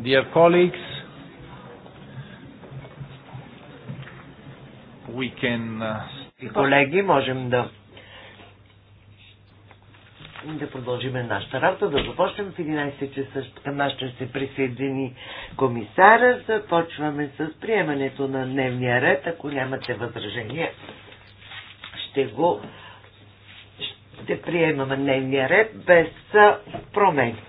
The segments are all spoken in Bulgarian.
Dear colleagues, we can... Uh, колеги, можем да да продължим нашата работа, да започнем в 11 часа. Към нас ще се присъедини комисара. Започваме с приемането на дневния ред. Ако нямате възражение, ще го ще приемаме дневния ред без промени.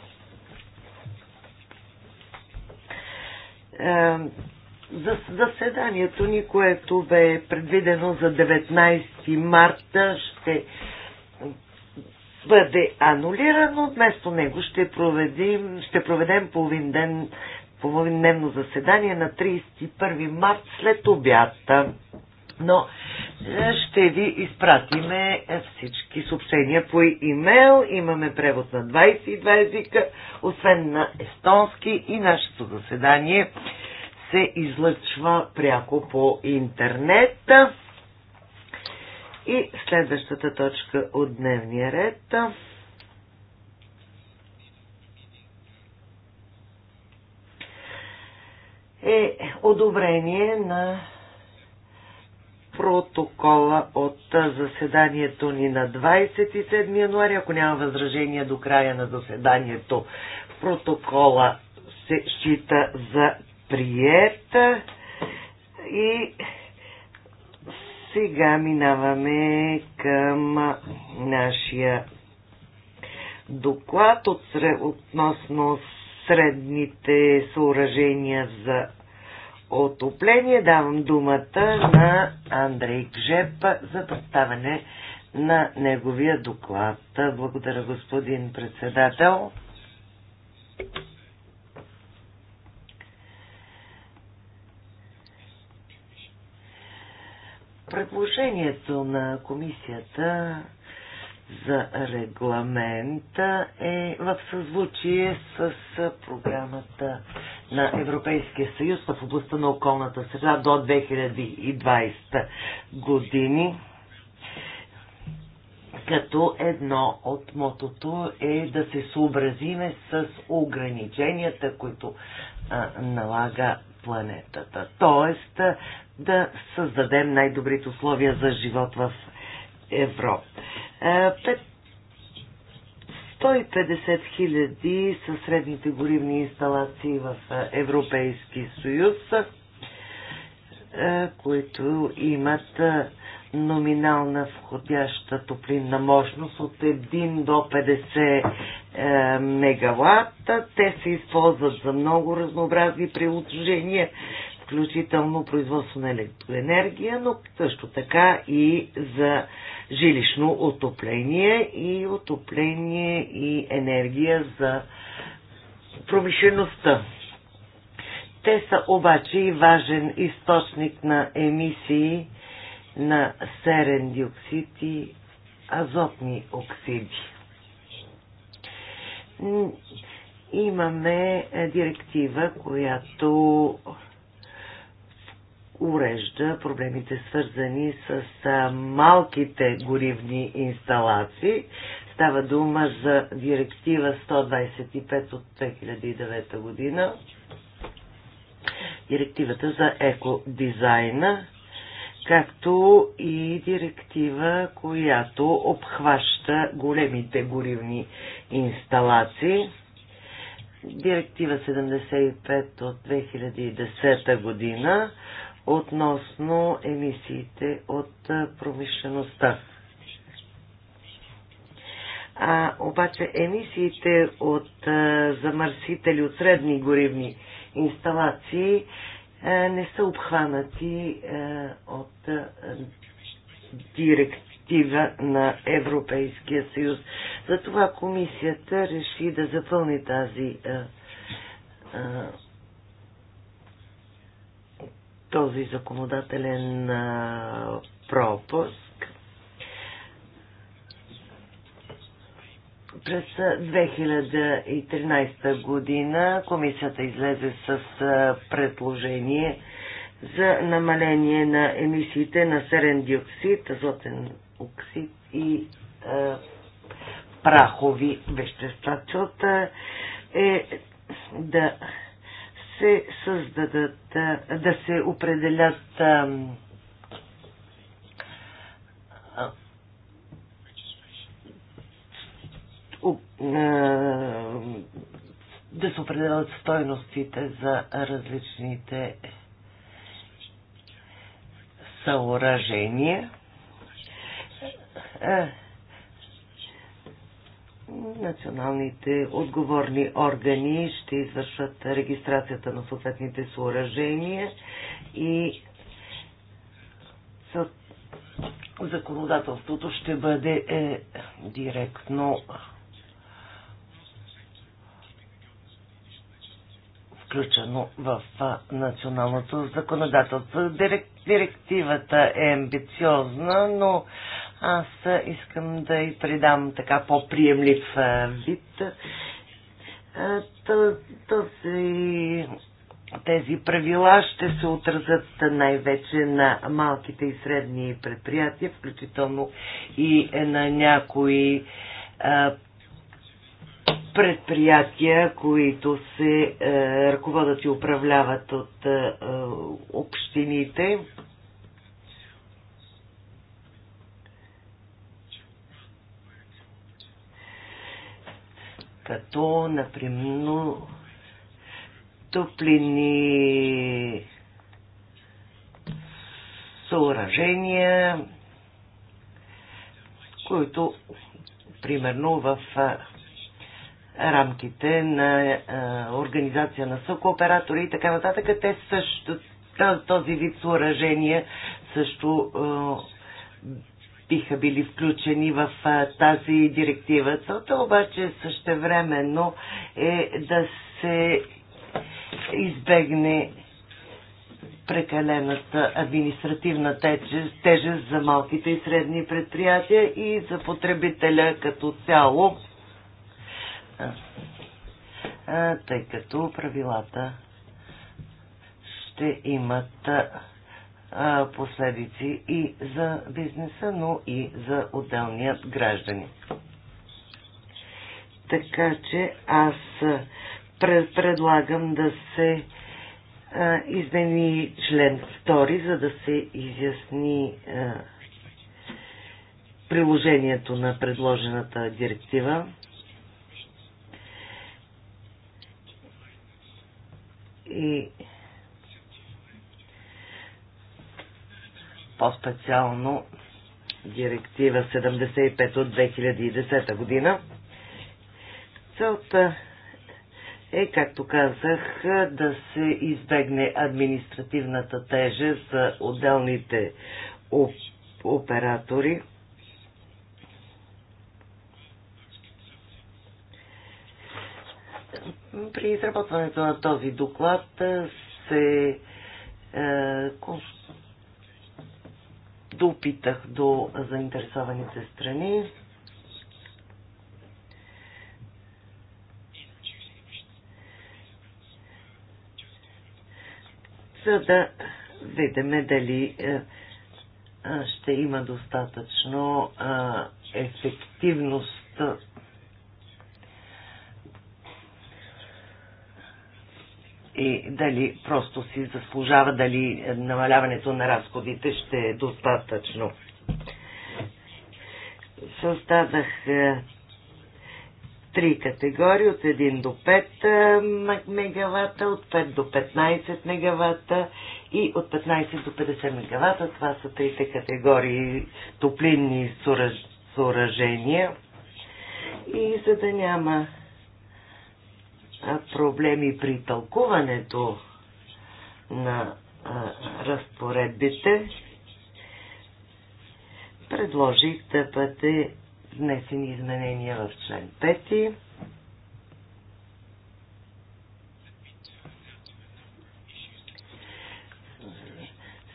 за заседанието ни, което бе предвидено за 19 марта, ще бъде анулирано. Вместо него ще, проведим, ще проведем половин ден, дневно заседание на 31 март след обята. Но ще ви изпратиме всички съобщения по имейл. Имаме превод на 22 езика, освен на естонски и нашето заседание се излъчва пряко по интернет. И следващата точка от дневния ред. е одобрение на протокола от заседанието ни на 27 януари. Ако няма възражения до края на заседанието, протокола се счита за прият. И сега минаваме към нашия доклад от, относно средните съоръжения за отопление. Давам думата на Андрей Кжеп за представяне на неговия доклад. Благодаря, господин председател. Предложението на комисията за регламента е в съзвучие с програмата на Европейския съюз в областта на околната среда до 2020 години като едно от мотото е да се съобразиме с ограниченията, които а, налага планетата. Тоест да създадем най-добрите условия за живот в Европа. 150 е, хиляди са средните горивни инсталации в е, Европейски съюз, е, които имат номинална входяща топлинна мощност от 1 до 50 мегаватт. Те се използват за много разнообразни приложения, включително производство на електроенергия, но също така и за жилищно отопление и отопление и енергия за промишлеността. Те са обаче и важен източник на емисии на серен диоксид и азотни оксиди. Имаме директива, която урежда проблемите свързани с малките горивни инсталации. Става дума за директива 125 от 2009 година, директивата за екодизайна, както и директива, която обхваща големите горивни инсталации. Директива 75 от 2010 година относно емисиите от промишлеността. А, обаче емисиите от а, замърсители от средни горивни инсталации а, не са обхванати а, от а, директива на Европейския съюз. Затова комисията реши да запълни тази а, а, този законодателен пропуск. През 2013 година комисията излезе с предложение за намаление на емисиите на серен диоксид, азотен оксид и прахови вещества. Целта е да се създадат, да се определят да се определят стойностите за различните съоръжения националните отговорни органи ще извършат регистрацията на съответните съоръжения и законодателството ще бъде е, директно включено в националното законодателство. Директивата е амбициозна, но аз искам да й придам така по-приемлив вид. Този, тези правила ще се отразят най-вече на малките и средни предприятия, включително и на някои предприятия, които се ръководят и управляват от общините. като, например, топлини съоръжения, които, примерно, в рамките на организация на съкооператори и така нататък, те също, този вид съоръжения също биха били включени в тази директива. Целта обаче същевременно е да се избегне прекалената административна тежест, тежест за малките и средни предприятия и за потребителя като цяло, тъй като правилата ще имат последици и за бизнеса, но и за отделният граждани. Така че аз предлагам да се а, измени член 2, за да се изясни а, приложението на предложената директива. И по-специално директива 75 от 2010 година. Целта е, както казах, да се избегне административната тежест за отделните оператори. При изработването на този доклад се е, допитах до заинтересованите страни. За да видим дали е, е, ще има достатъчно е, ефективност и дали просто си заслужава, дали намаляването на разходите ще е достатъчно. Създадах е, три категории от 1 до 5 е, мегавата, от 5 до 15 мегавата и от 15 до 50 мегавата. Това са трите категории топлинни съоръжения. И за да няма проблеми при тълкуването на разпоредбите, предложих да бъде внесени изменения в член 5.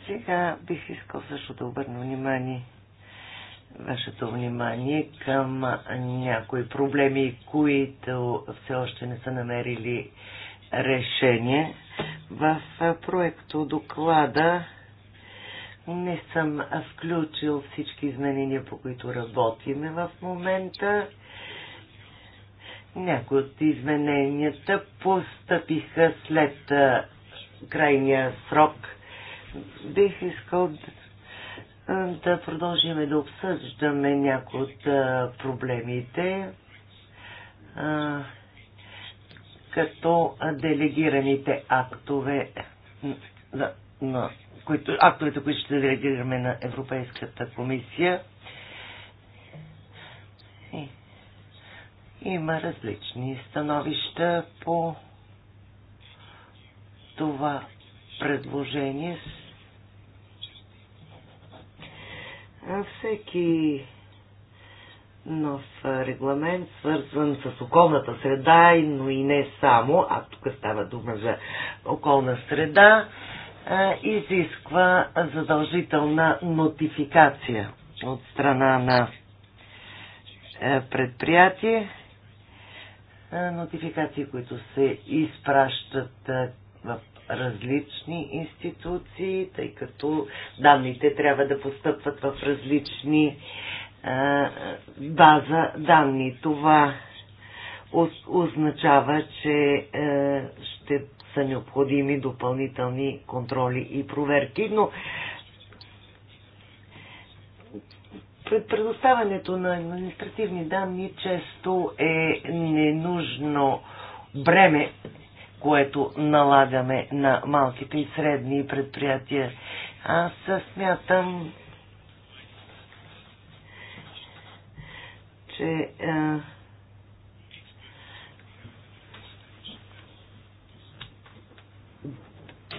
Сега бих искал също да обърна внимание вашето внимание към някои проблеми, които все още не са намерили решение. В проекто доклада не съм включил всички изменения, по които работиме в момента. Някои от измененията постъпиха след крайния срок. Бих искал да да продължим да обсъждаме някои от проблемите, като делегираните актове, на, на, които, актовете, които ще делегираме на Европейската комисия. И, има различни становища по това предложение Всеки нов регламент, свързан с околната среда, но и не само, а тук става дума за околна среда, изисква задължителна нотификация от страна на предприятие. Нотификации, които се изпращат в различни институции, тъй като данните трябва да постъпват в различни а, база данни. Това означава, че а, ще са необходими допълнителни контроли и проверки, но предоставянето на административни данни често е ненужно бреме което налагаме на малките и средни предприятия. Аз смятам, че а,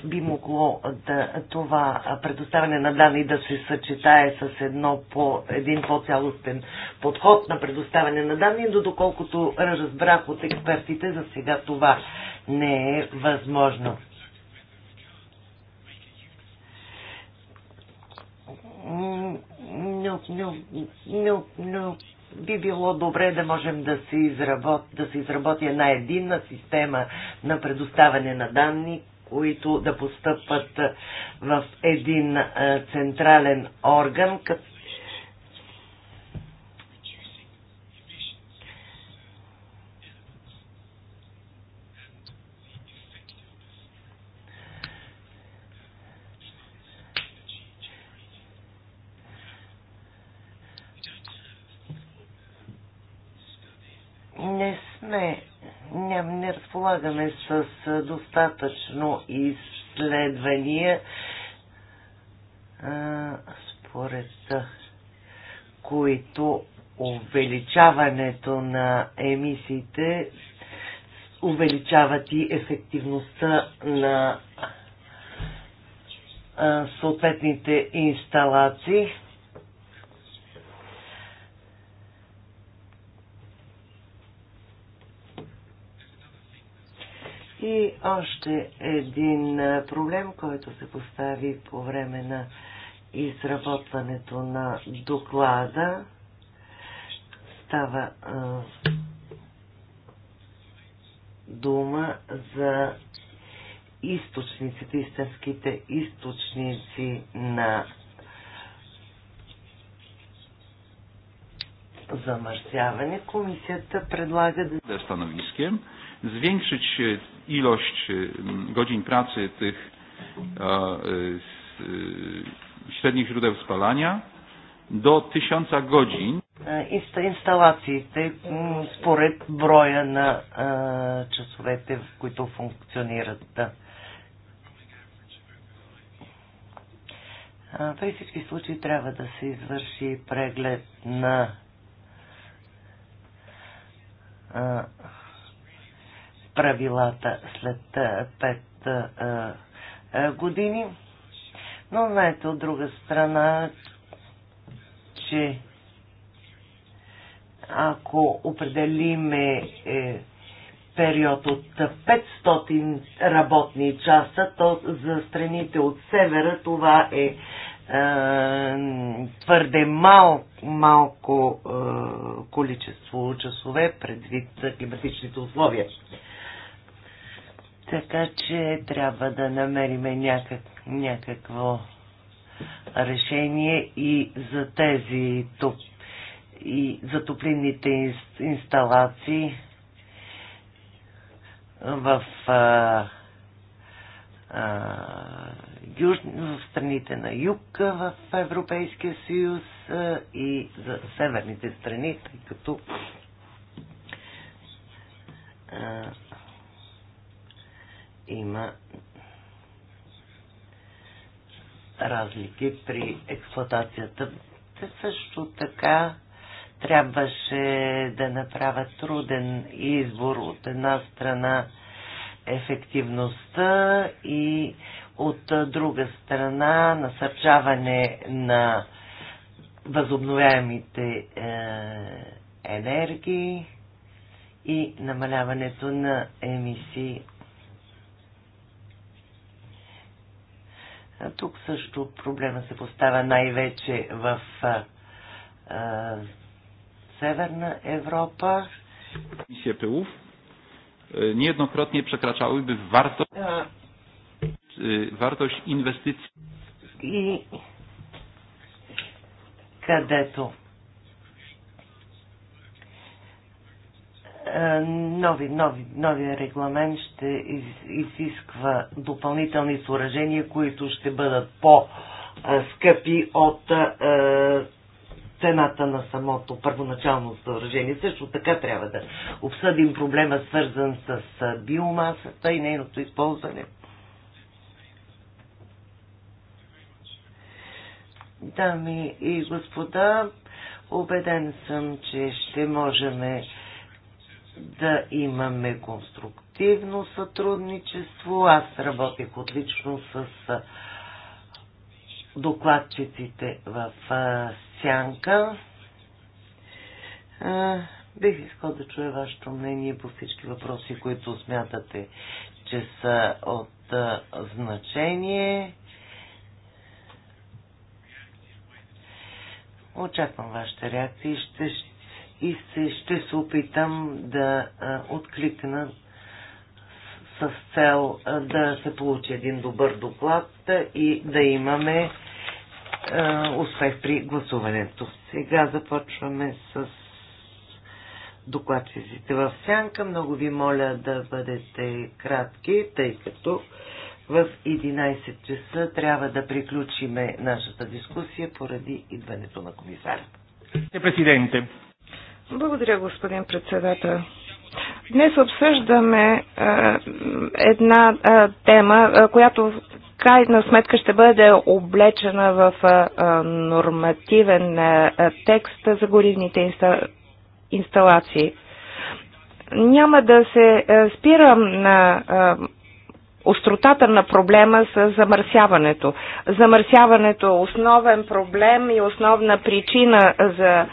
би могло да, това предоставяне на данни да се съчетае с едно по, един по-цялостен подход на предоставяне на данни, до доколкото разбрах от експертите, за сега това не е възможно. Не, не, не, не, би било добре да можем да се, изработи, да се изработи една единна система на предоставяне на данни, които да постъпват в един централен орган, като разполагаме с достатъчно изследвания, според които увеличаването на емисиите увеличават и ефективността на съответните инсталации. И още един проблем, който се постави по време на изработването на доклада, става а, дума за източниците, истинските източници на замърсяване. Комисията предлага да... Да становискем zwiększyć ilość godzin pracy tych średnich źródeł spalania do до 1000 годин. Инсталациите според броя spory broje na в w których to funkcjonuje. при всички случаи трябва да се извърши преглед на а, правилата след 5 години. Но знаете от друга страна, че ако определиме е, период от 500 работни часа, то за страните от севера това е, е твърде мал, малко е, количество часове предвид климатичните условия. Така че трябва да намериме някак, някакво решение и за тези топ, и за топлинните инсталации в, а, а, юж, в страните на юг в Европейския съюз а, и за северните страни, тъй като а, има разлики при експлуатацията. Те също така трябваше да направят труден избор от една страна ефективността и от друга страна насърчаване на възобновяемите е, енергии и намаляването на емисии Тук също проблема се поставя най-вече в а, а, Северна Европа. Мисия Пелов, Пеув niejednokrotnie przekraczałyby wartość, wartość инвестиции. И където Е, нови, нови, новия регламент ще изисква допълнителни съоръжения, които ще бъдат по-скъпи от е, цената на самото първоначално съоръжение. Също така трябва да обсъдим проблема, свързан с е, биомасата и нейното използване. Дами и господа, убеден съм, че ще можем да имаме конструктивно сътрудничество. Аз работех отлично с докладчиците в Сянка. Бих искал да чуя вашето мнение по всички въпроси, които смятате, че са от значение. Очаквам вашите реакции. Ще, и се, ще се опитам да а, откликна с, с цел а, да се получи един добър доклад и да имаме а, успех при гласуването. Сега започваме с докладчиците в сянка. Много ви моля да бъдете кратки, тъй като в 11 часа трябва да приключиме нашата дискусия поради идването на комисаря. Е, президенте, благодаря, господин председател. Днес обсъждаме а, е, една а, е, тема, а, е, която в крайна сметка ще бъде облечена в а, а, нормативен а, текст за горивните инста, инсталации. Няма да се а, спирам на а, остротата на проблема с замърсяването. Замърсяването е основен проблем и основна причина за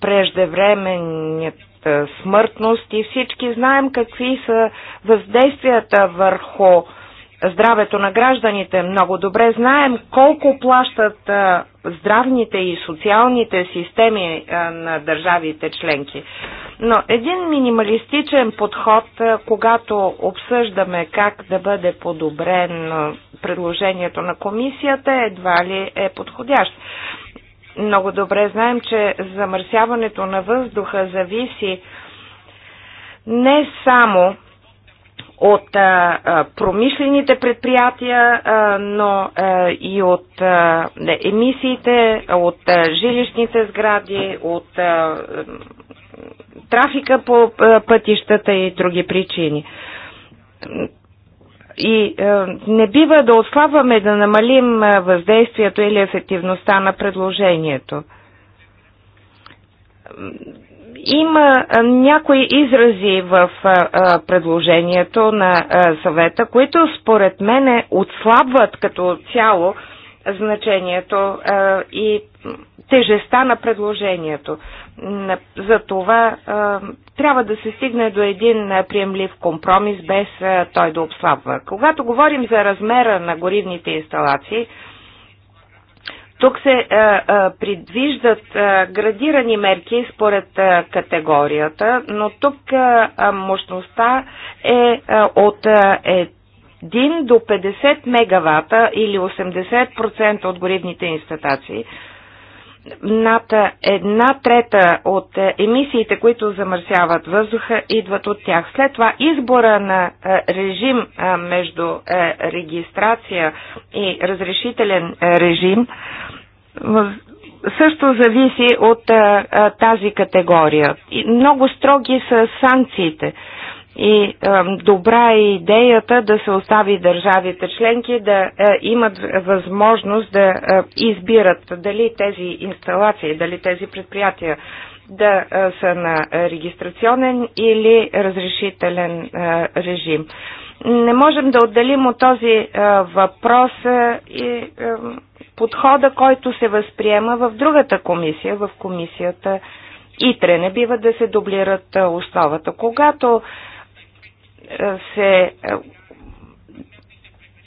преждевременната смъртност и всички знаем какви са въздействията върху здравето на гражданите. Много добре знаем колко плащат здравните и социалните системи на държавите членки. Но един минималистичен подход, когато обсъждаме как да бъде подобрен предложението на комисията, едва ли е подходящ. Много добре знаем, че замърсяването на въздуха зависи не само от а, промишлените предприятия, а, но а, и от а, емисиите, от а, жилищните сгради, от а, трафика по а, пътищата и други причини. И е, не бива да отслабваме да намалим е, въздействието или ефективността на предложението. Има е, някои изрази в е, предложението на съвета, които според мен отслабват като цяло значението и тежестта на предложението. За това трябва да се стигне до един приемлив компромис, без той да обслабва. Когато говорим за размера на горивните инсталации, тук се предвиждат градирани мерки според категорията, но тук мощността е от 1 до 50 мегавата или 80% от горивните инстатации, над една трета от емисиите, които замърсяват въздуха, идват от тях. След това избора на е, режим е, между е, регистрация и разрешителен режим също зависи от тази категория. Много строги са санкциите. И е, добра е идеята да се остави държавите членки да е, имат възможност да е, избират дали тези инсталации, дали тези предприятия да е, са на регистрационен или разрешителен е, режим. Не можем да отделим от този е, въпрос е, и е, е, подхода, който се възприема в другата комисия, в комисията ИТРЕ. Не бива да се дублират е, основата. Когато е, се е,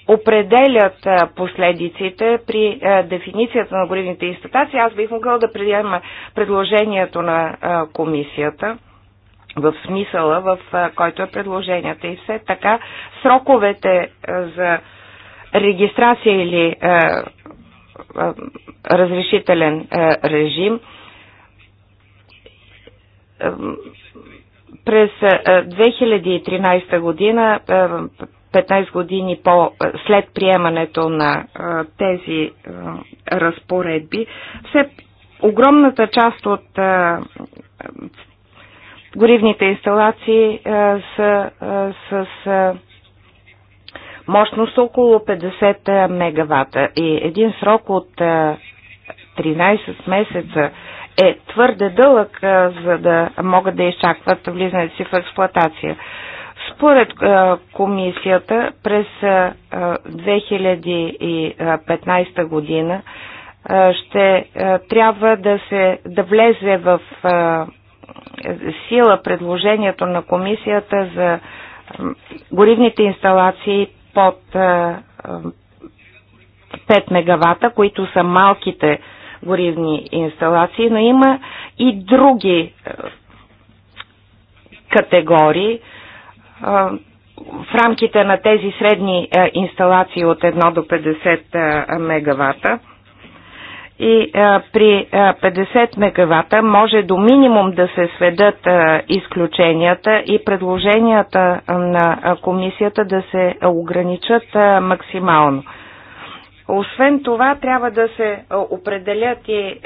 определят е, последиците при е, дефиницията на горивните инстатации. Аз бих могъл да приема предложението на комисията в смисъла, в който е предложенията. И все така сроковете за регистрация или разрешителен режим през 2013 е, година, 15 е, години по, е, след приемането на тези разпоредби, все огромната част от горивните инсталации са с мощност около 50 мегавата и един срок от 13 месеца е твърде дълъг, за да могат да изчакват влизането си в експлоатация. Според комисията през 2015 година ще трябва да, се, да влезе в сила предложението на комисията за горивните инсталации под 5 мегавата, които са малките горивни инсталации, но има и други е, категории е, в рамките на тези средни е, инсталации от 1 до 50 мегавата и а, при а, 50 мегавата може до минимум да се сведат а, изключенията и предложенията на комисията да се ограничат а, максимално. Освен това, трябва да се определят и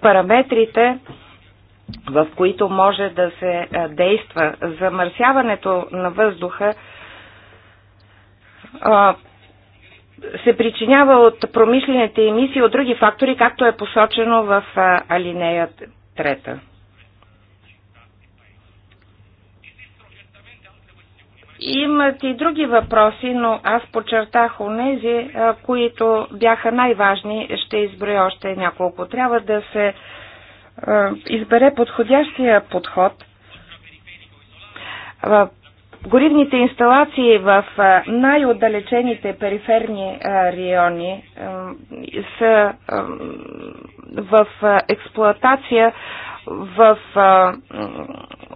параметрите, в които може да се действа. Замърсяването на въздуха се причинява от промишлените емисии от други фактори, както е посочено в алинея трета. Имат и други въпроси, но аз подчертах нези, които бяха най-важни. Ще изброя още няколко. Трябва да се избере подходящия подход. Горивните инсталации в най-отдалечените периферни райони са в експлоатация в а,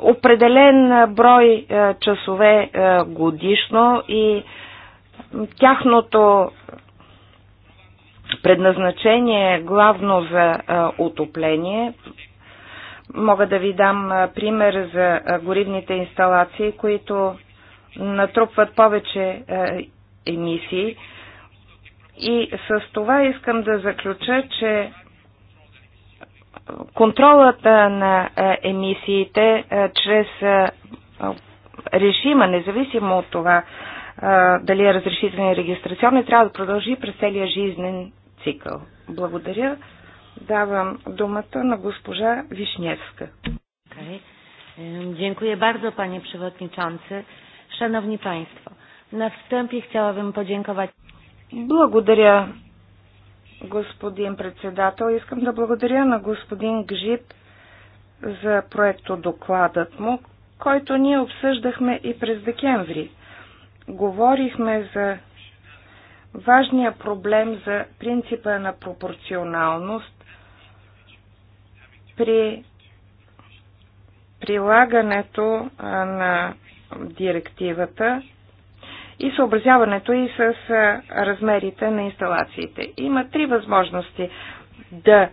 определен брой а, часове а, годишно и тяхното предназначение е главно за а, отопление. Мога да ви дам а, пример за а, горивните инсталации, които натрупват повече а, емисии. И с това искам да заключа, че контролът на емисиите чрез режима, независимо от това дали е разрешителен и регистрационен, трябва да продължи през целия жизнен цикъл. Благодаря. Давам думата на госпожа Вишневска. Okay. Dziękuję bardzo panie przewodniczący. Szanowni państwo, na wstępie chciałabym podziękować. Благодаря, господин председател. Искам да благодаря на господин Гжип за проекто докладът му, който ние обсъждахме и през декември. Говорихме за важния проблем за принципа на пропорционалност при прилагането на директивата и съобразяването и с размерите на инсталациите. Има три възможности да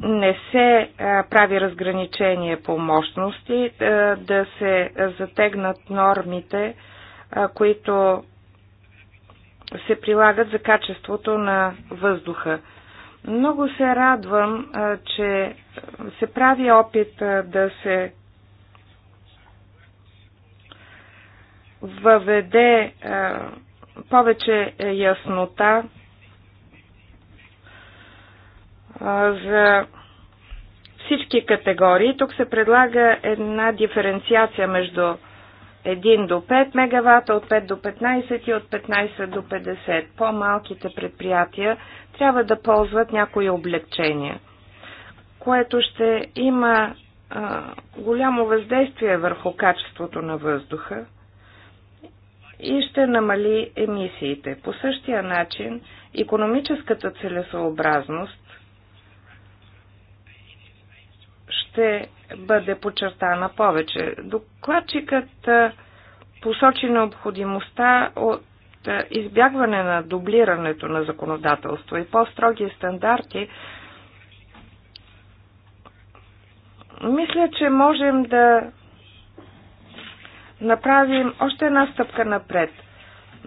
не се прави разграничение по мощности, да се затегнат нормите, които се прилагат за качеството на въздуха. Много се радвам, че се прави опит да се въведе е, повече яснота е, за всички категории. Тук се предлага една диференциация между 1 до 5 мегавата, от 5 до 15 и от 15 до 50. По-малките предприятия трябва да ползват някои облегчения, което ще има а, е, голямо въздействие върху качеството на въздуха и ще намали емисиите. По същия начин, економическата целесообразност ще бъде подчертана повече. Докладчикът посочи необходимостта от избягване на дублирането на законодателство и по-строги стандарти. Мисля, че можем да направим още една стъпка напред.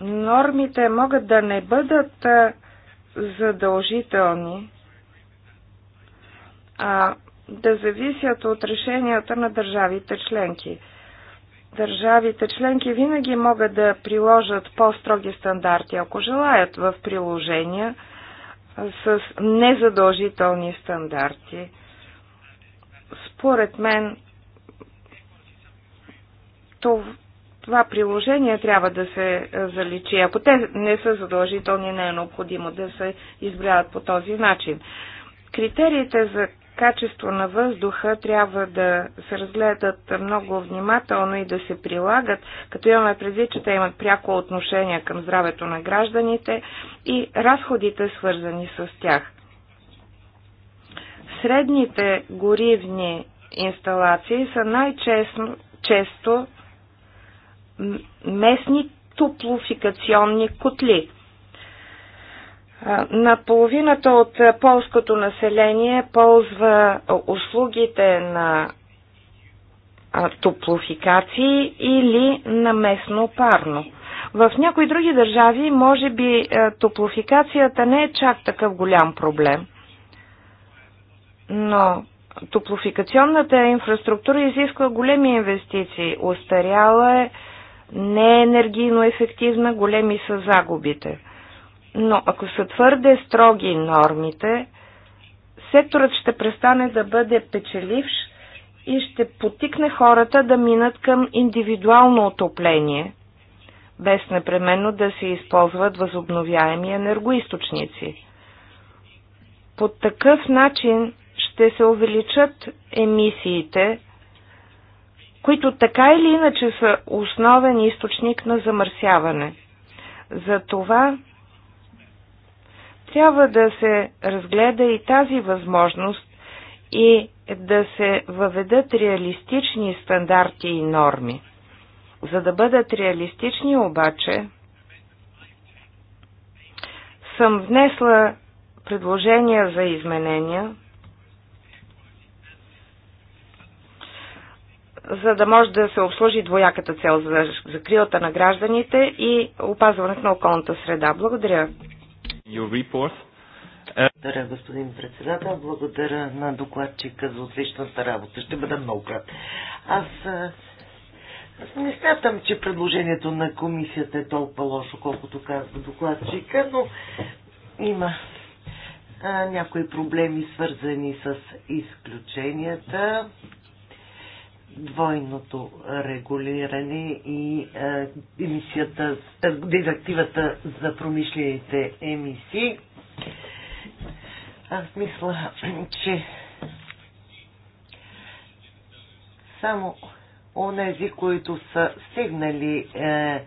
Нормите могат да не бъдат задължителни, а да зависят от решенията на държавите членки. Държавите членки винаги могат да приложат по-строги стандарти, ако желаят, в приложения с незадължителни стандарти. Според мен това приложение трябва да се е, заличи. Ако те не са задължителни, не е необходимо да се избряват по този начин. Критериите за качество на въздуха трябва да се разгледат много внимателно и да се прилагат, като имаме предвид, че те имат пряко отношение към здравето на гражданите и разходите свързани с тях. Средните горивни инсталации са най-често местни туплофикационни котли. На половината от полското население ползва услугите на топлофикации или на местно парно. В някои други държави, може би, топлофикацията не е чак такъв голям проблем. Но топлофикационната инфраструктура изисква големи инвестиции. Остаряла е не е енергийно ефективна, големи са загубите. Но ако са твърде строги нормите, секторът ще престане да бъде печеливш и ще потикне хората да минат към индивидуално отопление, без непременно да се използват възобновяеми енергоисточници. По такъв начин ще се увеличат емисиите които така или иначе са основен източник на замърсяване. За това трябва да се разгледа и тази възможност и да се въведат реалистични стандарти и норми. За да бъдат реалистични обаче, съм внесла предложения за изменения, за да може да се обслужи двояката цел за закрилата на гражданите и опазването на околната среда. Благодаря. Благодаря, господин председател. Благодаря на докладчика за отличната работа. Ще бъда много крат. Аз не смятам, че предложението на комисията е толкова лошо, колкото казва докладчика, но има а, някои проблеми, свързани с изключенията двойното регулиране и е, емисията, е, директивата за промишлените емисии. Аз мисля, че само онези, които са стигнали е,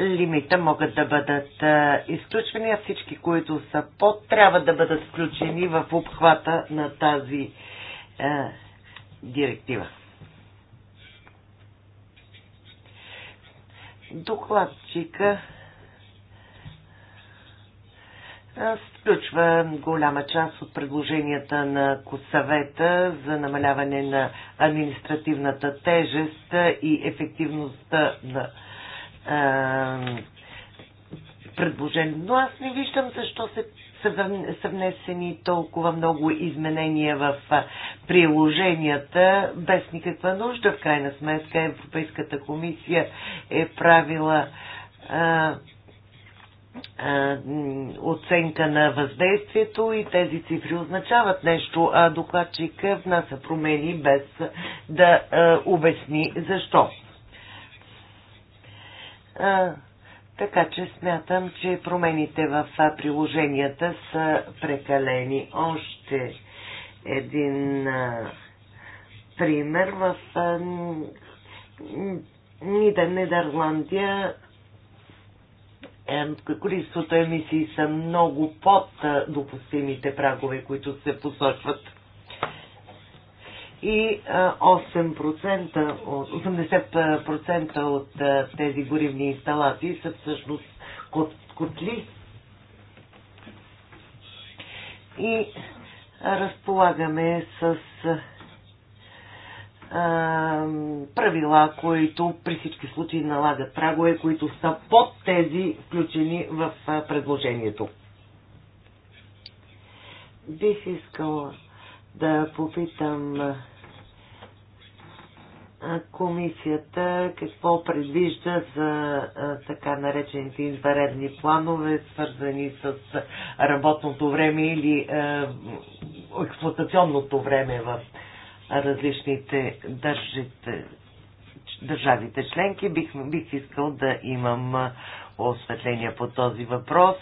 лимита, могат да бъдат е, изключвани, а всички, които са под, трябва да бъдат включени в обхвата на тази е, директива. докладчика включва голяма част от предложенията на Косавета за намаляване на административната тежест и ефективността на предложение. Но аз не виждам защо се са внесени толкова много изменения в приложенията, без никаква нужда. В крайна сметка Европейската комисия е правила а, а, оценка на въздействието и тези цифри означават нещо, а докладчик внася промени без да а, обясни защо. А, така че смятам, че промените в приложенията са прекалени. Още един пример в Нида Нидерландия количеството емисии са много под допустимите прагове, които се посочват и 8%, 80% от тези горивни инсталации са всъщност котли и разполагаме с правила, които при всички случаи налагат прагове, които са под тези включени в предложението. Бих искала да попитам комисията какво предвижда за така наречените изваредни планове, свързани с работното време или експлуатационното време в различните държите, държавите членки. Бих, бих искал да имам осветление по този въпрос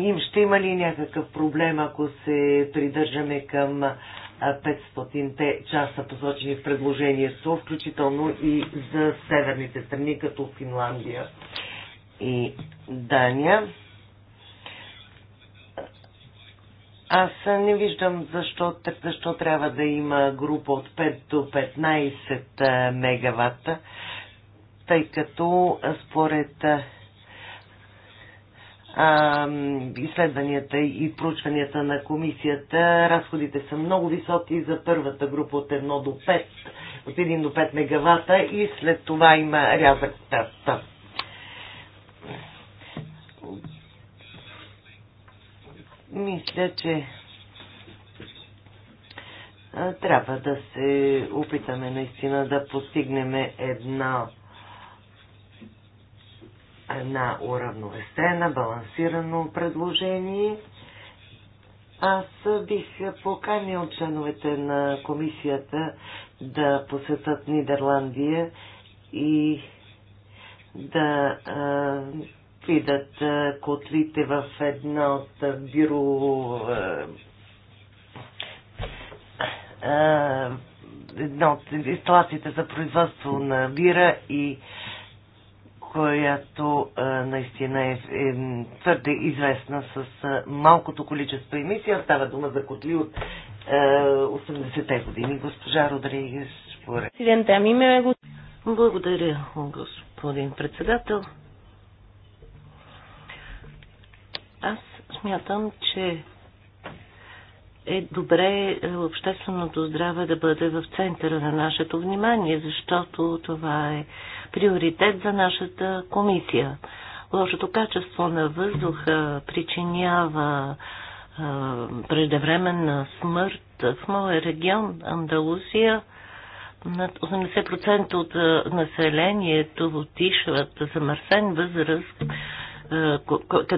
им ще има ли някакъв проблем, ако се придържаме към 500-те часа, посочени в предложението, включително и за северните страни, като Финландия и Дания. Аз не виждам защо, защо трябва да има група от 5 до 15 мегаватта, тъй като според а, изследванията и проучванията на комисията, разходите са много високи за първата група от 1 до 5, от 1 до 5 мегавата и след това има рязък старт. Мисля, че трябва да се опитаме наистина да постигнем една една уравновесена, балансирано предложение. Аз бих поканил членовете на комисията да посетат Нидерландия и да а, видят котлите в една от бюро а, а, една от инсталациите за производство на бира и а, която а, наистина е, е твърде известна с а, малкото количество емисия. Става дума за котли от 80-те години. Госпожа Родригес, ами го. Благодаря, господин председател. Аз смятам, че е добре общественото здраве да бъде в центъра на нашето внимание, защото това е приоритет за нашата комисия. Лошото качество на въздуха причинява е, преждевременна смърт. В моя регион Андалусия над 80% от населението отишват замърсен възраст,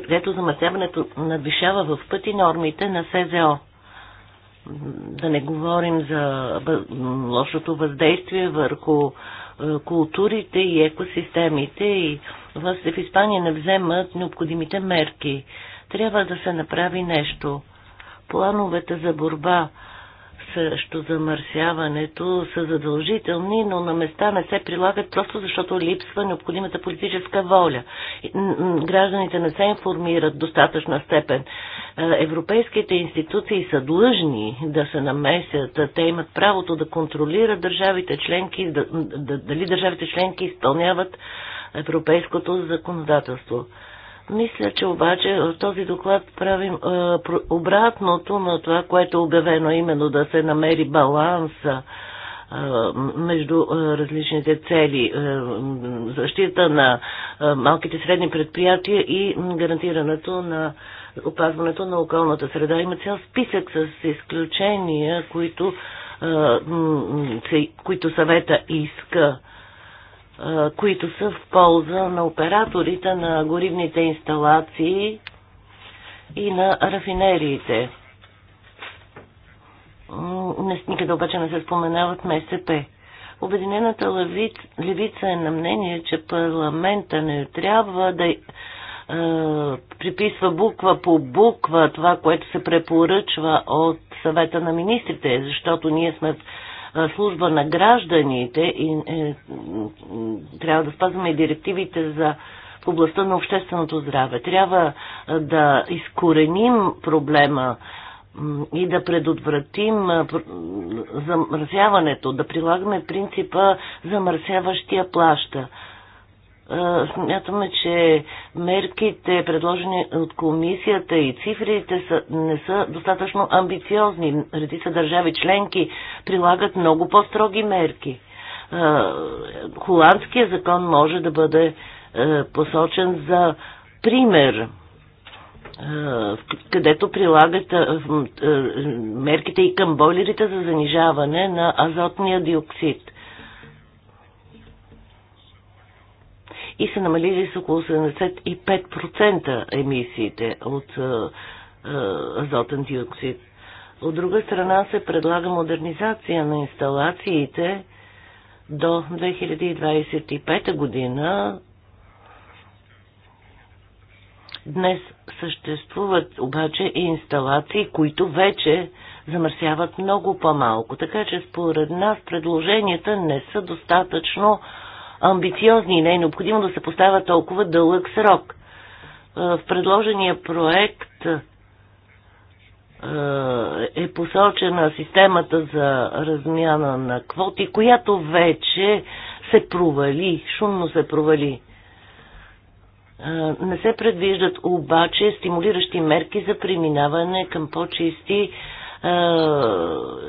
където замърсяването надвишава в пъти нормите на СЗО. Да не говорим за лошото въздействие върху културите и екосистемите и властите в Испания не вземат необходимите мерки. Трябва да се направи нещо. Плановете за борба също замърсяването са задължителни, но на места не се прилагат просто защото липсва необходимата политическа воля. Гражданите не се информират в достатъчна степен. Е, европейските институции са длъжни да се намесят. Те имат правото да контролират държавите членки, дали държавите членки изпълняват европейското законодателство. Мисля, че обаче в този доклад правим е, обратното на това, което е обявено, именно да се намери баланса е, между е, различните цели, е, защита на е, малките и средни предприятия и гарантирането на опазването на околната среда. Има цял списък с изключения, които, които съвета иска, които са в полза на операторите на горивните инсталации и на рафинериите. Никъде обаче не се споменават МСП. Обединената левица е на мнение, че парламента не трябва да приписва буква по буква това, което се препоръчва от съвета на министрите, защото ние сме в служба на гражданите и е, трябва да спазваме директивите за в областта на общественото здраве. Трябва да изкореним проблема и да предотвратим замърсяването, да прилагаме принципа замърсяващия плаща смятаме, че мерките, предложени от комисията и цифрите са, не са достатъчно амбициозни. Редица държави членки прилагат много по-строги мерки. Холандския закон може да бъде посочен за пример където прилагат мерките и към бойлерите за занижаване на азотния диоксид. и са намалили с около 75% емисиите от азотен диоксид. От друга страна се предлага модернизация на инсталациите до 2025 година. Днес съществуват обаче и инсталации, които вече замърсяват много по-малко. Така че според нас предложенията не са достатъчно амбициозни и не е необходимо да се поставя толкова дълъг срок. Е, в предложения проект е, е посочена системата за размяна на квоти, която вече се провали, шумно се провали. Е, не се предвиждат обаче стимулиращи мерки за преминаване към по-чисти е,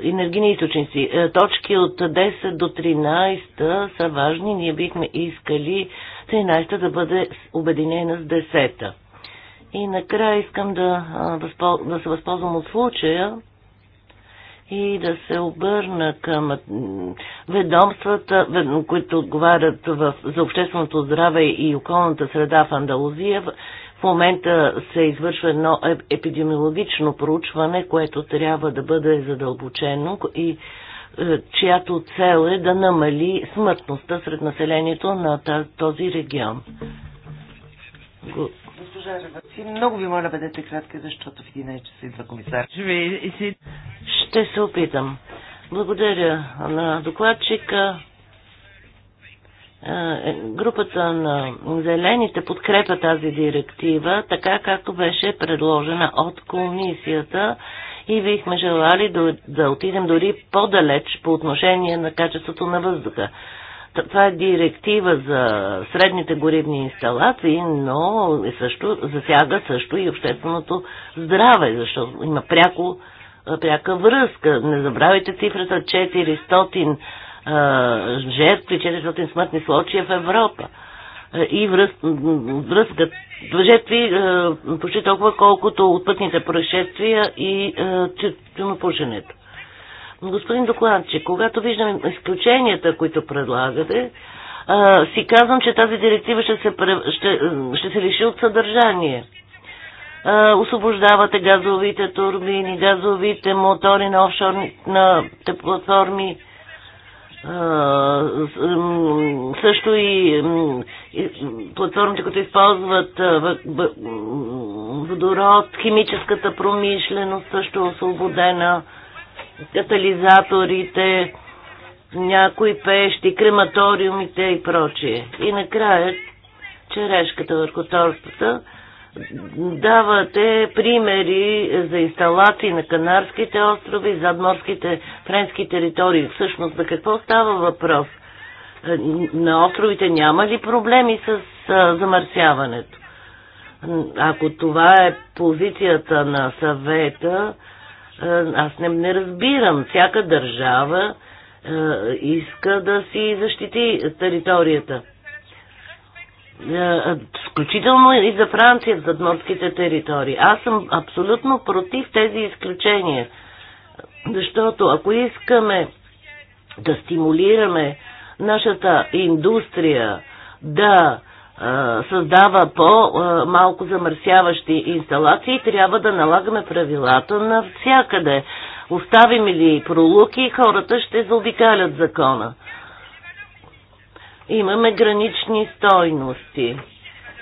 енергийни източници. Е, точки от 10 до 13 са важни. Ние бихме искали 13 та да бъде обединена с 10. -та. И накрая искам да, е, да се възползвам от случая и да се обърна към ведомствата, които отговарят в, за общественото здраве и околната среда в Андалузия, в момента се извършва едно е, епидемиологично проучване, което трябва да бъде задълбочено и е, чиято цел е да намали смъртността сред населението на този регион. Госпожа Реваци, много ви моля бъдете кратки, защото в 11 часа идва комисар. Ще се опитам. Благодаря на докладчика, е, групата на зелените подкрепа тази директива, така както беше предложена от комисията и бихме желали да, да отидем дори по-далеч по отношение на качеството на въздуха. Това е директива за средните горивни инсталации, но е също, засяга също и общественото здраве, защото има пряко, пряка връзка. Не забравяйте цифрата 400 жертви, 400 смъртни случая в Европа. И връз, връзката жертви почти толкова, колкото от пътните происшествия и тютюнопушенето. Господин докладчик, когато виждам изключенията, които предлагате, а, си казвам, че тази директива ще се, ще, ще се лиши от съдържание. А, освобождавате газовите турбини, газовите мотори на офшорните платформи, също и платформите, които използват водород, химическата промишленост също освободена, катализаторите, някои пещи, крематориумите и прочие. И накрая черешката върху тортата – Давате примери за инсталации на Канарските острови, задморските френски територии. Всъщност, за какво става въпрос? Е, на островите няма ли проблеми с замърсяването? Ако това е позицията на съвета, е, аз не, не разбирам. Всяка държава е, иска да си защити територията. Е, е, включително и за Франция в задморските територии. Аз съм абсолютно против тези изключения, защото ако искаме да стимулираме нашата индустрия да е, създава по-малко замърсяващи инсталации, трябва да налагаме правилата навсякъде. Оставим ли пролуки, хората ще заобикалят закона имаме гранични стойности.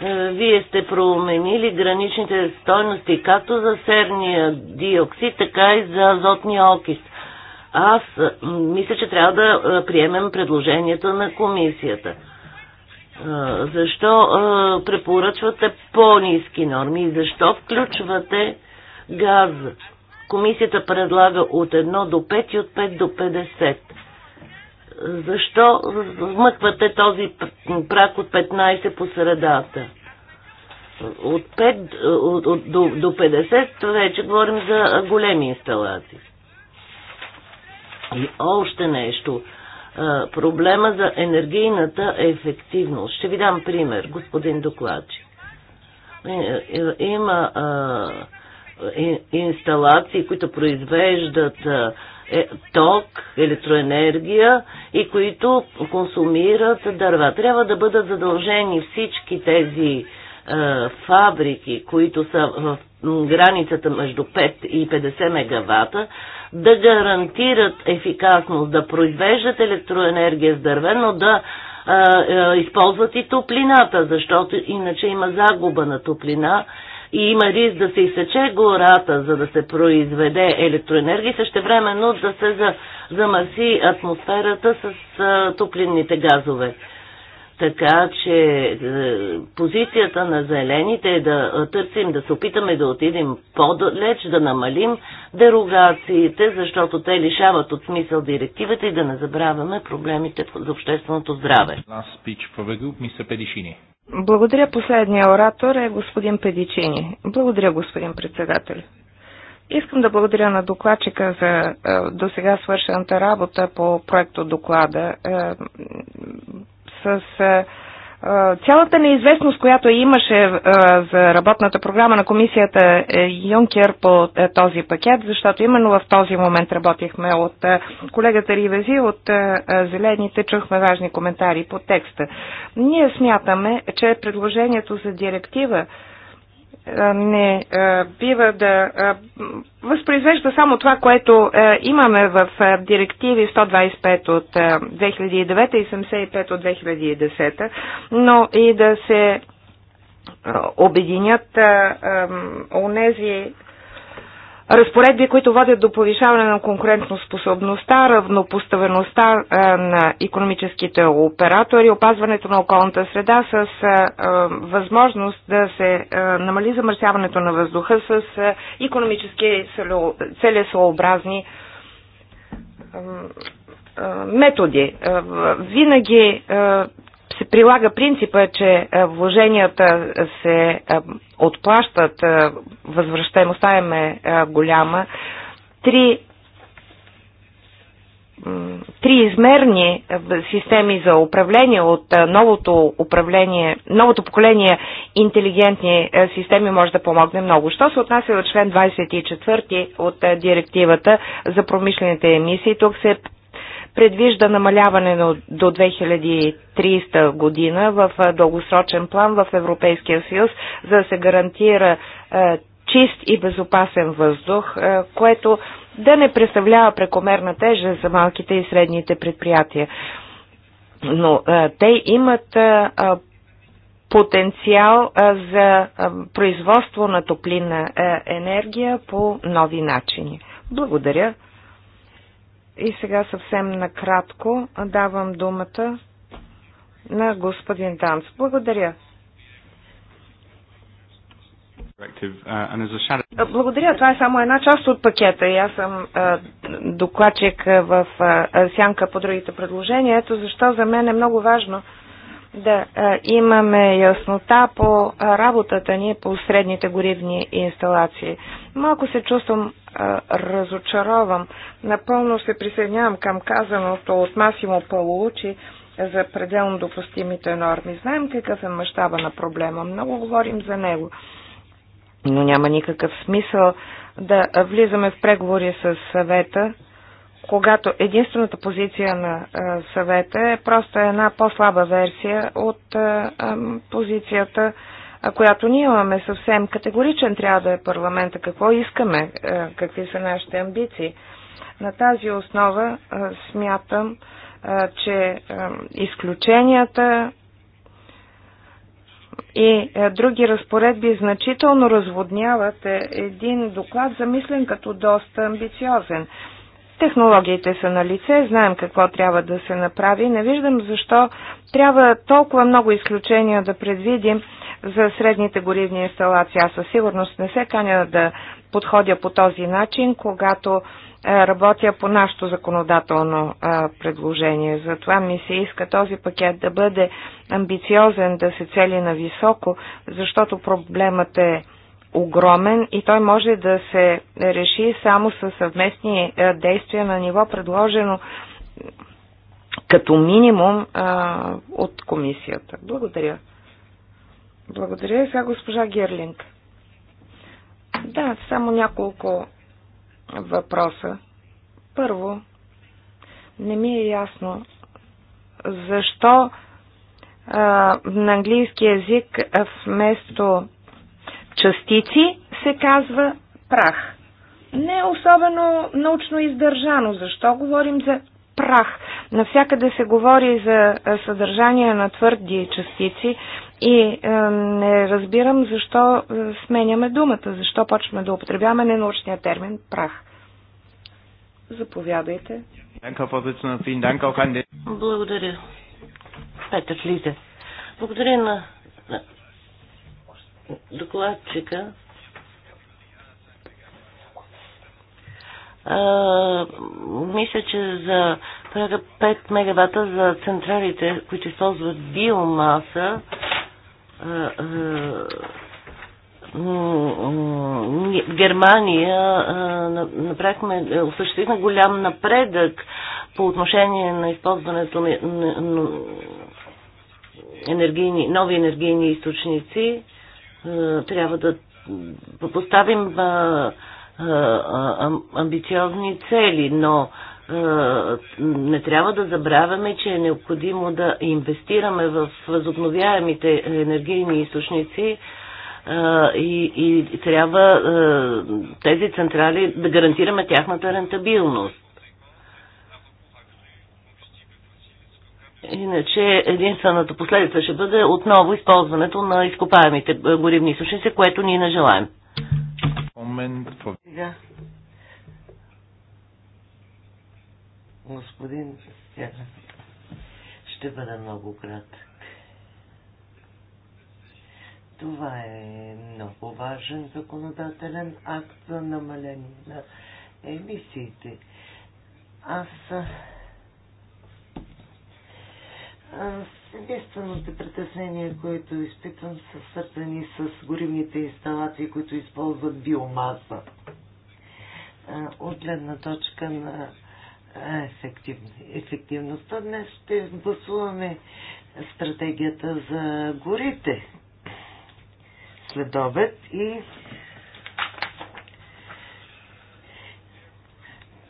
Е, вие сте променили граничните стойности както за серния диоксид, така и за азотния окис. Аз мисля, че трябва да е, приемем предложението на комисията. Е, защо препоръчвате по-низки норми и защо включвате газ? Комисията предлага от 1 до 5 и от 5 до 50. Защо вмъквате този прак от 15 по средата? От 5 до, до 50 вече говорим за големи инсталации. И още нещо. Проблема за енергийната ефективност. Ще ви дам пример, господин докладчик. Е, е, има инсталации, които произвеждат е, ток, електроенергия и които консумират дърва. Трябва да бъдат задължени всички тези е, фабрики, които са в границата между 5 и 50 мегавата, да гарантират ефикасност, да произвеждат електроенергия с дърве, но да е, използват и топлината, защото иначе има загуба на топлина и има риск да се изсече гората, за да се произведе електроенергия, също времено да се замаси атмосферата с топлинните газове. Така че е, позицията на зелените е да е, търсим, да се опитаме да отидем по-далеч, да намалим дерогациите, защото те лишават от смисъл директивата и да не забравяме проблемите за общественото здраве. Благодаря. Последния оратор е господин Педичини. Благодаря, господин председател. Искам да благодаря на докладчика за е, досега свършената работа по проекто доклада. Е, с е, е, цялата неизвестност, която имаше е, за работната програма на комисията Юнкер по този пакет, защото именно в този момент работихме от колегата Ривези, от Зелените, чухме важни коментари по текста. Ние смятаме, че предложението за директива не бива да възпроизвежда само това, което имаме в директиви 125 от 2009 и 75 от 2010, но и да се обединят онези разпоредби, които водят до повишаване на конкурентоспособността, равнопоставеността на економическите оператори, опазването на околната среда с възможност да се намали замърсяването на въздуха с економически целесообразни методи. Винаги се прилага принципа, че е, вложенията се е, отплащат, е, възвръщаемостта им е голяма. Три измерни системи за управление от новото управление, новото поколение интелигентни системи може да помогне много. Що се отнася до член 24 от директивата за промишлените емисии, тук се предвижда намаляване до 2300 година в дългосрочен план в Европейския съюз, за да се гарантира чист и безопасен въздух, което да не представлява прекомерна тежест за малките и средните предприятия. Но те имат потенциал за производство на топлинна енергия по нови начини. Благодаря. И сега съвсем накратко давам думата на господин Данц. Благодаря. Благодаря. Това е само една част от пакета и аз съм докладчик в сянка по другите предложения. Ето защо за мен е много важно да имаме яснота по работата ни по средните горивни инсталации. Малко се чувствам разочарован. Напълно се присъединявам към казаното от Масимо Палучи за пределно допустимите норми. Знаем какъв е мащаба на проблема. Много говорим за него. Но няма никакъв смисъл да влизаме в преговори с съвета когато единствената позиция на съвета е просто една по-слаба версия от позицията, която ние имаме съвсем категоричен трябва да е парламента, какво искаме, какви са нашите амбиции. На тази основа смятам, че изключенията и други разпоредби значително разводняват е, един доклад, замислен като доста амбициозен. Технологиите са на лице, знаем какво трябва да се направи. Не виждам защо трябва толкова много изключения да предвидим за средните горивни инсталации. Аз със сигурност не се каня да подходя по този начин, когато е, работя по нашето законодателно е, предложение. Затова ми се иска този пакет да бъде амбициозен, да се цели на високо, защото проблемът е огромен и той може да се реши само с съвместни е, действия на ниво предложено като минимум а, е, от комисията. Благодаря. Благодаря сега госпожа Герлинг. Да, само няколко въпроса. Първо, не ми е ясно защо а, е, на английски язик вместо частици се казва прах. Не е особено научно издържано. Защо говорим за прах? Навсякъде се говори за е, съдържание на твърди частици и е, не разбирам защо е, сменяме думата, защо почваме да употребяваме ненаучния термин прах. Заповядайте. Благодаря. Петър Лизе. Благодаря на докладчика мисля, че за 5 мегавата за централите, които използват биомаса, Германия направихме, осъществихме голям напредък по отношение на използването на енергийни, нови енергийни източници. Е, трябва да поставим амбициозни цели, но е, не трябва да забравяме, че е необходимо да инвестираме в възобновяемите енергийни източници е, и, и трябва тези централи да гарантираме тяхната рентабилност. Иначе единствената последица ще бъде отново използването на изкопаемите е, горивни източници, което ние не желаем. Момент. Сега. Господин Сяга, ще бъда много кратък. Това е много важен законодателен акт за намаление на емисиите. Аз Единственото притеснение, което изпитвам, са свързани с горивните инсталации, които използват биомаса. От гледна точка на ефективността днес ще гласуваме стратегията за горите след обед и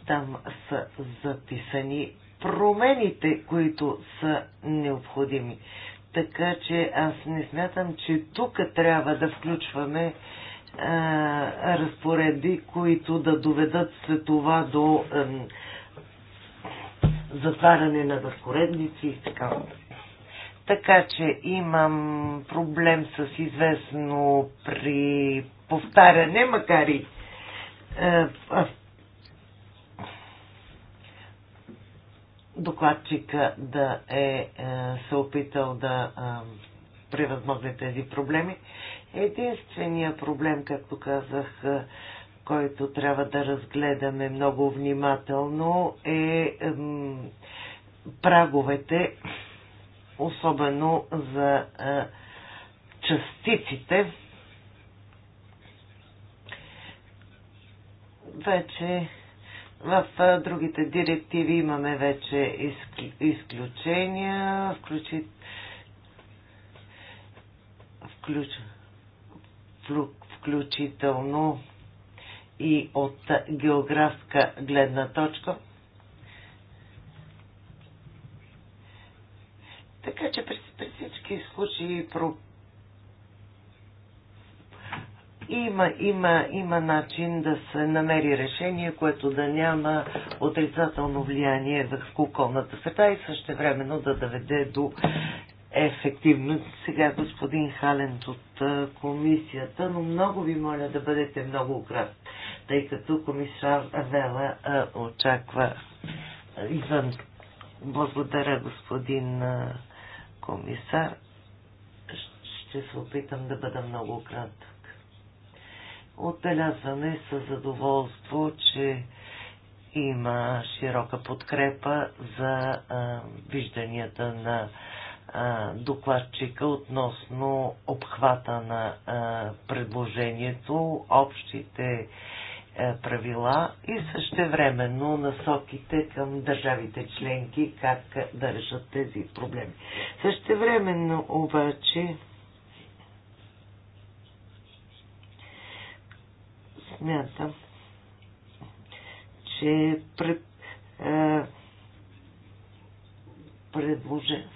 там са записани промените, които са необходими. Така че аз не смятам, че тук трябва да включваме а, разпоредби, които да доведат след това до а, затваряне на разпоредници и така така че имам проблем с известно при повтаряне, макар и е, а, докладчика да е, е, се опитал да е, превъзмогне тези проблеми. Единствения проблем, както казах, е, който трябва да разгледаме много внимателно е праговете, особено за частиците. Вече в другите директиви имаме вече изключения, включи, включ, включително и от географска гледна точка. Така че при, всички случаи про, има, има, има начин да се намери решение, което да няма отрицателно влияние върху околната среда и също времено да доведе до ефективност. Сега господин Халент от комисията, но много ви моля да бъдете много град, тъй като комисар Вела а, очаква извън. Благодаря, господин а, комисар. Ще се опитам да бъда много кратък. Отбелязваме със задоволство, че има широка подкрепа за а, вижданията на а, докладчика относно обхвата на а, предложението, общите а, е, правила и същевременно насоките към държавите членки как да решат тези проблеми. Същевременно обаче смятам, че пред, е, предложен.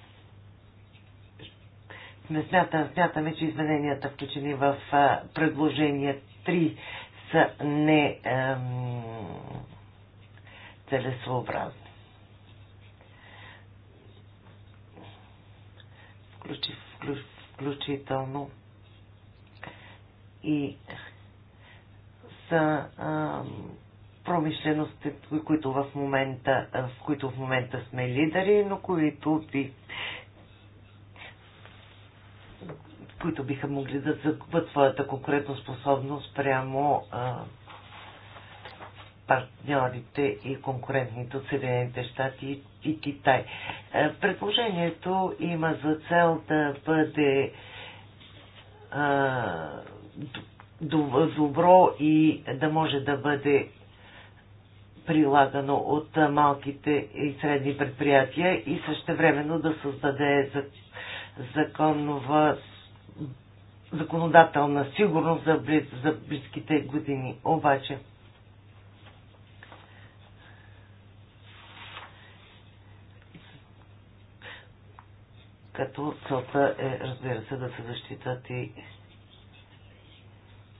не смятам, смятаме, че измененията включени в е, предложение 3 са не целесообразни. Включи, включ, включително и промишленостите, които в момента, в които в момента сме лидери, но които би които биха могли да загубят своята способност прямо а, партньорите и конкурентните от Съединените щати и, и Китай. А, предложението има за цел да бъде а, добро и да може да бъде прилагано от малките и средни предприятия и същевременно да създаде законова законодателна сигурност за, близ, за близките години. Обаче, като целта е, разбира се, да се защитат и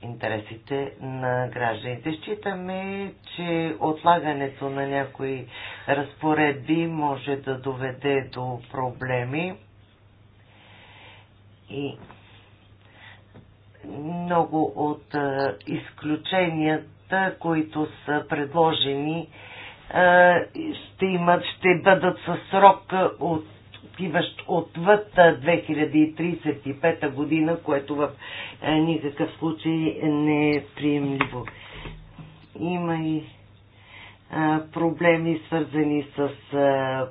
интересите на гражданите. Считаме, че отлагането на някои разпоредби може да доведе до проблеми и много от изключенията, които са предложени, ще, имат, ще бъдат със срок от отиващ отвъд 2035 година, което в никакъв случай не е приемливо. Има и проблеми, свързани с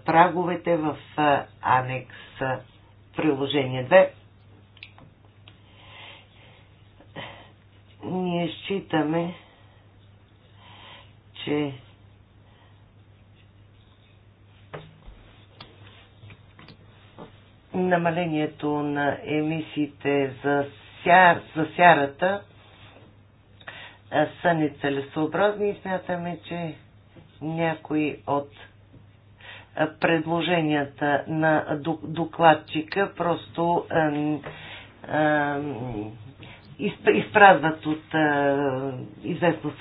праговете в анекс приложение 2. Ние считаме, че намалението на емисиите за, сяр, за сярата са нецелесообразни и смятаме, че някои от предложенията на докладчика просто изпразват от известно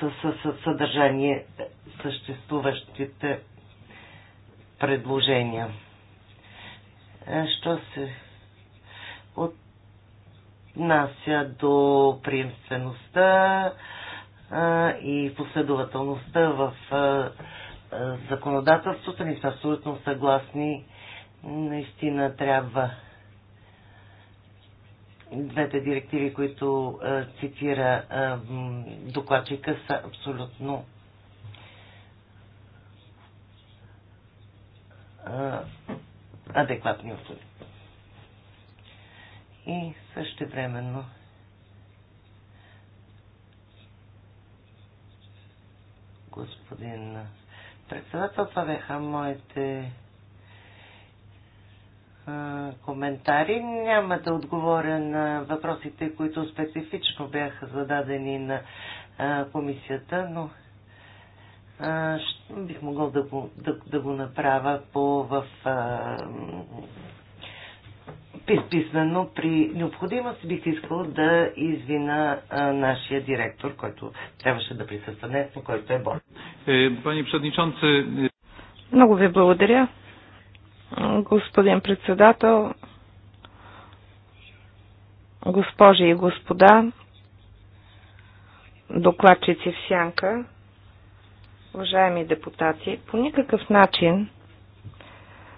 съдържание съществуващите предложения. Е, що се отнася до приемствеността е, и последователността в е, законодателството, ни са абсолютно съгласни. Наистина трябва двете директиви, които цитира докладчика, са абсолютно адекватни услуги. И също времено господин председател, това бяха моите коментари. Няма да отговоря на въпросите, които специфично бяха зададени на комисията, но бих могъл да го, да, да го направя по, в а, пис, писменно при необходимост. Бих искал да извина а, нашия директор, който трябваше да присъства днес, но който е Е, Пани Предничанце... Е, Много ви благодаря, господин председател, госпожи и господа, докладчици в сянка уважаеми депутати, по никакъв начин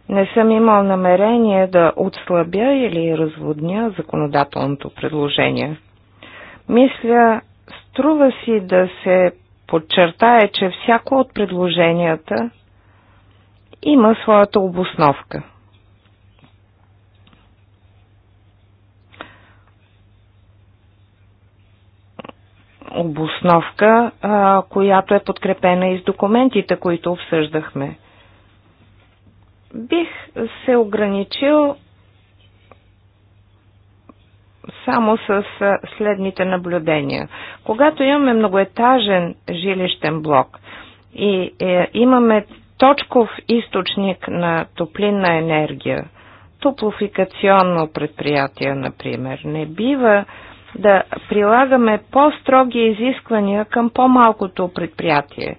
не съм имал намерение да отслабя или разводня законодателното предложение. Мисля, струва си да се подчертае, че всяко от предложенията има своята обосновка. обосновка, а, която е подкрепена и с документите, които обсъждахме. Бих се ограничил само с следните наблюдения. Когато имаме многоетажен жилищен блок и е, имаме точков източник на топлинна енергия, топлофикационно предприятие, например, не бива да прилагаме по-строги изисквания към по-малкото предприятие,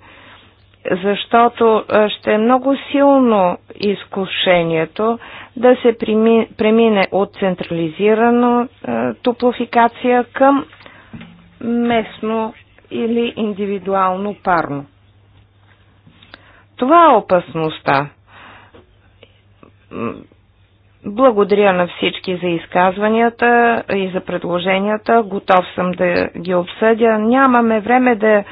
защото ще е много силно изкушението да се премине от централизирано топлофикация към местно или индивидуално парно. Това е опасността благодаря на всички за изказванията и за предложенията. Готов съм да ги обсъдя. Нямаме време да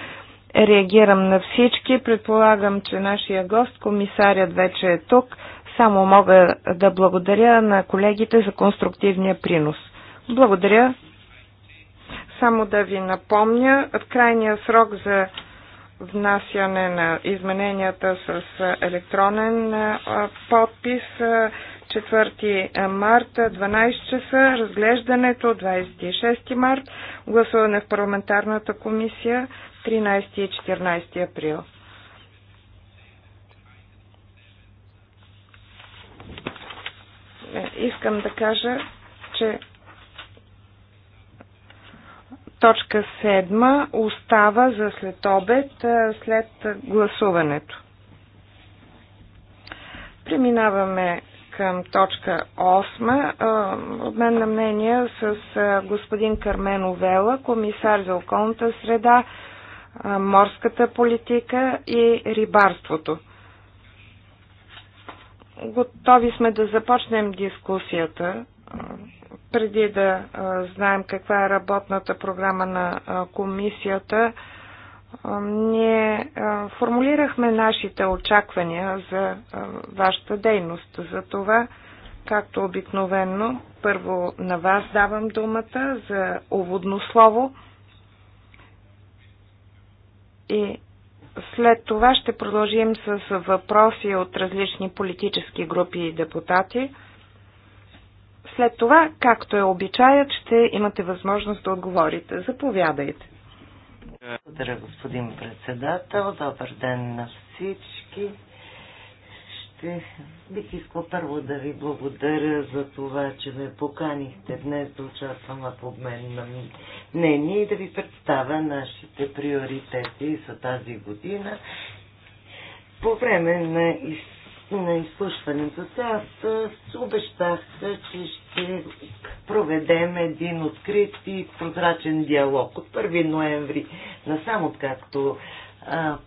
реагирам на всички. Предполагам, че нашия гост, комисарят, вече е тук. Само мога да благодаря на колегите за конструктивния принос. Благодаря. Само да ви напомня, в крайния срок за внасяне на измененията с електронен подпис 4 марта, 12 часа, разглеждането 26 март, гласуване в парламентарната комисия 13 и 14 април. Е, искам да кажа, че точка 7 остава за след обед, след гласуването. Преминаваме към точка 8. Обмен на мнение с господин Кармен Овела, комисар за околната среда, морската политика и рибарството. Готови сме да започнем дискусията преди да знаем каква е работната програма на комисията ние формулирахме нашите очаквания за вашата дейност. За това, както обикновенно, първо на вас давам думата за уводно слово и след това ще продължим с въпроси от различни политически групи и депутати. След това, както е обичаят, ще имате възможност да отговорите. Заповядайте. Благодаря, господин председател. Добър ден на всички. Ще бих искал първо да ви благодаря за това, че ме поканихте днес да участвам в обмен на мнение и да ви представя нашите приоритети за тази година по време на изследването на изслушването се, аз обещах че ще проведем един открит и прозрачен диалог от 1 ноември. Насам откакто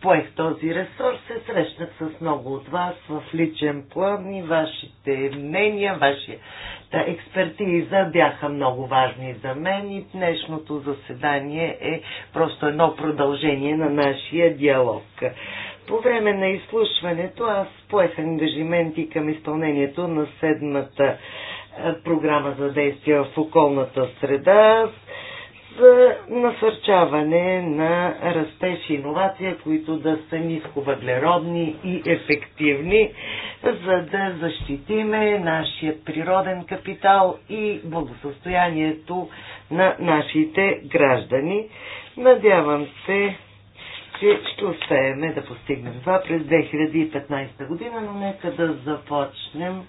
поех този ресурс, се срещнах с много от вас в личен план и вашите мнения, вашата експертиза бяха много важни за мен и днешното заседание е просто едно продължение на нашия диалог. По време на изслушването аз поех ангажименти към изпълнението на седмата е, програма за действие в околната среда за насърчаване на растеж и иновация, които да са нисковъглеродни и ефективни, за да защитиме нашия природен капитал и благосъстоянието на нашите граждани. Надявам се че ще успеем да постигнем това през 2015 година, но нека да започнем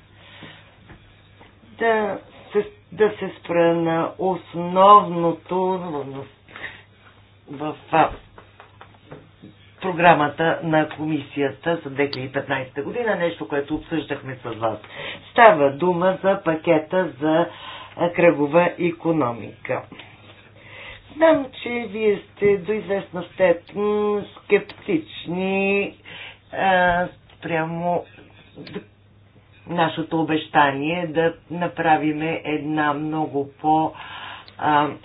да се, да се спра на основното в, в, в програмата на комисията за 2015 година, нещо, което обсъждахме с вас. Става дума за пакета за кръгова економика. Знам, че вие сте до известна степен скептични прямо нашето обещание да направиме една много по-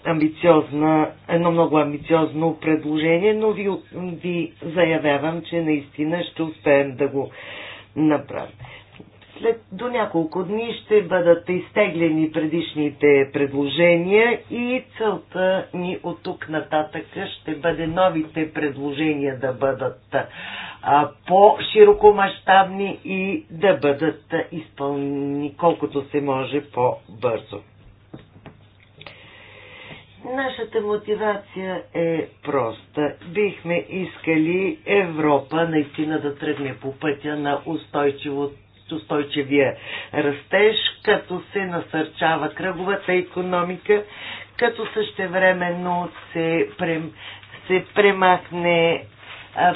амбициозна, едно много амбициозно предложение, но ви, ви заявявам, че наистина ще успеем да го направим. След до няколко дни ще бъдат изтеглени предишните предложения и целта ни от тук нататък ще бъде новите предложения да бъдат по-широкомащабни и да бъдат изпълнени колкото се може по-бързо. Нашата мотивация е проста. Бихме искали Европа наистина да тръгне по пътя на устойчивото устойчивия растеж, като се насърчава кръговата економика, като същевременно се, прем, се премахне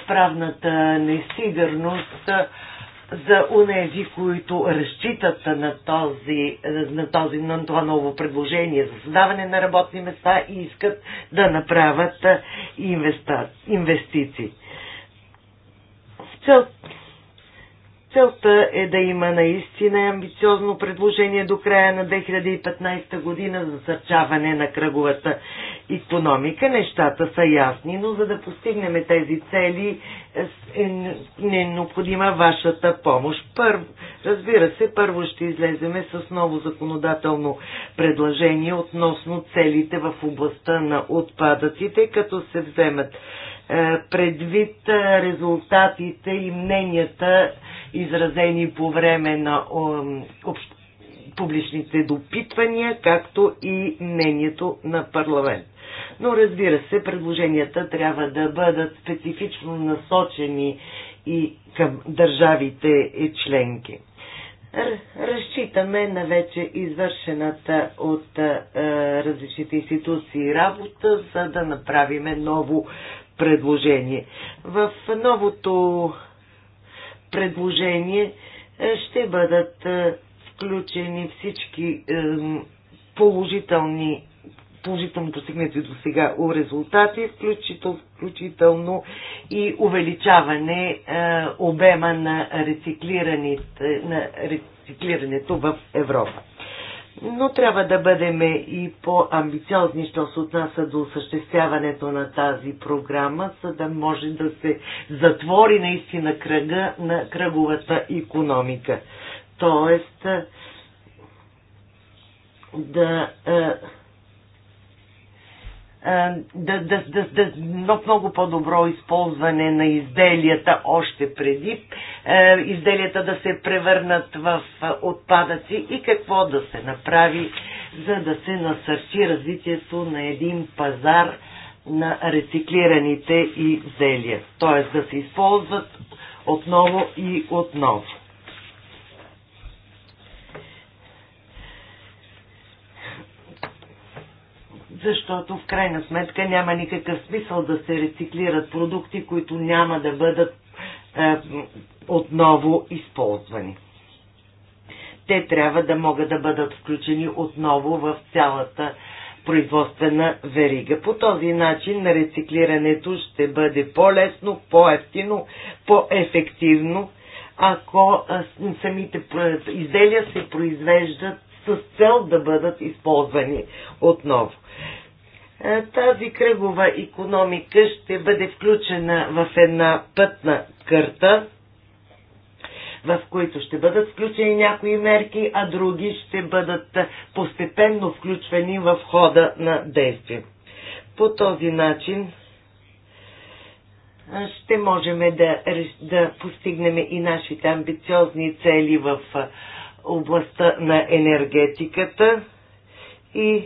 правната несигурност за унези, които разчитат на, този, на, този, на това ново предложение за създаване на работни места и искат да направят инвестиции. Целта е да има наистина амбициозно предложение до края на 2015 година за насърчаване на кръговата економика. Нещата са ясни, но за да постигнем тези цели е, е, е необходима вашата помощ. Първо, разбира се, първо ще излеземе с ново законодателно предложение относно целите в областта на отпадъците, като се вземат е, предвид резултатите и мненията изразени по време на публичните допитвания, както и мнението на парламент. Но разбира се, предложенията трябва да бъдат специфично насочени и към държавите и членки. Разчитаме на вече извършената от е, различните институции работа, за да направиме ново предложение. В новото предложение е, ще бъдат е, включени всички е, положителни положително постигнати до сега резултати, включително, включително и увеличаване е, обема на, на рециклирането в Европа но трябва да бъдем и по-амбициозни, що се отнася до осъществяването на тази програма, за да може да се затвори наистина кръга на кръговата економика. Тоест да е, да, да, да, да, да много по-добро използване на изделията още преди е, изделията да се превърнат в отпадъци и какво да се направи, за да се насърчи развитието на един пазар на рециклираните изделия. Т.е. да се използват отново и отново. защото в крайна сметка няма никакъв смисъл да се рециклират продукти, които няма да бъдат е, отново използвани. Те трябва да могат да бъдат включени отново в цялата производствена верига. По този начин на рециклирането ще бъде по-лесно, по-ефтино, по-ефективно, ако самите е, изделия се произвеждат с цел да бъдат използвани отново. Е, тази кръгова економика ще бъде включена в една пътна карта, в които ще бъдат включени някои мерки, а други ще бъдат постепенно включвани в хода на действие. По този начин е, ще можем да, да постигнем и нашите амбициозни цели в е, областта на енергетиката и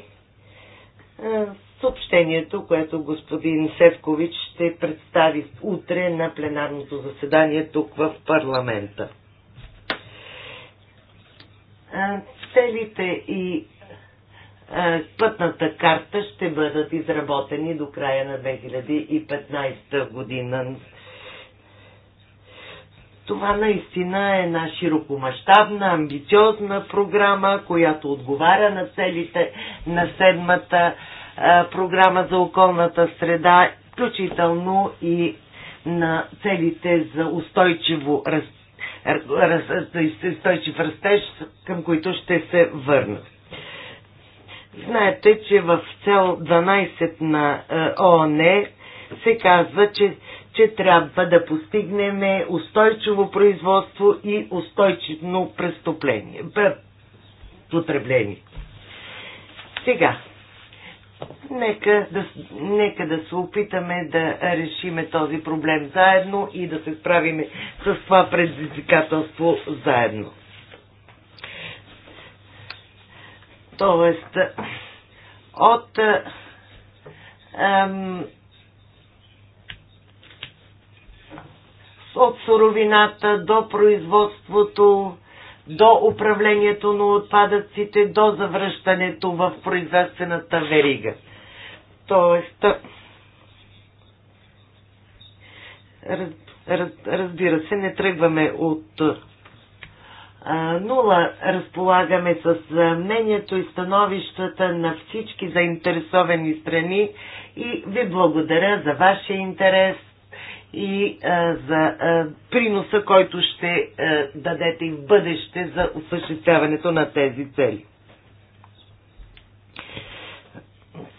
съобщението, което господин Севкович ще представи утре на пленарното заседание тук в парламента. Целите и пътната карта ще бъдат изработени до края на 2015 година. Това наистина е една широкомащабна, амбициозна програма, която отговаря на целите на седмата програма за околната среда, включително и на целите за устойчиво раз, раз, устойчив растеж, към които ще се върна. Знаете, че в цел 12 на ООН се казва, че че трябва да постигнем устойчиво производство и устойчиво престъпление, потребление. Сега, нека да, нека да се опитаме да решиме този проблем заедно и да се справим с това предизвикателство заедно. Тоест, от ам, от суровината до производството, до управлението на отпадъците, до завръщането в производствената верига. Тоест, раз, раз, разбира се, не тръгваме от а, нула. Разполагаме с мнението и становищата на всички заинтересовани страни и ви благодаря за вашия интерес, и а, за а, приноса, който ще а, дадете и в бъдеще за осъществяването на тези цели.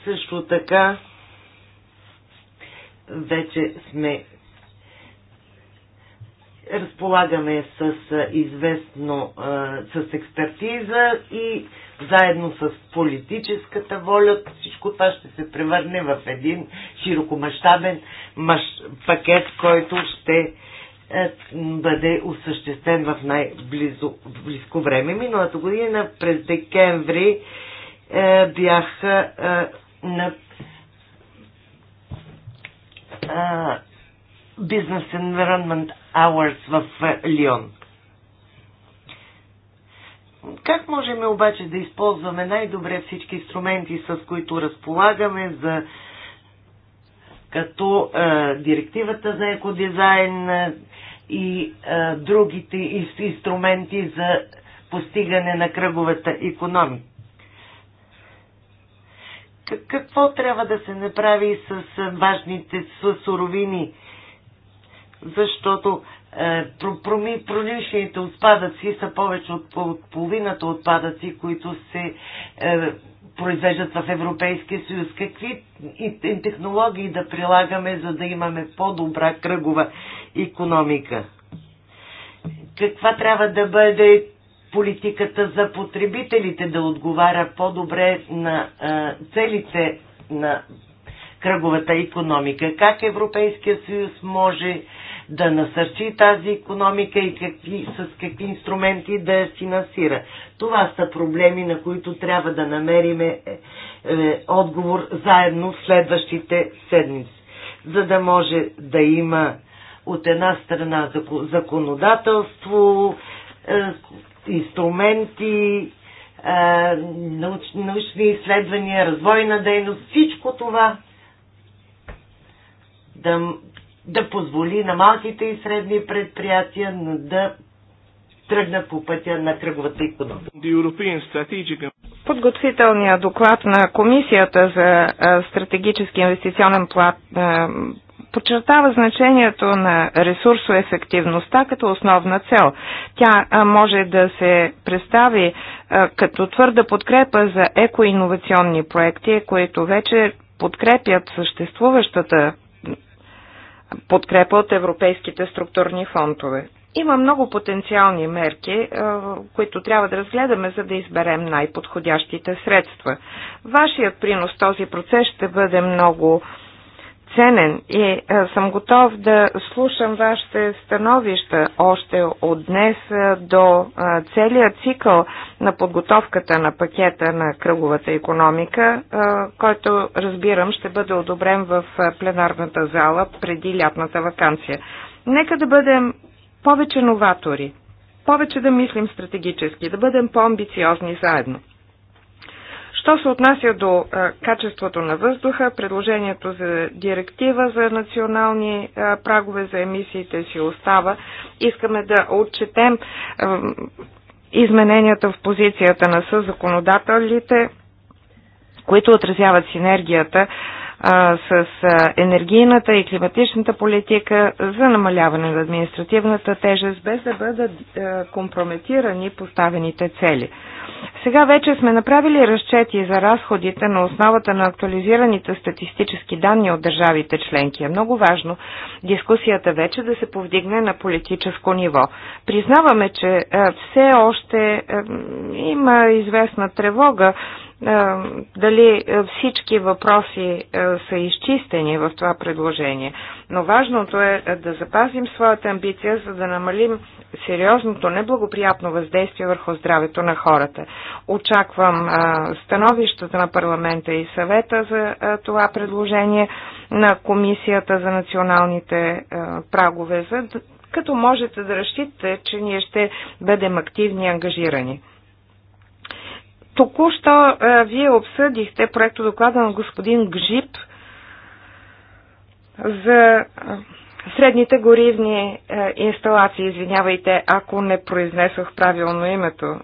Също така вече сме разполагаме с известно, с експертиза и заедно с политическата воля, всичко това ще се превърне в един широкомащабен пакет, който ще е, бъде осъществен в най-близко време. Миналата година през декември е, бяха е, на е, Business Environment Hours в е, Лион. Как можем обаче да използваме най-добре всички инструменти, с които разполагаме за като е, директивата за екодизайн и е, другите инструменти за постигане на кръговата економика? Какво трябва да се направи с важните суровини? Защото е, промишлените отпадъци са повече от половината отпадъци, които се е, произвеждат в Европейския съюз. Какви технологии да прилагаме, за да имаме по-добра кръгова економика? Каква трябва да бъде политиката за потребителите да отговаря по-добре на е, целите на кръговата економика? Как Европейския съюз може да насърчи тази економика и какви, с какви инструменти да я финансира. Това са проблеми, на които трябва да намериме е, е отговор заедно в следващите седмици, за да може да има от една страна законодателство, е, инструменти, е, науч, научни изследвания, развойна дейност, всичко това да, да позволи на малките и средни предприятия да тръгнат по пътя на кръговата економика. Подготвителният доклад на Комисията за стратегически инвестиционен план подчертава значението на ресурсоефективността като основна цел. Тя може да се представи като твърда подкрепа за екоинновационни проекти, които вече подкрепят съществуващата подкрепа от европейските структурни фондове. Има много потенциални мерки, е, които трябва да разгледаме, за да изберем най-подходящите средства. Вашият принос в този процес ще бъде много ценен и е, съм готов да слушам вашите становища още от днес е, до е, целия цикъл на подготовката на пакета на кръговата економика, който разбирам ще бъде одобрен в пленарната зала преди лятната вакансия. Нека да бъдем повече новатори, повече да мислим стратегически, да бъдем по-амбициозни заедно. Що се отнася до е, качеството на въздуха, предложението за директива за национални е, прагове за емисиите си остава. Искаме да отчетем е, измененията в позицията на съзаконодателите, които отразяват синергията с енергийната и климатичната политика за намаляване на административната тежест, без да бъдат компрометирани поставените цели. Сега вече сме направили разчети за разходите на основата на актуализираните статистически данни от държавите членки. Е много важно дискусията вече да се повдигне на политическо ниво. Признаваме, че е, все още е, има известна тревога е, дали всички въпроси са изчистени в това предложение. Но важното е да запазим своята амбиция, за да намалим сериозното неблагоприятно въздействие върху здравето на хората. Очаквам а, становищата на парламента и съвета за а, това предложение на Комисията за националните а, прагове, за, като можете да разчитате, че ние ще бъдем активни и ангажирани. Току-що вие обсъдихте проекто доклада на господин Гжип за Средните горивни е, инсталации, извинявайте, ако не произнесох правилно името,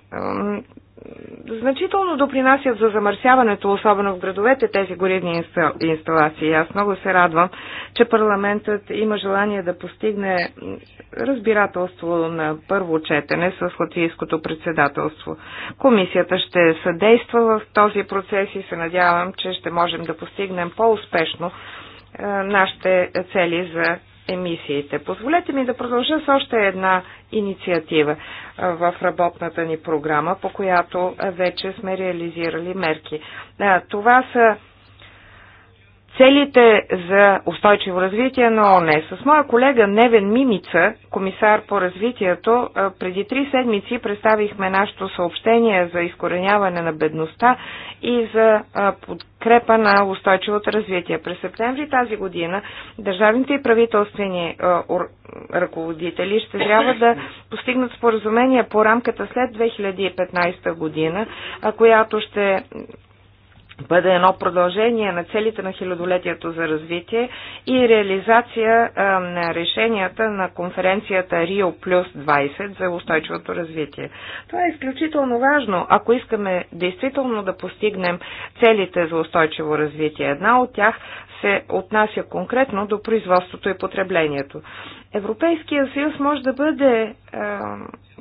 значително допринасят за замърсяването, особено в градовете, тези горивни инсталации. Аз много се радвам, че парламентът има желание да постигне разбирателство на първо четене с латвийското председателство. Комисията ще съдейства в този процес и се надявам, че ще можем да постигнем по-успешно е, нашите цели за емисиите. Позволете ми да продължа с още една инициатива в работната ни програма, по която вече сме реализирали мерки. Това са целите за устойчиво развитие на ОНЕ. С моя колега Невен Мимица, комисар по развитието, преди три седмици представихме нашето съобщение за изкореняване на бедността и за подкрепа на устойчивото развитие. През септември тази година държавните и правителствени ръководители ще трябва да постигнат споразумение по рамката след 2015 година, която ще бъде едно продължение на целите на хилядолетието за развитие и реализация на решенията на конференцията Рио плюс 20 за устойчивото развитие. Това е изключително важно, ако искаме действително да постигнем целите за устойчиво развитие. Една от тях се отнася конкретно до производството и потреблението. Европейския съюз може да бъде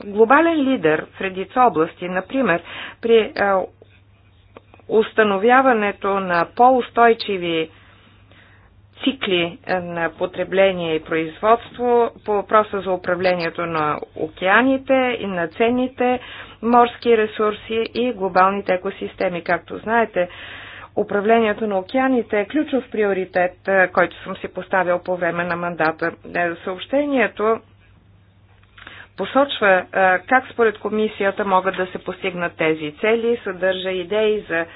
глобален лидер в редица области, например при установяването на по-устойчиви цикли е, на потребление и производство по въпроса за управлението на океаните и на ценните морски ресурси и глобалните екосистеми. Както знаете, управлението на океаните е ключов приоритет, е, който съм си поставил по време на мандата. Е, съобщението посочва как според комисията могат да се постигнат тези цели, съдържа идеи за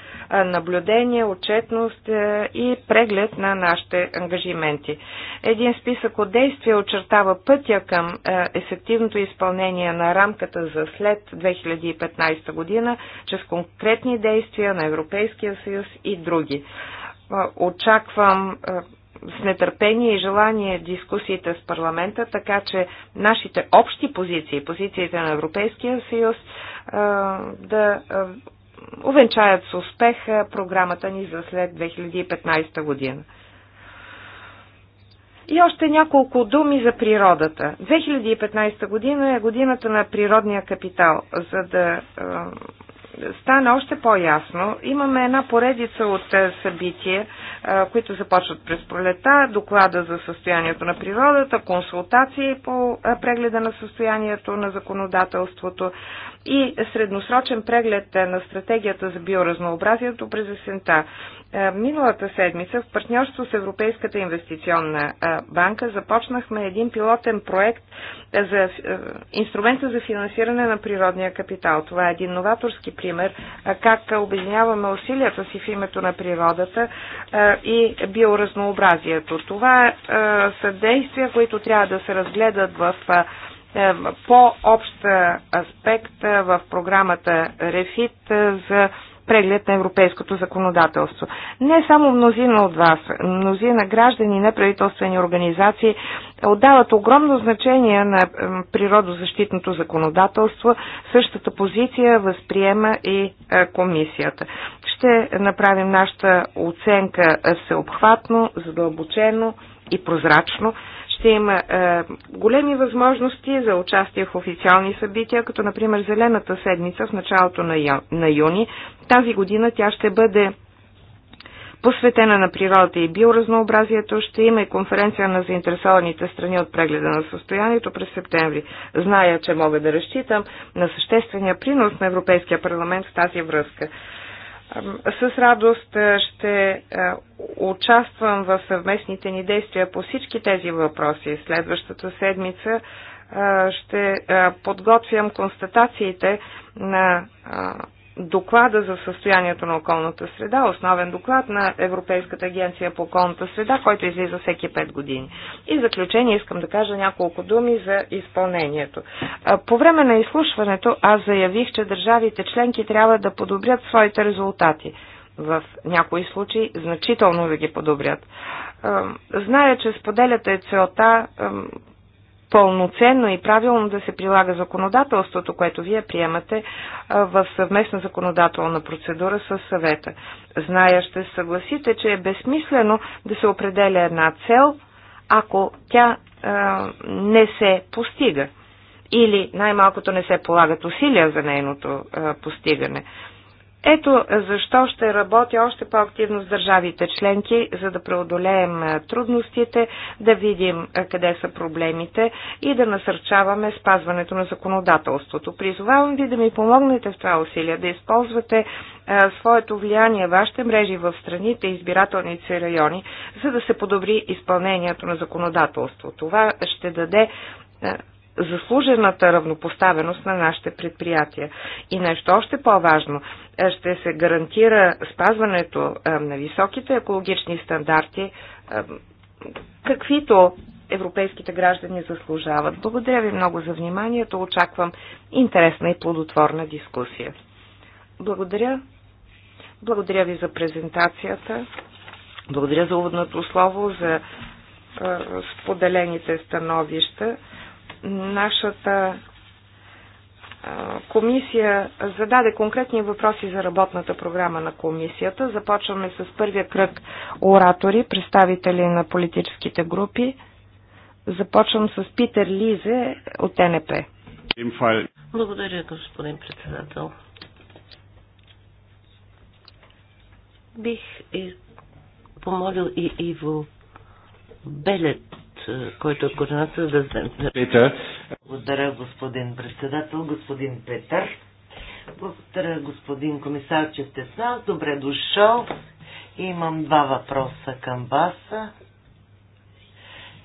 наблюдение, отчетност и преглед на нашите ангажименти. Един списък от действия очертава пътя към ефективното изпълнение на рамката за след 2015 година, чрез конкретни действия на Европейския съюз и други. Очаквам с нетърпение и желание дискусиите с парламента, така че нашите общи позиции, позициите на Европейския съюз, да увенчаят с успех програмата ни за след 2015 година. И още няколко думи за природата. 2015 година е годината на природния капитал, за да стана още по-ясно. Имаме една поредица от е, събития, е, които започват през пролета, доклада за състоянието на природата, консултации по е, прегледа на състоянието на законодателството и средносрочен преглед на стратегията за биоразнообразието през есента. Е, миналата седмица в партньорство с Европейската инвестиционна е, банка започнахме един пилотен проект е, за инструмента за финансиране на природния капитал. Това е един новаторски пример как обединяваме усилията си в името на природата и биоразнообразието. Това са действия, които трябва да се разгледат в по-общ аспект в програмата РЕФИТ за преглед на европейското законодателство. Не само мнозина от вас, мнозина граждани, неправителствени организации отдават огромно значение на природозащитното законодателство. Същата позиция възприема и комисията. Ще направим нашата оценка всеобхватно, задълбочено и прозрачно, ще има е, големи възможности за участие в официални събития, като например Зелената седмица в началото на, ю, на юни. Тази година тя ще бъде посветена на природата и биоразнообразието. Ще има и конференция на заинтересованите страни от прегледа на състоянието през септември. Зная, че мога да разчитам на съществения принос на Европейския парламент в тази връзка. С радост ще участвам в съвместните ни действия по всички тези въпроси. Следващата седмица ще подготвям констатациите на доклада за състоянието на околната среда, основен доклад на Европейската агенция по околната среда, който излиза всеки 5 години. И в заключение искам да кажа няколко думи за изпълнението. По време на изслушването аз заявих, че държавите членки трябва да подобрят своите резултати. В някои случаи значително да ги подобрят. Зная, че споделяте целта пълноценно и правилно да се прилага законодателството, което вие приемате в съвместна законодателна процедура с съвета. Зная, ще съгласите, че е безсмислено да се определя една цел, ако тя а, не се постига или най-малкото не се полагат усилия за нейното а, постигане. Ето защо ще работя още по-активно с държавите членки, за да преодолеем трудностите, да видим къде са проблемите и да насърчаваме спазването на законодателството. Призовавам ви да ми помогнете в това усилие, да използвате своето влияние, вашите мрежи в страните, избирателници и райони, за да се подобри изпълнението на законодателство. Това ще даде заслужената равнопоставеност на нашите предприятия. И нещо още по-важно, е, ще се гарантира спазването е, на високите екологични стандарти, е, каквито европейските граждани заслужават. Благодаря ви много за вниманието. Очаквам интересна и плодотворна дискусия. Благодаря. Благодаря ви за презентацията. Благодаря за уводното слово, за споделените становища. Нашата комисия зададе конкретни въпроси за работната програма на комисията. Започваме с първия кръг оратори, представители на политическите групи. Започвам с Питер Лизе от НП. Благодаря, господин председател. Бих и помолил и Иво Белет който е координатор да Петър. Благодаря, господин председател, господин Петър. Благодаря, господин комисар, че сте с нас. Добре дошъл. Имам два въпроса към вас.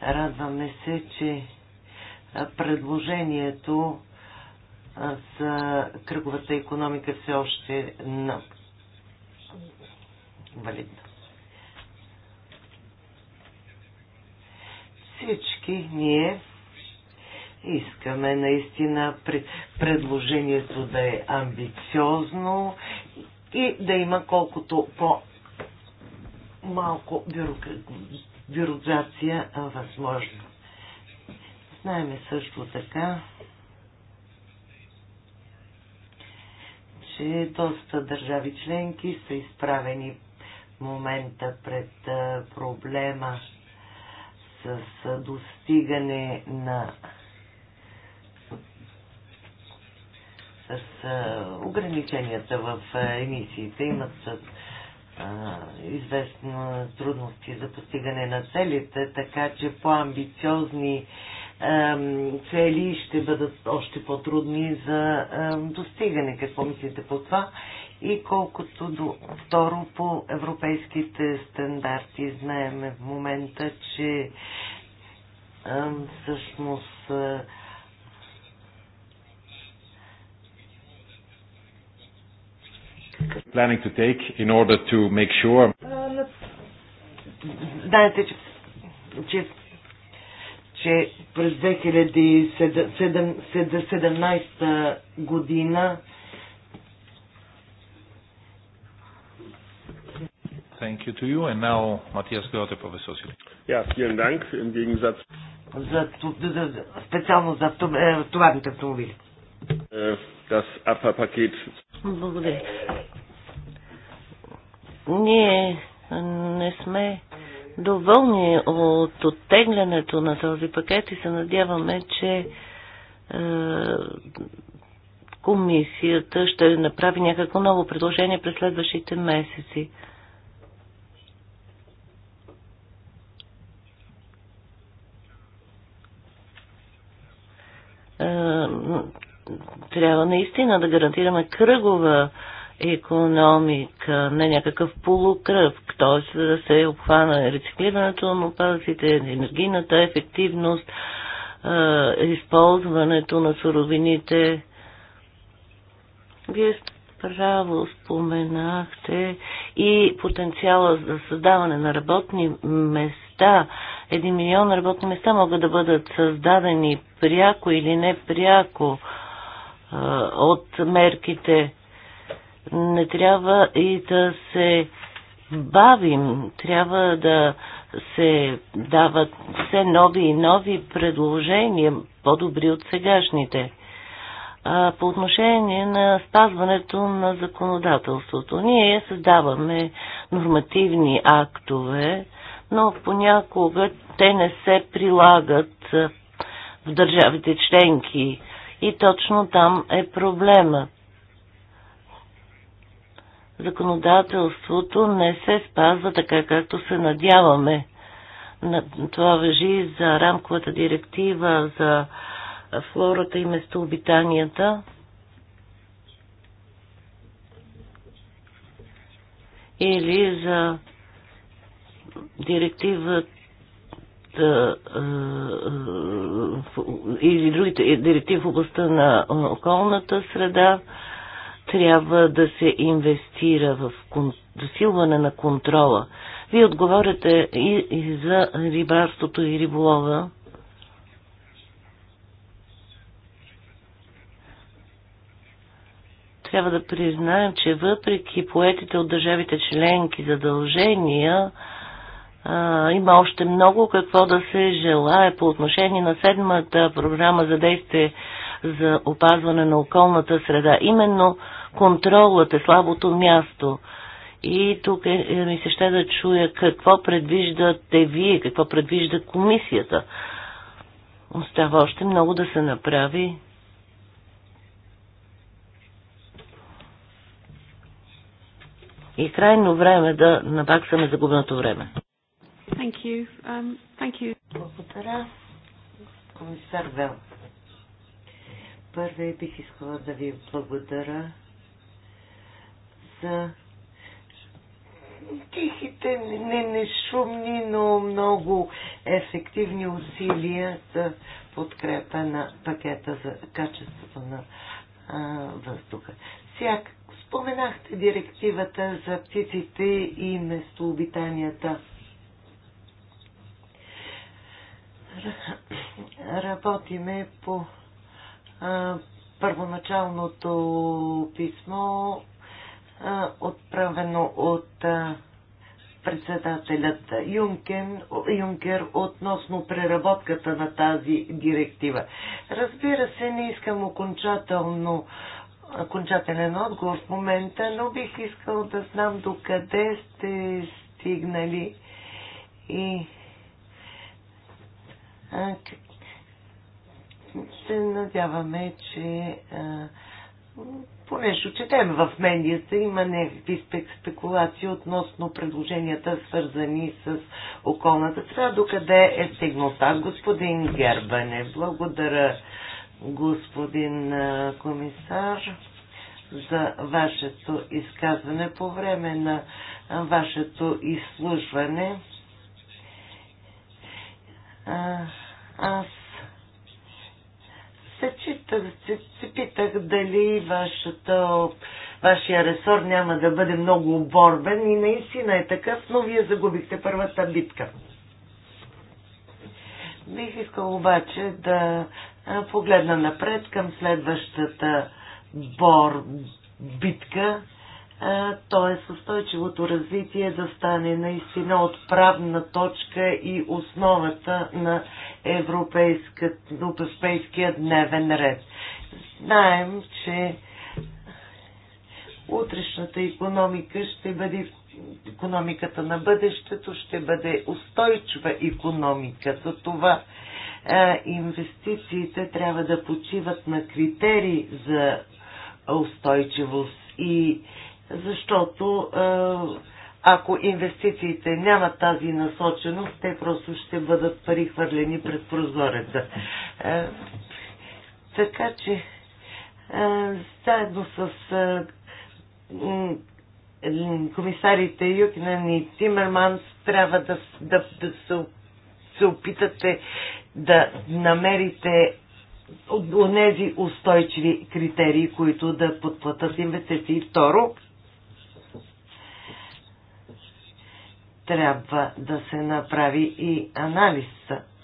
Радваме се, че предложението за кръговата економика все още е валидно. Всички ние искаме наистина предложението да е амбициозно и да има колкото по малко бюрок... бюрокрация възможно. Знаеме също така, че доста държави членки са изправени в момента пред проблема с достигане на с ограниченията в емисиите имат известни трудности за постигане на целите, така че по-амбициозни цели ще бъдат още по-трудни за достигане. Какво мислите по това? И колкото до второ по европейските стандарти, знаеме в момента, че всъщност planning to take in order to make sure. Знаете, че, че, че през 2017 година Thank you to you. And now, Матиас Гьоте, професор Сили. Ja, vielen Dank. Im Gegensatz... Speziell für das за е, товарните автомобили. Е, das APA-пакет. Благодаря. Ние не сме доволни от оттеглянето на този пакет и се надяваме, че е, комисията ще направи някакво ново предложение през следващите месеци. Е, трябва наистина да гарантираме кръгова економика, не някакъв полукръв, т.е. да се обхвана рециклирането на опазите, енергийната ефективност, е, използването на суровините. Вие право споменахте и потенциала за създаване на работни места един милион работни места могат да бъдат създадени пряко или непряко от мерките. Не трябва и да се бавим, трябва да се дават все нови и нови предложения, по-добри от сегашните. по отношение на спазването на законодателството, ние създаваме нормативни актове, но понякога те не се прилагат в държавите членки и точно там е проблема. Законодателството не се спазва така, както се надяваме. Това въжи за рамковата директива, за флората и местообитанията. Или за директивата или другите директиви в областта на околната среда трябва да се инвестира в досилване на контрола. Вие отговорите и, и за рибарството и риболова. Трябва да признаем, че въпреки поетите от държавите членки задължения, а, има още много какво да се желае по отношение на седмата програма за действие за опазване на околната среда. Именно контролът е слабото място. И тук е, е, ми се ще да чуя какво предвиждате вие, какво предвижда комисията. Остава още много да се направи. И крайно време да набаксаме загубеното време. Thank you. Um, thank you. Благодаря, комисар Вел. Първо бих искала да ви благодаря за тихите, не, не шумни, но много ефективни усилия за подкрепа на пакета за качеството на а, въздуха. Всяк споменахте директивата за птиците и местообитанията. работиме по а, първоначалното писмо, а, отправено от а, председателят Юнкен, Юнкер относно преработката на тази директива. Разбира се, не искам окончателно окончателен отговор в момента, но бих искал да знам докъде сте стигнали и се надяваме, че понеже четем в медията, има някакви спекулации относно предложенията, свързани с околната среда, докъде е стигнал Господин Гербане, благодаря господин комисар за вашето изказване по време на вашето изслужване. Аз се, читах, се, се питах дали вашата, вашия ресор няма да бъде много оборбен и наистина е такъв, но вие загубихте първата битка. Бих искал обаче да погледна напред към следващата бор, битка т.е. устойчивото е развитие да стане наистина отправна точка и основата на европейския дневен ред. Знаем, че утрешната економика ще бъде економиката на бъдещето ще бъде устойчива економика. За това е, инвестициите трябва да почиват на критерии за устойчивост и защото ако инвестициите нямат тази насоченост, те просто ще бъдат пари хвърлени пред прозореца. Така че, заедно с комисарите Юкинен и Тимерманс трябва да, да, да се, се опитате да намерите от тези устойчиви критерии, които да подплатат инвестиции. Второ, трябва да се направи и анализ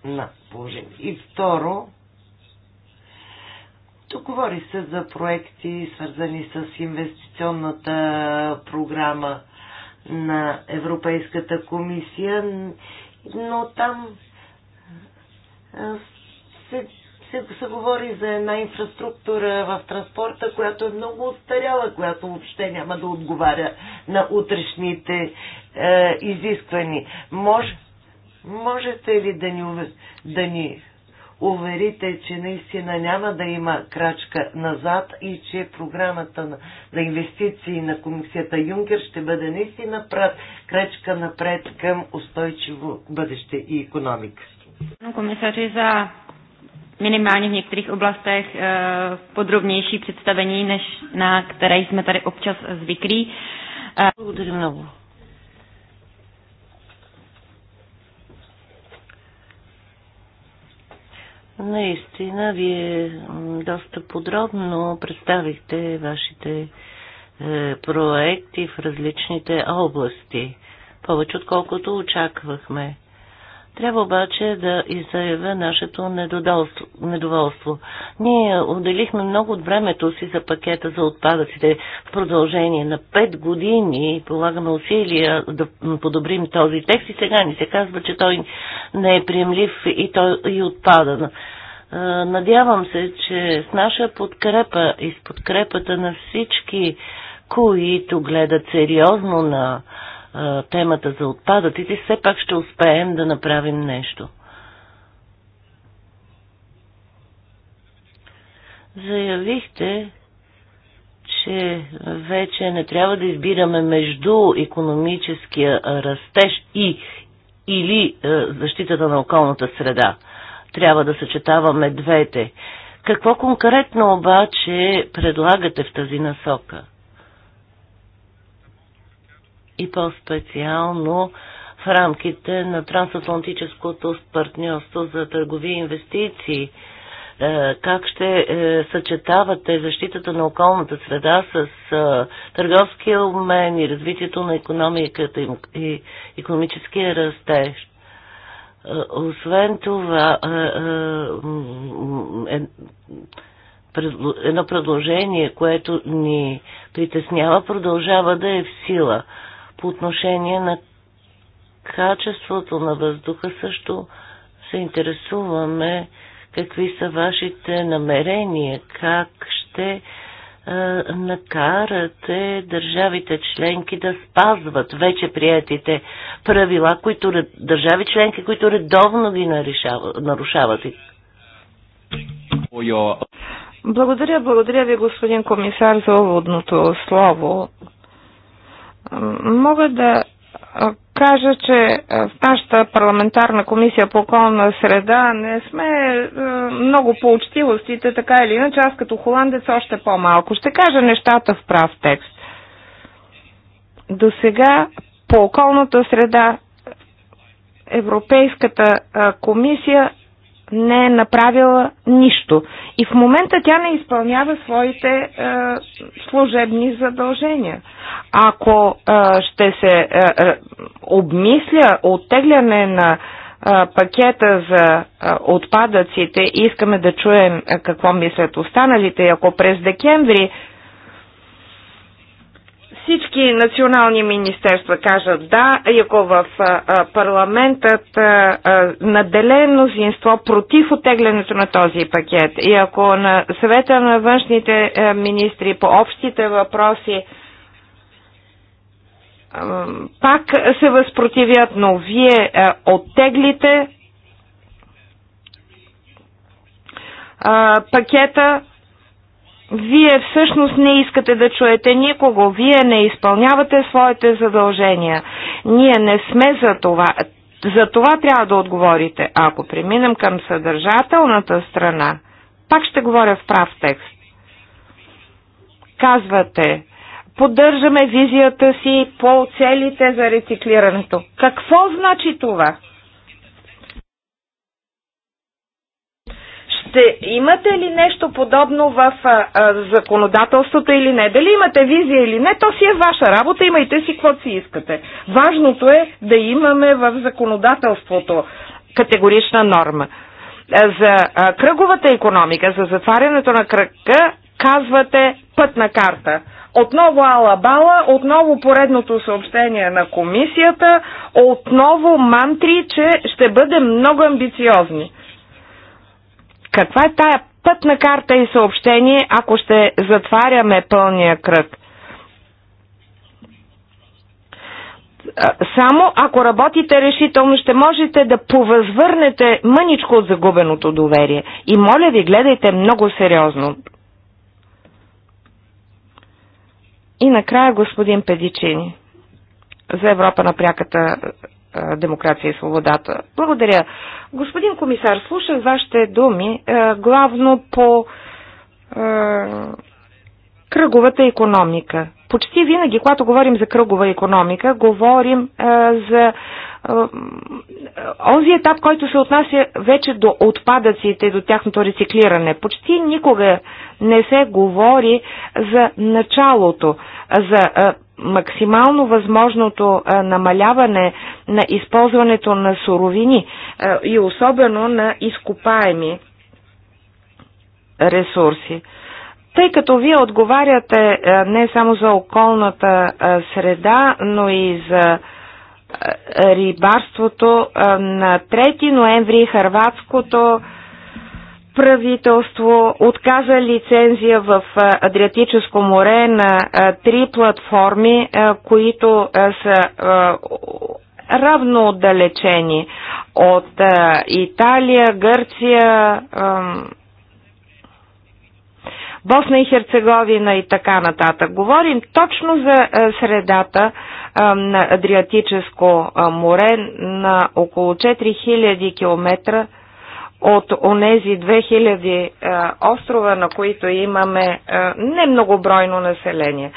на положение. И второ, тук говори се за проекти, свързани с инвестиционната програма на Европейската комисия, но там се, се, се говори за една инфраструктура в транспорта, която е много устаряла, която въобще няма да отговаря на утрешните е, изисквани. Мож, можете ли да ни, да ни уверите, че наистина няма да има крачка назад и че програмата на, за инвестиции на комисията Юнкер ще бъде наистина прат, крачка напред към устойчиво бъдеще и економика. Комисаři за minimálně v některých oblastech e, podrobnější představení, než na které jsme tady občas zvyklí. Благодаря много. Наистина, вие доста подробно представихте вашите е, проекти в различните области, повече отколкото очаквахме. Трябва обаче да изявя нашето недоволство. Ние отделихме много от времето си за пакета за отпадъците в продължение на 5 години и полагаме усилия да подобрим този текст и сега ни се казва, че той не е приемлив и, той, и отпада. Е, надявам се, че с наша подкрепа и с подкрепата на всички, които гледат сериозно на а, темата за отпадъците, все пак ще успеем да направим нещо. Заявихте, че вече не трябва да избираме между економическия растеж и или е, защитата на околната среда. Трябва да съчетаваме двете. Какво конкретно обаче предлагате в тази насока? и по-специално в рамките на трансатлантическото партньорство за търгови и инвестиции. Е, как ще е, съчетавате защитата на околната среда с е, търговския обмен и развитието на економиката и економическия растеж? Освен това, едно предложение, което ни притеснява, продължава да е в сила – по отношение на качеството на въздуха също се интересуваме какви са вашите намерения, как ще е, накарате държавите членки да спазват вече приятите правила, които държави членки, които редовно ги нарушават. Благодаря, благодаря ви, господин комисар, за уводното слово. Мога да кажа, че в нашата парламентарна комисия по околна среда не сме много по учтивостите, така или иначе, аз като холандец още по-малко. Ще кажа нещата в прав текст. До сега по околната среда Европейската комисия не е направила нищо. И в момента тя не изпълнява своите е, служебни задължения. Ако е, ще се е, е, обмисля оттегляне на е, пакета за е, отпадъците. и Искаме да чуем е, какво мислят останалите. Ако през декември всички национални министерства кажат да, и ако в парламентът наделе мнозинство против отеглянето на този пакет, и ако на съвета на външните министри по общите въпроси пак се възпротивят, но вие оттеглите пакета, вие всъщност не искате да чуете никого, вие не изпълнявате своите задължения. Ние не сме за това. За това трябва да отговорите. Ако преминем към съдържателната страна, пак ще говоря в прав текст. Казвате, поддържаме визията си по целите за рециклирането. Какво значи това? Ще имате ли нещо подобно в а, а, законодателството или не? Дали имате визия или не, то си е ваша работа, имайте си каквото си искате. Важното е да имаме в законодателството категорична норма. За а, кръговата економика, за затварянето на кръка, казвате пътна карта. Отново алабала, отново поредното съобщение на комисията, отново мантри, че ще бъдем много амбициозни. Каква е тая пътна карта и съобщение, ако ще затваряме пълния кръг? Само ако работите решително, ще можете да повъзвърнете мъничко от загубеното доверие. И моля ви, гледайте много сериозно. И накрая господин Педичини за Европа на пряката демокрация и свободата. Благодаря. Господин комисар, слушах вашите думи главно по кръговата економика. Почти винаги, когато говорим за кръгова економика, говорим е, за онзи етап, който се отнася вече до отпадъците, до тяхното рециклиране. Почти никога не се говори за началото, за максимално възможното намаляване на използването на суровини и особено на изкопаеми ресурси. Тъй като вие отговаряте не само за околната среда, но и за рибарството, на 3 ноември Харватското правителство отказа лицензия в Адриатическо море на три платформи, които са равно отдалечени от Италия, Гърция, Босна и Херцеговина и така нататък. Говорим точно за средата на Адриатическо море на около 4000 км от онези 2000 а, острова, на които имаме а, не многобройно население.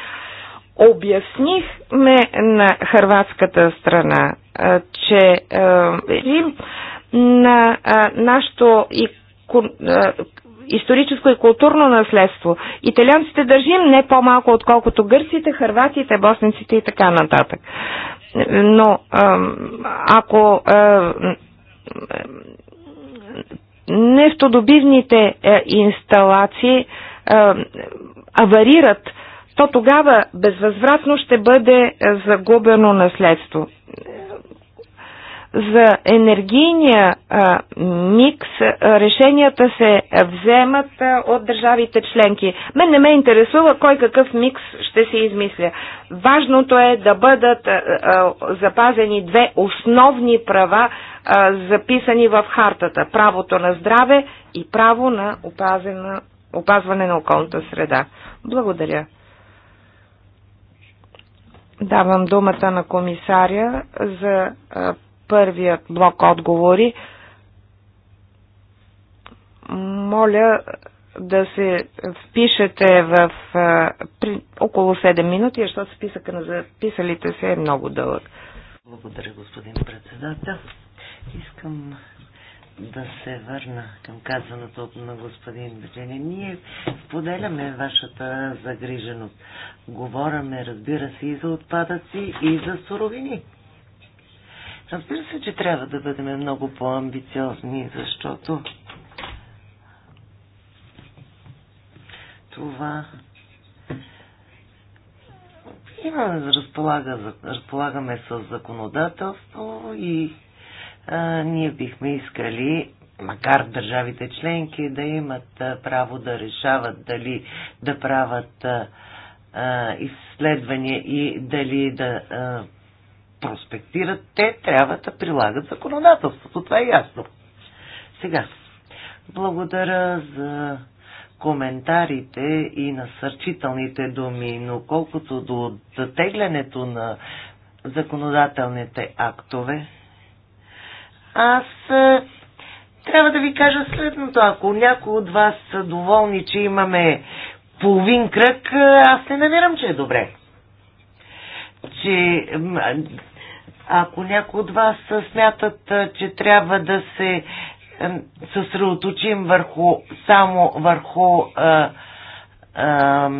Обяснихме на хрватската страна, а, че а, на а, нашето и, а, историческо и културно наследство. Италианците държим не по-малко, отколкото гърците, хърватите, босниците и така нататък. Но а, ако а, нефтодобивните е, инсталации е, аварират, то тогава безвъзвратно ще бъде е, загубено наследство за енергийния а, микс решенията се вземат а, от държавите членки. Мен не ме интересува кой какъв микс ще се измисля. Важното е да бъдат а, а, запазени две основни права, а, записани в хартата. Правото на здраве и право на опазена, опазване на околната среда. Благодаря. Давам думата на комисаря за първият блок отговори. Моля да се впишете в а, при, около 7 минути, защото списъка на записалите се е много дълъг. Благодаря, господин председател. Искам да се върна към казаното на господин Бежени. Ние споделяме вашата загриженост. Говораме, разбира се, и за отпадъци, и за суровини. Разбира се, че трябва да бъдем много по-амбициозни, защото това имаме да разполага, разполагаме с законодателство и а, ние бихме искали, макар държавите членки да имат а, право да решават дали да правят а, изследвания и дали да а, проспектират, те трябва да прилагат законодателството. Това е ясно. Сега, благодаря за коментарите и насърчителните думи, но колкото до затеглянето на законодателните актове, аз е, трябва да ви кажа следното. Ако някои от вас са доволни, че имаме половин кръг, е, аз не намирам, че е добре. Че ако някои от вас смятат, че трябва да се съсредоточим върху, само върху а, а,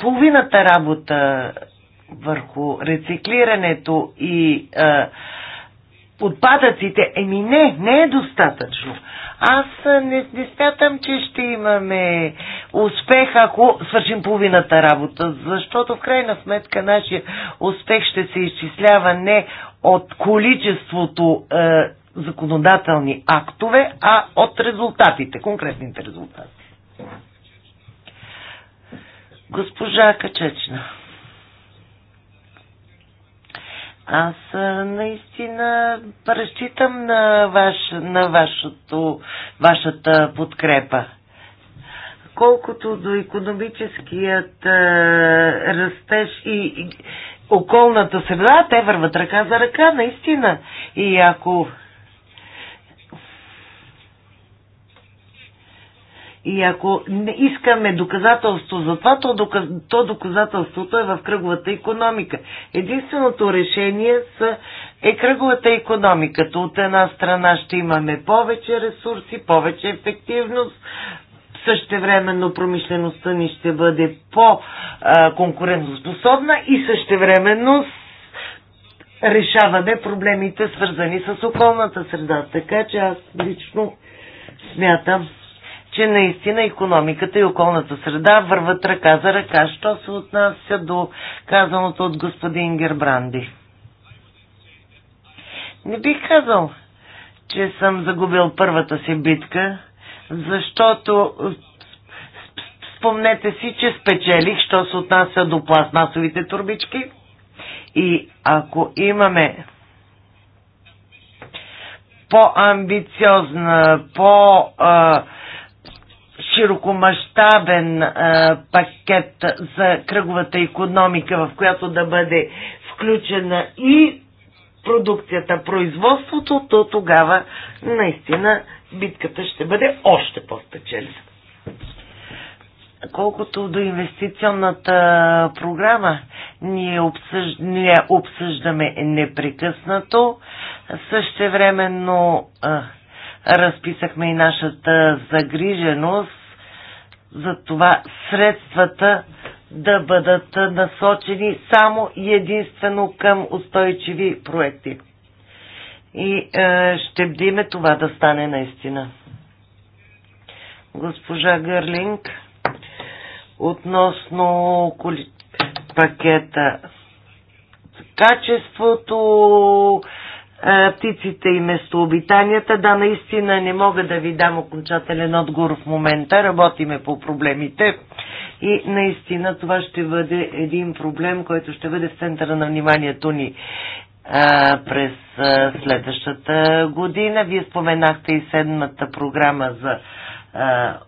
половината работа, върху рециклирането и а, отпадъците. Еми не, не е достатъчно. Аз не, не смятам, че ще имаме успех, ако свършим половината работа, защото в крайна сметка нашия успех ще се изчислява не от количеството е, законодателни актове, а от резултатите, конкретните резултати. Госпожа Качечна. Аз наистина разчитам на, ваш, на вашото, вашата подкрепа. Колкото до економическият а, растеж и, и околната среда, те върват ръка за ръка, наистина. И ако И ако не искаме доказателство за това, то, доказ... то доказателството е в кръговата економика. Единственото решение са... е кръговата економика. От една страна ще имаме повече ресурси, повече ефективност, същевременно промишлеността ни ще бъде по-конкурентоспособна и същевременно решаваме проблемите свързани с околната среда. Така че аз лично смятам, че наистина економиката и околната среда върват ръка за ръка. Що се отнася до казаното от господин Гербранди? Не бих казал, че съм загубил първата си битка, защото спомнете си, че спечелих, що се отнася до пластмасовите турбички. И ако имаме по-амбициозна, по-, -амбициозна, по амбициозна широкомащабен пакет за кръговата економика, в която да бъде включена и продукцията, производството, то тогава наистина битката ще бъде още по-спечелена. Колкото до инвестиционната програма, ние, обсъж... ние обсъждаме непрекъснато. Същевременно а, разписахме и нашата загриженост за това средствата да бъдат насочени само и единствено към устойчиви проекти. И е, ще бдиме това да стане наистина. Госпожа Гърлинг, относно коли... пакета качеството, птиците и местообитанията. Да, наистина не мога да ви дам окончателен отговор в момента. Работиме по проблемите и наистина това ще бъде един проблем, който ще бъде в центъра на вниманието ни а, през а, следващата година. Вие споменахте и седмата програма за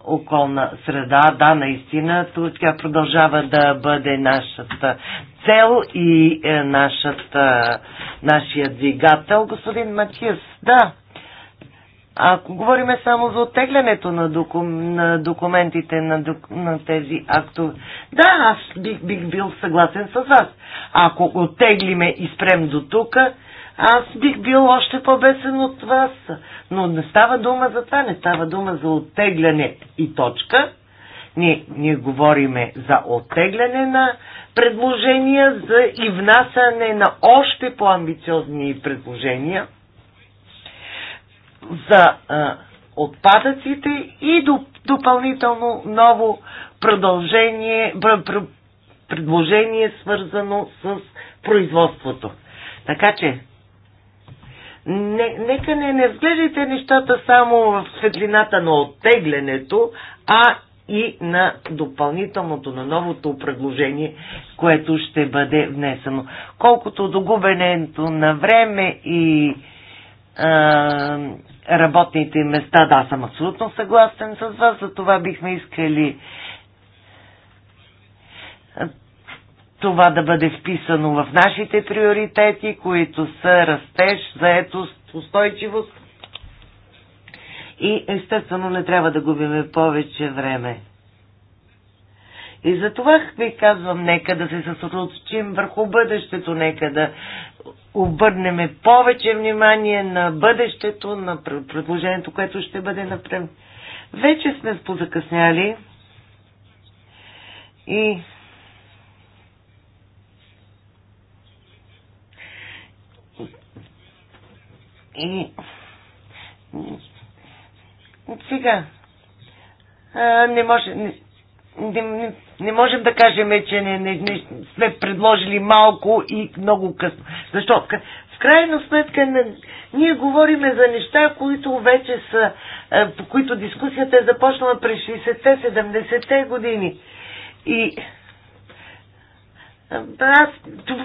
околна среда. Да, наистина, тя продължава да бъде нашата цел и е, нашата, нашия двигател. Господин Матиас, да, ако говорим само за оттеглянето на, докум, на документите на, док, на тези актове, да, аз бих, бих бил съгласен с вас. Ако оттеглиме и спрем до тук, аз бих бил още по-бесен от вас, но не става дума за това, не става дума за оттегляне и точка. Ние, ние говориме за оттегляне на предложения за и внасяне на още по-амбициозни предложения за а, отпадъците и доп, допълнително ново продължение, пр, пр, предложение свързано с производството. Така че не, нека не, не разглеждайте нещата само в светлината на оттеглянето, а и на допълнителното, на новото предложение, което ще бъде внесено. Колкото до губенето на време и а, работните места, да, съм абсолютно съгласен с вас, за това бихме искали това да бъде вписано в нашите приоритети, които са растеж, заетост, устойчивост. И естествено не трябва да губиме повече време. И за това ви казвам, нека да се съсредоточим върху бъдещето, нека да обърнем повече внимание на бъдещето, на предложението, което ще бъде направено. Вече сме позакъсняли и И сега а, не може. Не, не, не можем да кажем, че не, не, не сме предложили малко и много късно. Защо? В крайна сметка не, ние говориме за неща, които вече са, по които дискусията е започнала през 60-70-те години. И аз,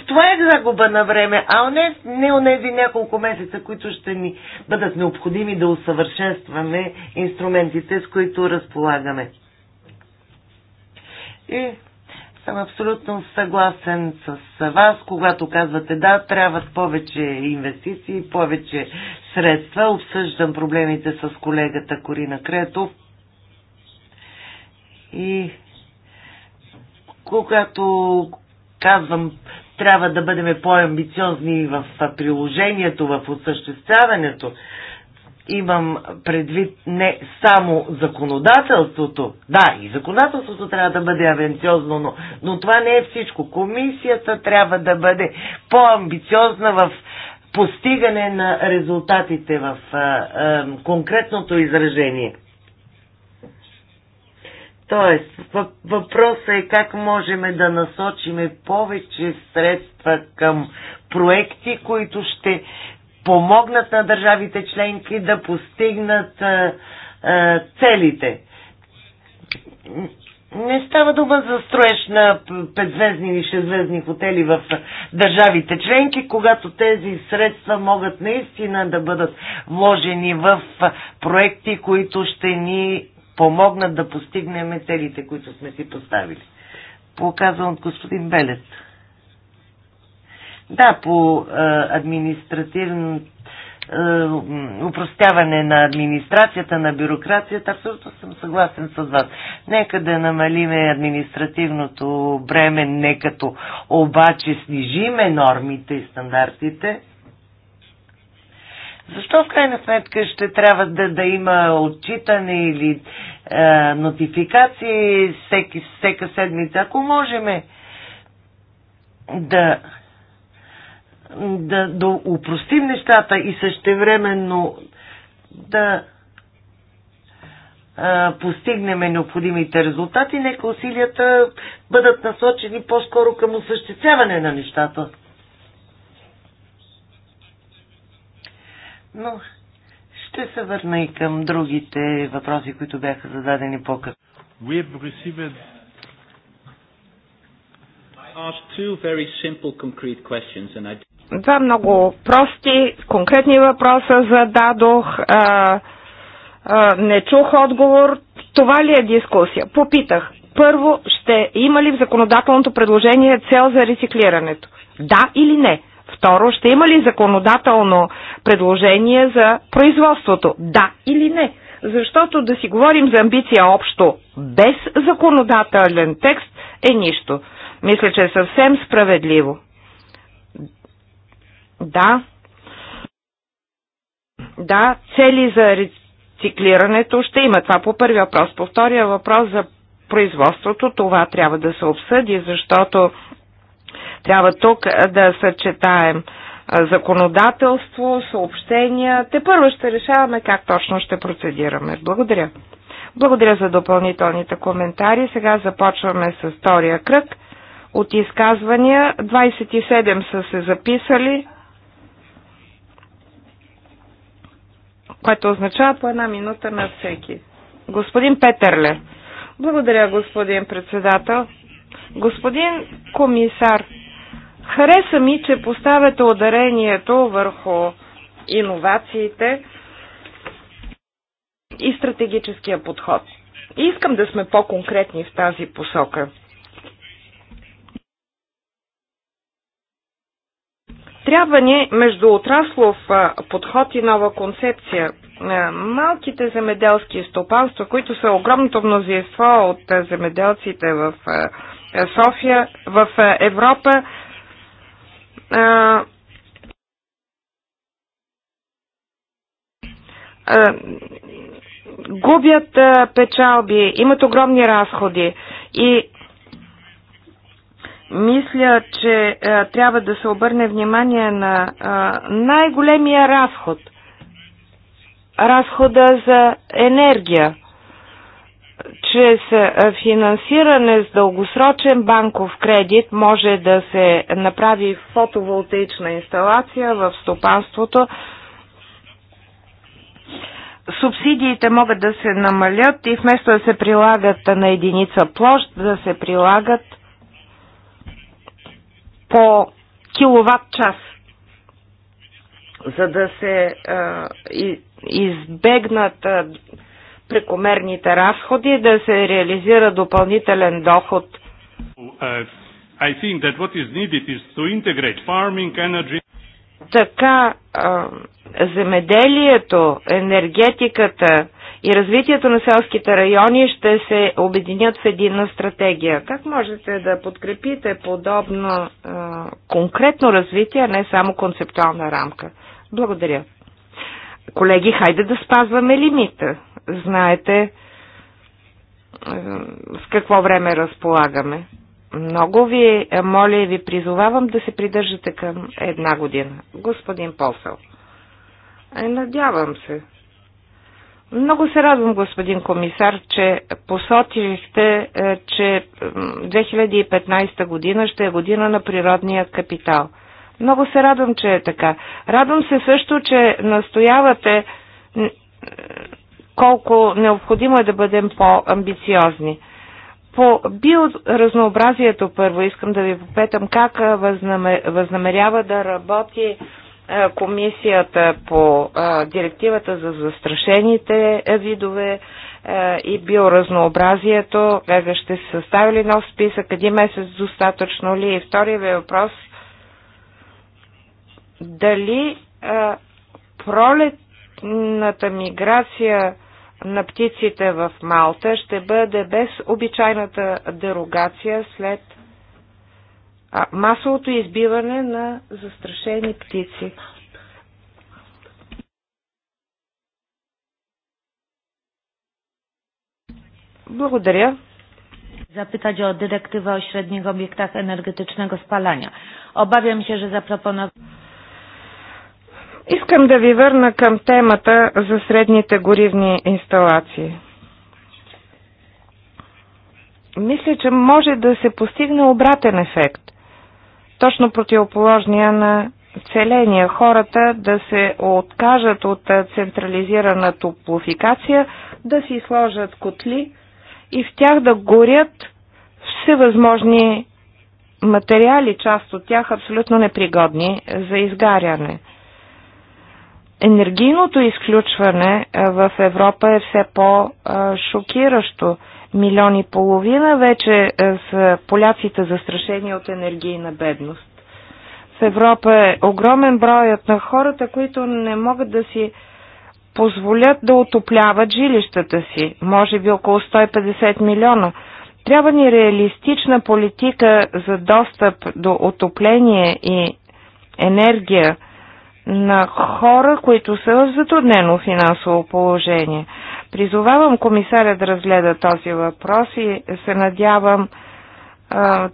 това е загуба на време, а не, не онези няколко месеца, които ще ни бъдат необходими да усъвършенстваме инструментите, с които разполагаме. И съм абсолютно съгласен с вас, когато казвате да, трябват повече инвестиции, повече средства. Обсъждам проблемите с колегата Корина Кретов. И когато казвам, трябва да бъдем по-амбициозни в приложението, в осъществяването. Имам предвид не само законодателството. Да, и законодателството трябва да бъде авенциозно, но, но това не е всичко. Комисията трябва да бъде по-амбициозна в постигане на резултатите в а, а, конкретното изражение. Тоест, въпросът е как можем да насочиме повече средства към проекти, които ще помогнат на държавите членки да постигнат а, а, целите. Не става дума за строеж на петзвездни или шестзвездни хотели в държавите членки, когато тези средства могат наистина да бъдат вложени в проекти, които ще ни помогнат да постигнем целите, които сме си поставили. Показвам от господин Белет. Да, по административно упростяване на администрацията, на бюрокрацията, абсолютно съм съгласен с вас. Нека да намалиме административното бреме, не като обаче снижиме нормите и стандартите, защо в крайна сметка ще трябва да, да има отчитане или е, нотификации всеки, всека седмица? Ако можеме да, да, да упростим нещата и същевременно да е, постигнем необходимите резултати, нека усилията бъдат насочени по-скоро към осъществяване на нещата. Но ще се върна и към другите въпроси, които бяха зададени по-късно. Два много прости, конкретни въпроса зададох. А, а, не чух отговор. Това ли е дискусия? Попитах. Първо, ще има ли в законодателното предложение цел за рециклирането? Да или не? Второ, ще има ли законодателно предложение за производството? Да или не? Защото да си говорим за амбиция общо без законодателен текст е нищо. Мисля, че е съвсем справедливо. Да. Да, цели за рециклирането ще има. Това по първия въпрос. По втория въпрос за производството, това трябва да се обсъди, защото трябва тук да съчетаем законодателство, съобщения. Те първо ще решаваме как точно ще процедираме. Благодаря. Благодаря за допълнителните коментари. Сега започваме с втория кръг от изказвания. 27 са се записали, което означава по една минута на всеки. Господин Петърле. Благодаря, господин председател. Господин комисар, хареса ми, че поставяте ударението върху иновациите и стратегическия подход. И искам да сме по-конкретни в тази посока. Трябва ни между Отраслов, подход и нова концепция. Малките земеделски стопанства, които са огромното мнозинство от земеделците в е, София, в е, Европа губят печалби, имат огромни разходи и мисля, че трябва да се обърне внимание на най-големия разход. Разхода за енергия чрез финансиране с дългосрочен банков кредит може да се направи фотоволтаична инсталация в стопанството. Субсидиите могат да се намалят и вместо да се прилагат на единица площ, да се прилагат по киловатт час, за да се избегнат прекомерните разходи, да се реализира допълнителен доход. Uh, така земеделието, енергетиката и развитието на селските райони ще се обединят в единна стратегия. Как можете да подкрепите подобно конкретно развитие, а не само концептуална рамка? Благодаря. Колеги, хайде да спазваме лимита знаете с какво време разполагаме. Много ви е, моля и ви призовавам да се придържате към една година. Господин Посъл. Е, надявам се. Много се радвам, господин комисар, че посочихте, е, че 2015 година ще е година на природния капитал. Много се радвам, че е така. Радвам се също, че настоявате колко необходимо е да бъдем по-амбициозни. По биоразнообразието първо искам да ви попитам как възнамерява да работи комисията по директивата за застрашените видове и биоразнообразието. Ще се състави ли нов списък? Един месец достатъчно ли? И втория ви въпрос. Дали пролетната миграция на птиците в Малта ще бъде без обичайната дерогация след масовото избиване на застрашени птици. Благодаря. Zapytać o dyrektywę o średnich obiektach energetycznego spalania. Obawiam się, że zaproponowano. Искам да ви върна към темата за средните горивни инсталации. Мисля, че може да се постигне обратен ефект. Точно противоположния на целения. Хората да се откажат от централизирана топлофикация, да си сложат котли и в тях да горят всевъзможни материали, част от тях абсолютно непригодни за изгаряне – Енергийното изключване в Европа е все по-шокиращо. Милион и половина вече са поляците застрашени от енергийна бедност. В Европа е огромен броят на хората, които не могат да си позволят да отопляват жилищата си, може би около 150 милиона. Трябва ни реалистична политика за достъп до отопление и енергия на хора, които са в затруднено финансово положение. Призовавам комисаря да разгледа този въпрос и се надявам,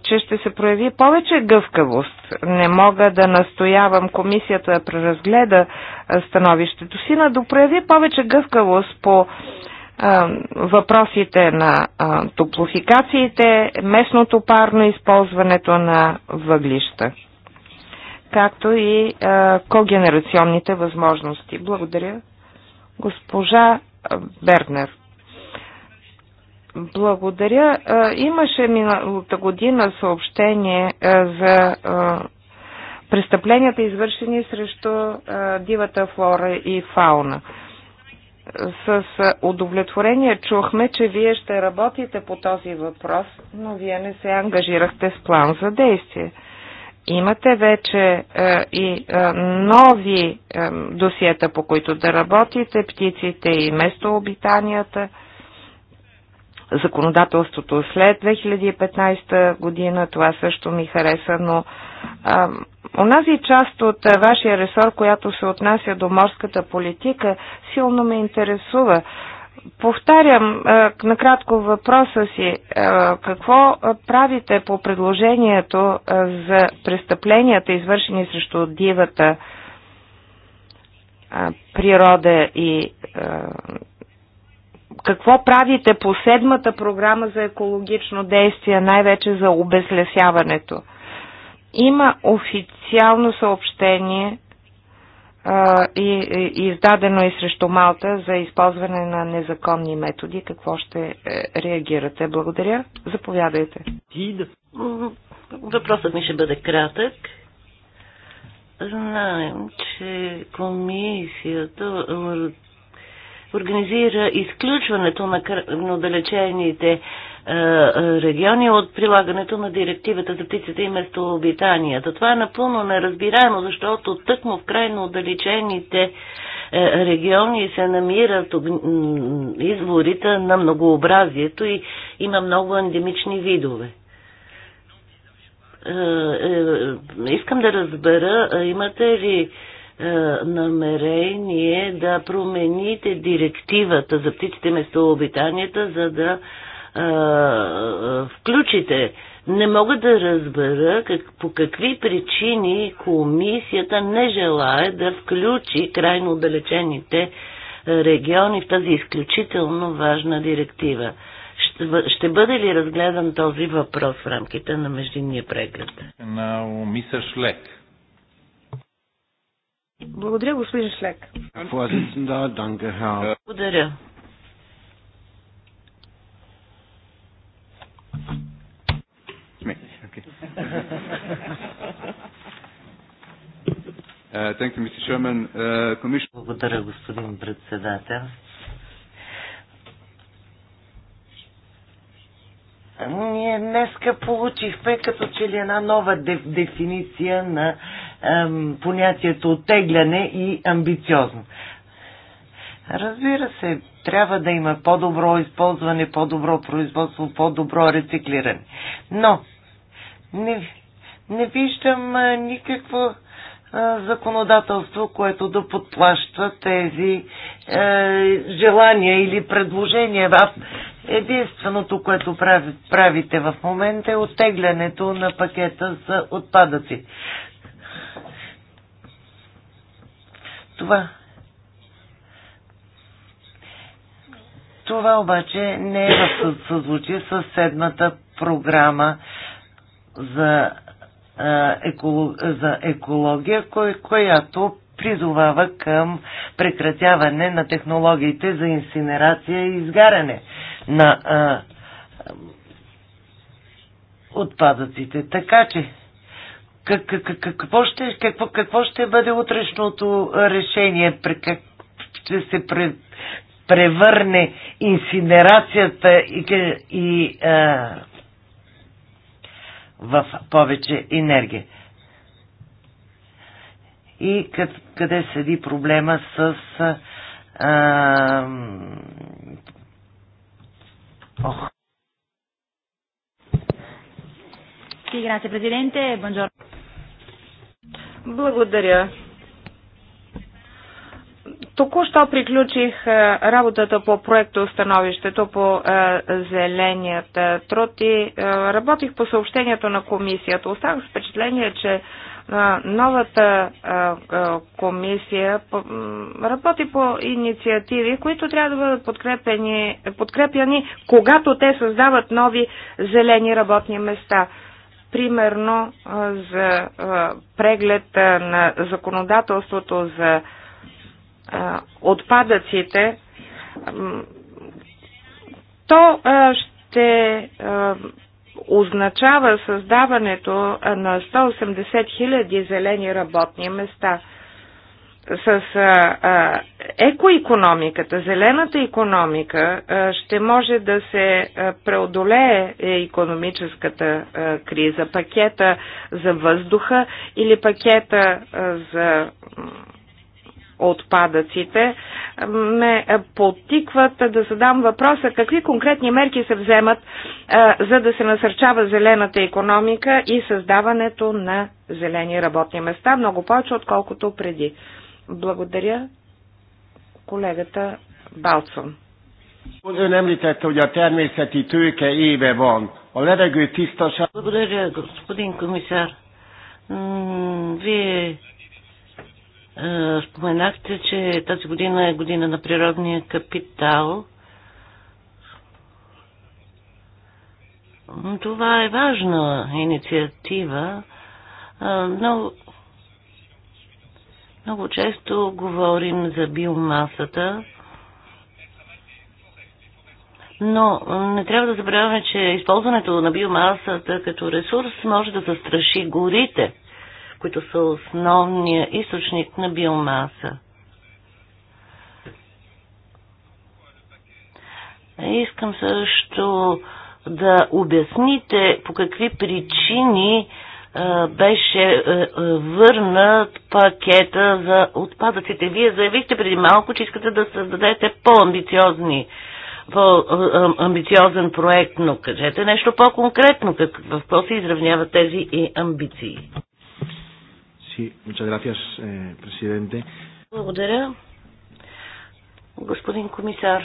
че ще се прояви повече гъвкавост. Не мога да настоявам комисията да преразгледа становището си, но да прояви повече гъвкавост по въпросите на топлофикациите, местното парно, използването на въглища както и е, когенерационните възможности. Благодаря. Госпожа е, Бернер. Благодаря. Е, имаше миналата година съобщение за престъпленията, извършени срещу дивата флора и фауна. С удовлетворение чухме, че вие ще работите по този въпрос, но вие не се ангажирахте с план за действие. Имате вече е, и е, нови е, досиета, по които да работите, птиците и местообитанията, законодателството след 2015 година, това също ми хареса, но е, онази част от е, вашия ресор, която се отнася до морската политика, силно ме интересува. Повтарям е, накратко въпроса си. Е, какво правите по предложението е, за престъпленията, извършени срещу дивата природа и какво правите по седмата програма за екологично действие, най-вече за обезлесяването? Има официално съобщение и, и издадено и е срещу Малта за използване на незаконни методи. Какво ще е, реагирате? Благодаря. Заповядайте. Въпросът ми ще бъде кратък. Знаем, че комисията организира изключването на отдалечените е, региони от прилагането на директивата за птиците и местообитанията. Това е напълно неразбираемо, защото тъкмо в крайно отдалечените е, региони се намират изворите на многообразието и има много ендемични видове. Е, искам да разбера, имате ли намерение да промените директивата за птиците местообитанията, за да а, включите. Не мога да разбера как, по какви причини комисията не желая да включи крайно отдалечените региони в тази изключително важна директива. Ще, ще бъде ли разгледан този въпрос в рамките на междинния преглед? На мисър Шлек. Благодаря, господин Шлек. Благодаря. Uh, Благодаря, господин председател. Ние днеска получихме като че ли една нова дефиниция на ем, понятието оттегляне и амбициозно. Разбира се, трябва да има по-добро използване, по-добро производство, по-добро рециклиране. Но не, не виждам никакво законодателство, което да подплаща тези е, желания или предложения. Единственото, което прави, правите в момента е оттеглянето на пакета за отпадъци. Това. Това обаче не е в съзвучие с седмата програма за за екология, която призовава към прекратяване на технологиите за инсинерация и изгаряне на а, отпадъците. Така че, как, как, какво, ще, какво, какво ще бъде утрешното решение? Как ще се пре, превърне инсинерацията и, и а, в повече енергия. И къде седи проблема с а, ох. E Благодаря, Току-що приключих е, работата по проекто становището по е, зеленият е, труд и работих по съобщението на комисията. Останах с впечатление, че новата комисия работи по инициативи, които трябва да бъдат подкрепени, подкрепяни, когато те създават нови зелени работни места. Примерно за преглед на законодателството за отпадъците, то ще означава създаването на 180 000 зелени работни места. С екоекономиката, зелената економика ще може да се преодолее економическата криза, пакета за въздуха или пакета за отпадъците, ме потикват да задам въпроса какви конкретни мерки се вземат, за да се насърчава зелената економика и създаването на зелени работни места, много повече отколкото преди. Благодаря колегата Балцон. Благодаря, господин комисар. Вие е, споменахте, че тази година е година на природния капитал. Това е важна инициатива. Е, много, много често говорим за биомасата, но не трябва да забравяме, че използването на биомасата като ресурс може да застраши горите които са основния източник на биомаса. Искам също да обясните по какви причини беше върнат пакета за отпадъците. Вие заявихте преди малко, че искате да създадете по-амбициозни по-амбициозен проект, но кажете нещо по-конкретно, какво се изравняват тези и амбиции. Sí, muchas gracias, eh, presidente. Благодаря. Господин комисар,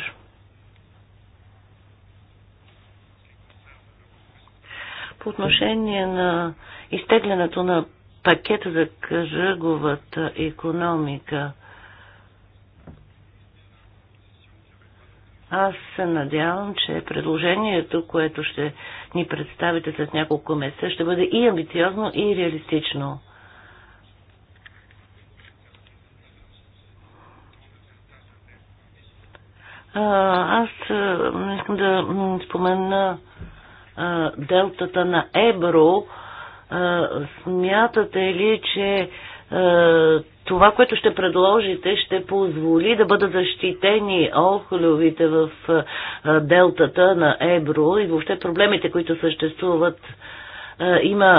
по отношение на изтеглянето на пакета за кръговата економика, Аз се надявам, че предложението, което ще ни представите след няколко месеца, ще бъде и амбициозно, и реалистично. Аз искам да спомена делтата на Ебро. Смятате ли, че това, което ще предложите, ще позволи да бъдат защитени охолювите в делтата на Ебро и въобще проблемите, които съществуват. Има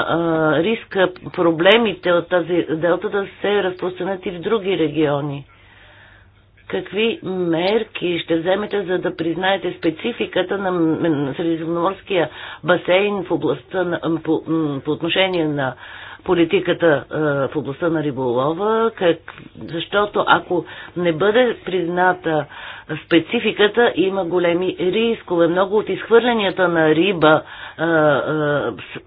риск проблемите от тази делта да се разпространят и в други региони какви мерки ще вземете, за да признаете спецификата на Средиземноморския басейн в областта на, по, по отношение на политиката е, в областта на риболова, как, защото ако не бъде призната спецификата, има големи рискове. Много от изхвърленията на риба, е, е,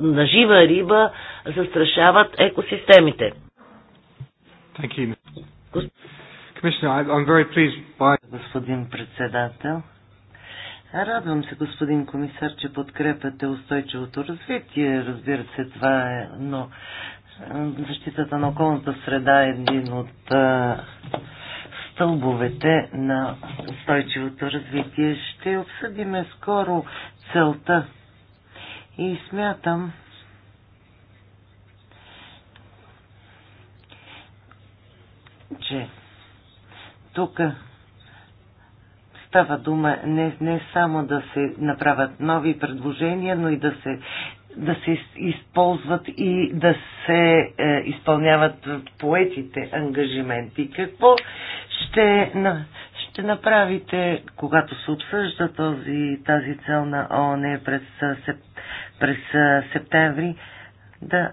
на жива риба, застрашават екосистемите. Thank you. Господин председател, радвам се, господин комисар, че подкрепяте устойчивото развитие. Разбира се, това е, но защитата на околната среда е един от а, стълбовете на устойчивото развитие. Ще обсъдиме скоро целта и смятам, че тук става дума не, не само да се направят нови предложения, но и да се, да се използват и да се е, изпълняват поетите ангажименти. Какво ще, на, ще направите, когато се обсъжда този, тази цел на ООН през, през е, септември, да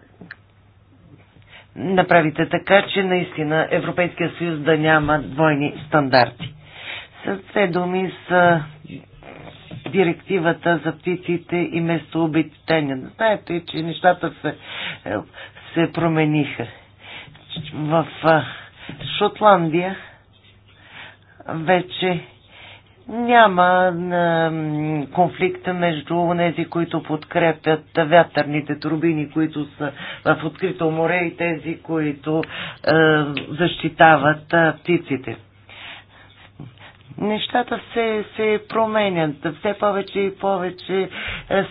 направите така, че наистина Европейския съюз да няма двойни стандарти. С две думи са директивата за птиците и местообитения. Знаете, че нещата се, се промениха. В Шотландия вече няма конфликта между тези, които подкрепят вятърните турбини, които са в открито море и тези, които а, е, защитават е, птиците. Нещата се, се променят. Все повече и повече е,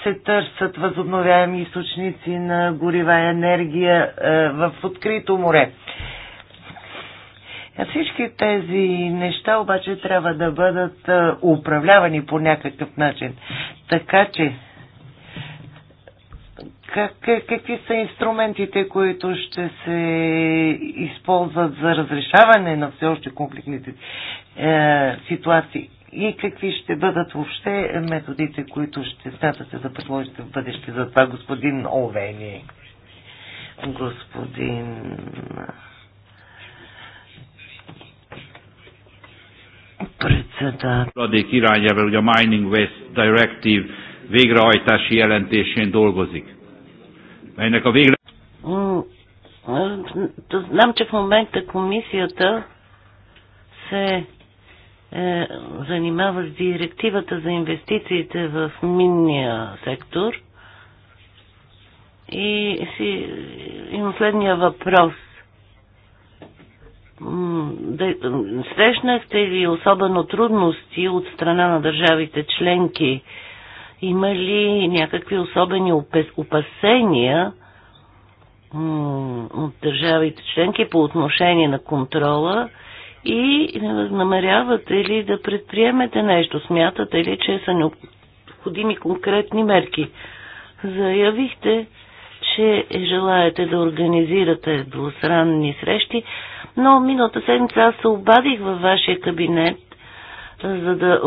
се търсят възобновяеми източници на горива енергия в открито море. Всички тези неща обаче трябва да бъдат управлявани по някакъв начин. Така че, как, какви са инструментите, които ще се използват за разрешаване на все още конфликтните е, ситуации? И какви ще бъдат въобще методите, които ще смятате да предложите в бъдеще за това, господин Овени? Господин Председател. Radék irányelvel, ugye a Mining Waste Directive végrehajtási jelentésén dolgozik. Melynek a végre... Mm, знам, че в момента комисията се е, занимава с директивата за инвестициите в минния сектор. И си, имам следния въпрос – да, срещнахте ли особено трудности от страна на държавите членки? Има ли някакви особени опасения от държавите членки по отношение на контрола и намерявате ли да предприемете нещо? Смятате ли, че са необходими конкретни мерки? Заявихте, че желаете да организирате двустранни срещи, но миналата седмица аз се обадих във вашия кабинет, за да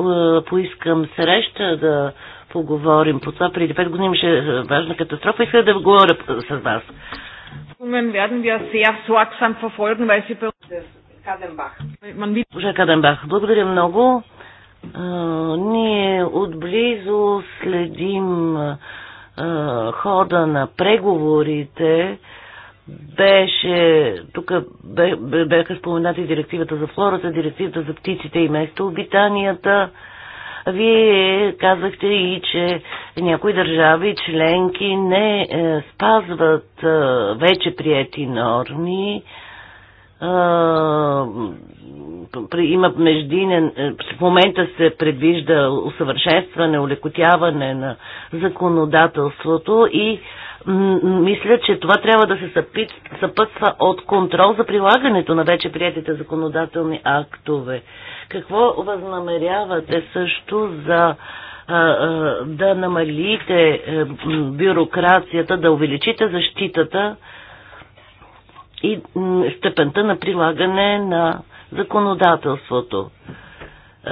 поискам среща, да поговорим по това. Преди пет години имаше важна катастрофа и сега да говоря с вас. Госпожа Каденбах, благодаря много. Ние отблизо следим е, хода на преговорите беше, тук бяха споменати директивата за флората, директивата за птиците и местообитанията. Вие казахте и, че някои държави членки не е, спазват е, вече приети норми. Е, има междинен, е, в момента се предвижда усъвършенстване, улекотяване на законодателството и мисля, че това трябва да се съпътства от контрол за прилагането на вече приятите законодателни актове. Какво възнамерявате също за да намалите е, бюрокрацията, да увеличите защитата и степента на прилагане на законодателството. Е,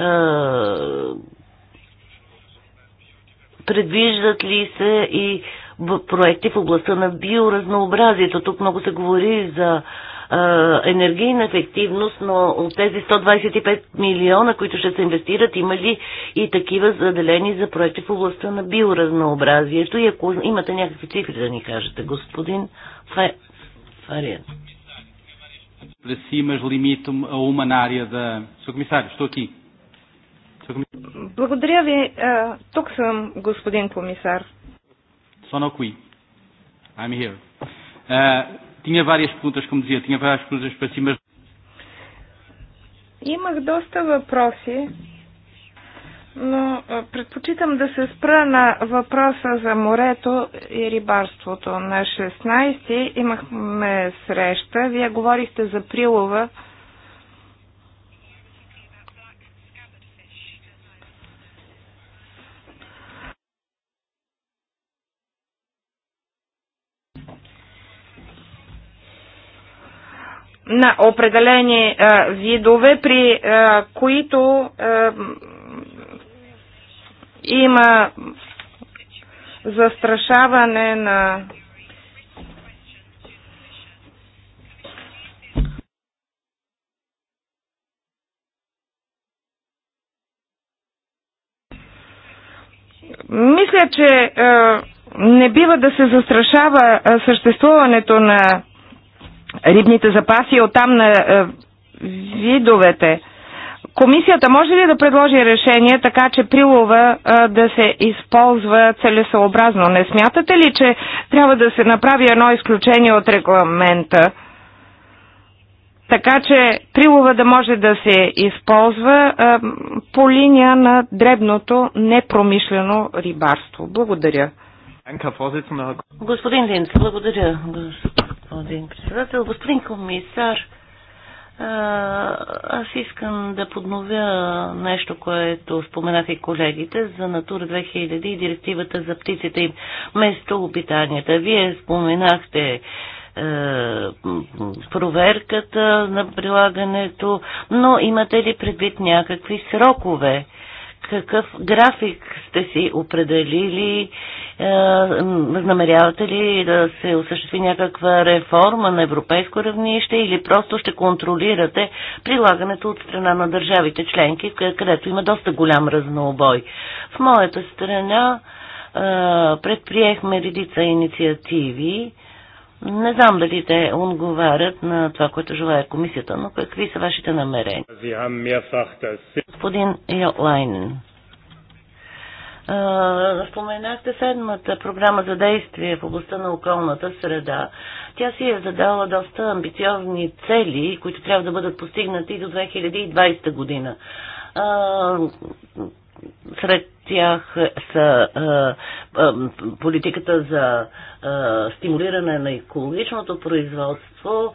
предвиждат ли се и проекти в областта на биоразнообразието? Тук много се говори за е, енергийна ефективност, но от тези 125 милиона, които ще се инвестират, има ли и такива заделени за проекти в областта на биоразнообразието? И ако имате някакви цифри да ни кажете, господин Arena. Para si, mas limito-me a uma na área da... Sr. Comissário, estou aqui. Благодаря ви. Тук съм, господин комисар. Sono qui. I'm here. Uh, tinha várias perguntas, como dizia, tinha várias perguntas para si, mas... Имах доста въпроси, но предпочитам да се спра на въпроса за морето и рибарството. На 16 имахме среща. Вие говорихте за прилова. на определени а, видове, при а, които а, има застрашаване на Мисля, че е, не бива да се застрашава е, съществуването на рибните запаси, оттам на е, видовете. Комисията може ли да предложи решение така, че прилова а, да се използва целесообразно? Не смятате ли, че трябва да се направи едно изключение от регламента? Така че прилова да може да се използва а, по линия на дребното непромишлено рибарство. Благодаря. Господин Линц, благодаря, господин председател. Господин комисар, аз искам да подновя нещо, което споменах и колегите за Натура 2000 и директивата за птиците и местообитанията. Вие споменахте е, проверката на прилагането, но имате ли предвид някакви срокове? какъв график сте си определили? Възнамерявате е, ли да се осъществи някаква реформа на европейско равнище или просто ще контролирате прилагането от страна на държавите членки, където има доста голям разнообой? В моята страна е, предприехме редица инициативи не знам дали те отговарят на това, което желая комисията, но какви са вашите намерения? Господин Йотлайнен, споменахте седмата програма за действие в областта на околната среда. Тя си е задала доста амбициозни цели, които трябва да бъдат постигнати до 2020 година сред тях са а, а, политиката за а, стимулиране на екологичното производство.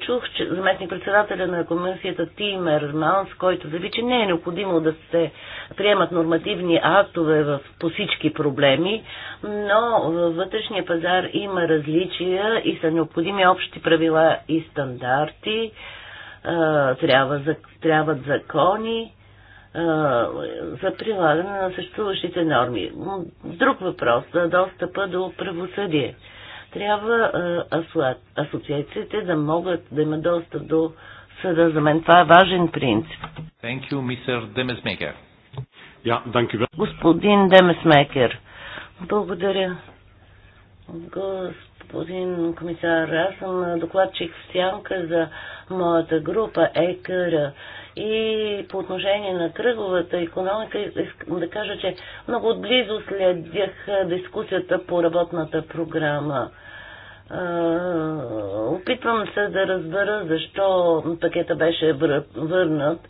Чух, че заместник председателя на комисията Тимер Манс, който заяви, че не е необходимо да се приемат нормативни актове в, по всички проблеми, но във вътрешния пазар има различия и са необходими общи правила и стандарти. Трябва, трябват закони за прилагане на съществуващите норми. Друг въпрос за достъпа до правосъдие. Трябва асоциациите да могат да имат достъп до съда. За мен това е важен принцип. Thank you, Mr. Demesmaker. Yeah, thank you. Господин Демесмекер, благодаря. Господин комисар, аз съм докладчик в сянка за моята група ЕКР и по отношение на кръговата економика, искам да кажа, че много отблизо следях дискусията по работната програма. Опитвам се да разбера защо пакета беше върнат.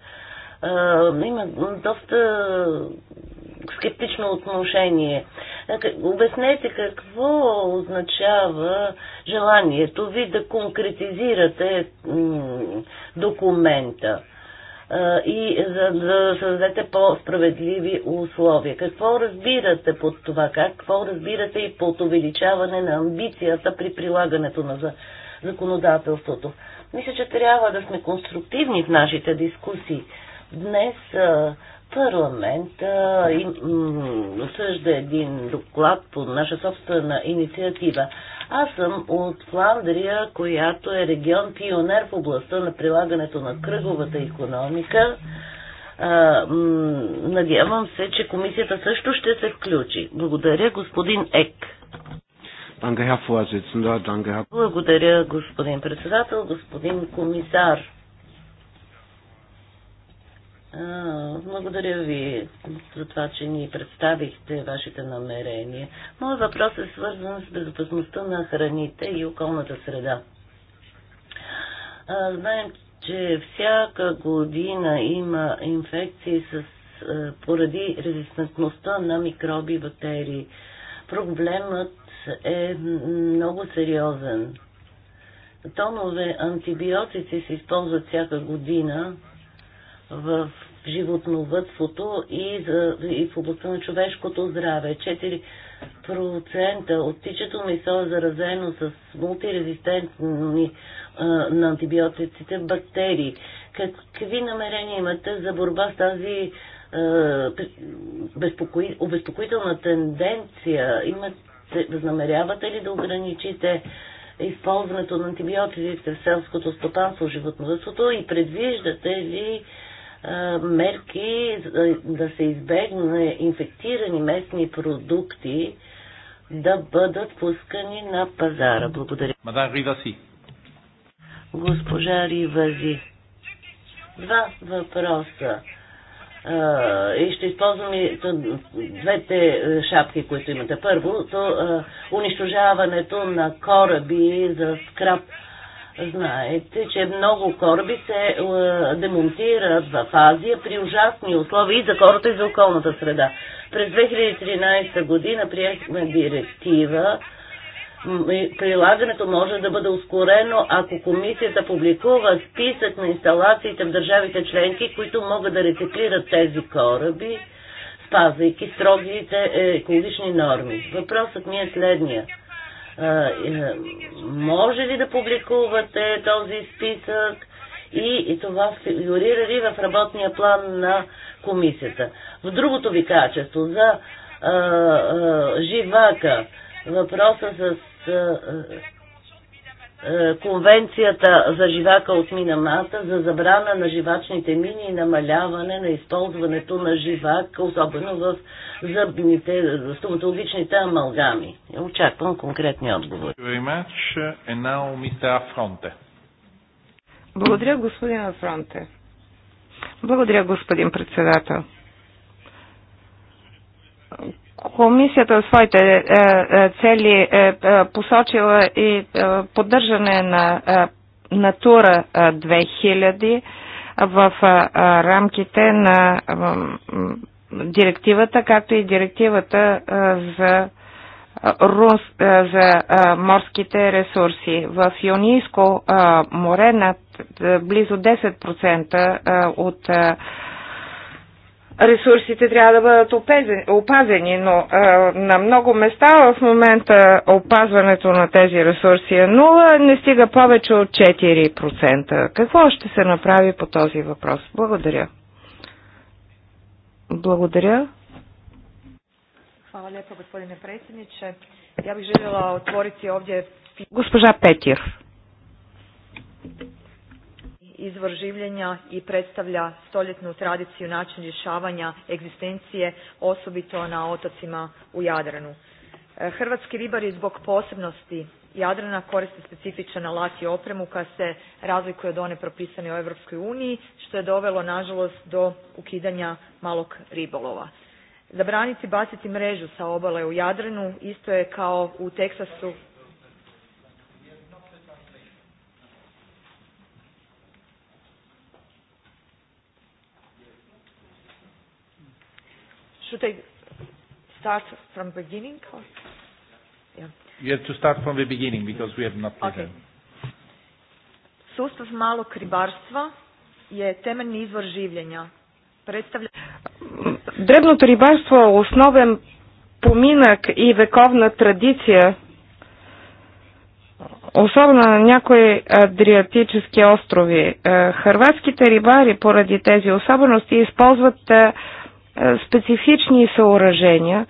Има доста скептично отношение. Обяснете какво означава желанието ви да конкретизирате документа и за, да създадете по-справедливи условия. Какво разбирате под това? Какво разбирате и под увеличаване на амбицията при прилагането на законодателството? Мисля, че трябва да сме конструктивни в нашите дискусии. Днес парламента осъжда един доклад по наша собствена инициатива. Аз съм от Фландрия, която е регион пионер в областта на прилагането на кръговата економика. А, надявам се, че комисията също ще се включи. Благодаря, господин Ек. Благодаря, господин председател, господин комисар. Благодаря ви за това, че ни представихте вашите намерения. Моят въпрос е свързан с безопасността на храните и околната среда. Знаем, че всяка година има инфекции с, поради резистентността на микроби и бактерии. Проблемът е много сериозен. Тонове антибиотици се използват всяка година в животновътството и, за, и в областта на човешкото здраве. 4% от тичето месо е заразено с мултирезистентни а, на антибиотиците бактерии. Какви намерения имате за борба с тази обезпокоителна тенденция? Имате, възнамерявате ли да ограничите използването на антибиотиците в селското стопанство, животновътството и предвиждате ли мерки да се избегне инфектирани местни продукти да бъдат пускани на пазара. Благодаря. Мадам Ривази. Госпожа Ривази. Два въпроса. И ще използвам и двете шапки, които имате. Първо, то унищожаването на кораби за скраб. Знаете, че много кораби се е, демонтират в Азия при ужасни условия и за хората, и за околната среда. През 2013 година приехме директива. Прилагането може да бъде ускорено, ако комисията публикува списък на инсталациите в държавите членки, които могат да рециклират тези кораби, спазвайки строгите е, екологични норми. Въпросът ми е следния е, може ли да публикувате този списък и, и това фигурира ли в работния план на комисията. В другото ви качество за а, а, живака, въпроса с а, е, конвенцията за живака от Минамата за забрана на живачните мини и намаляване на използването на живак, особено в зъбните, стоматологичните амалгами. Очаквам конкретни отговори. Благодаря, господин Афронте. Благодаря, господин председател. Комисията в своите е, е, цели е, е посочила и поддържане на Натура 2000 в рамките на директивата, както и директивата за, рус, за морските ресурси. В Юнийско море над близо 10% от ресурсите трябва да бъдат опазени, но а, на много места в момента опазването на тези ресурси е нула, не стига повече от 4%. Какво ще се направи по този въпрос? Благодаря. Благодаря. Hvala lijepo gospodine predsjedniče. Ja bih željela otvoriti ovdje... Gospođa Petir izvor življenja i predstavlja stoljetnu tradiciju način rješavanja egzistencije osobito na otocima u Jadranu. Hrvatski ribari zbog posebnosti Jadrana koriste specifičan alat i opremu koja se razlikuje od one propisane u Europskoj uniji što je dovelo nažalost do ukidanja malog ribolova. Zabraniti baciti mrežu sa obale u Jadranu isto je kao u Teksasu Should I start from beginning? Or? Yeah. You have to start from the beginning because we have not okay. Sustav malog ribarstva je temeljni izvor življenja. Predstavlja... Дребното рибарство е основен поминък и вековна традиция, особено на някои адриатически острови. Хрватските рибари поради тези особености използват е, специфични съоръжения,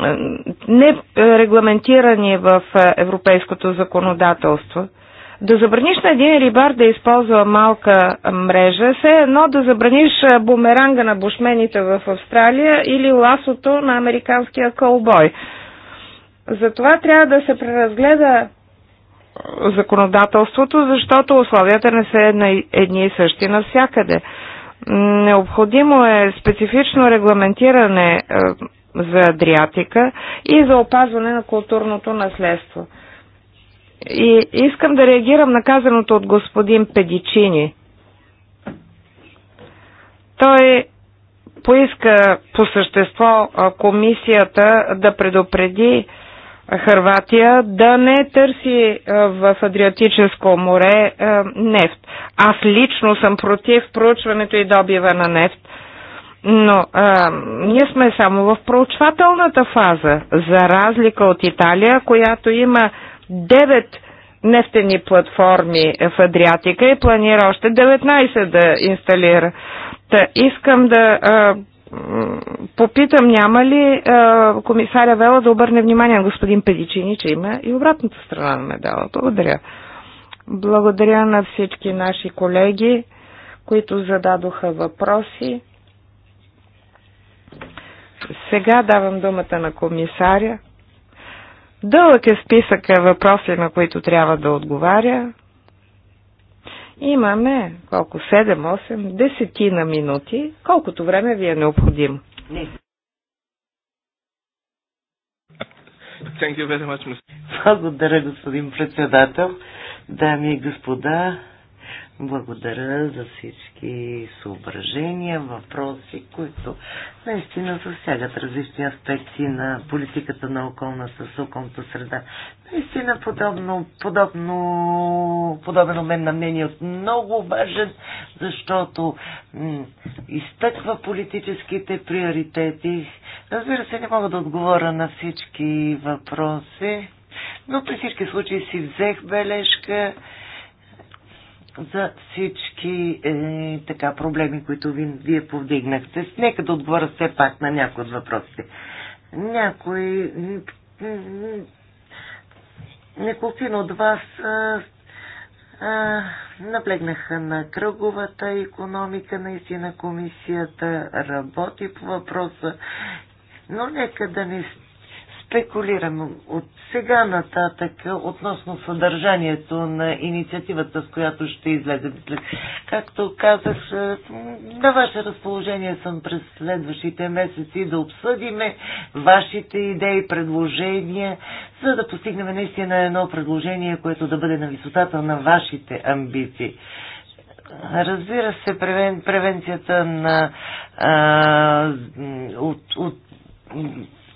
е, не е, регламентирани в европейското законодателство. Да забраниш на един рибар да използва малка мрежа, се едно да забраниш бумеранга на бушмените в Австралия или ласото на американския кълбой. Затова трябва да се преразгледа законодателството, защото условията не са едни и същи навсякъде. Необходимо е специфично регламентиране е, за Адриатика и за опазване на културното наследство. И искам да реагирам на казаното от господин Педичини. Той поиска по същество комисията да предупреди Харватия да не търси е, в Адриатическо море е, нефт. Аз лично съм против проучването и добива на нефт, но а, е, ние сме само в проучвателната фаза, за разлика от Италия, която има 9 нефтени платформи в Адриатика и планира още 19 да инсталира. Та искам да а, попитам, няма ли а, комисаря Вела да обърне внимание на господин Педичини, че има и обратната страна на медала. Благодаря. Благодаря на всички наши колеги, които зададоха въпроси. Сега давам думата на комисаря. Дълъг е списък въпроси, на които трябва да отговаря. Имаме колко? 7-8, десетина минути, колкото време ви е необходимо. Much, Благодаря, господин председател. Дами и господа, благодаря за всички съображения, въпроси, които наистина засягат различни аспекти на политиката на околна с околната среда. Наистина подобно, подобно, подобен обмен на мнение е много важен, защото изтъква политическите приоритети. Разбира се, не мога да отговоря на всички въпроси, но при всички случаи си взех бележка за всички е, така проблеми, които ви, вие повдигнахте. Нека да отговоря все пак на някои от въпросите. Някои... Неколцин от вас а, а, наблегнаха на кръговата економика. Наистина комисията работи по въпроса, но нека да не спекулирам от сега нататък относно съдържанието на инициативата, с която ще излезе. Както казах, е, на ваше разположение съм през следващите месеци да обсъдиме вашите идеи, предложения, за да постигнем наистина едно предложение, което да бъде на висотата на вашите амбиции. Разбира се, превен, превенцията на а, от, от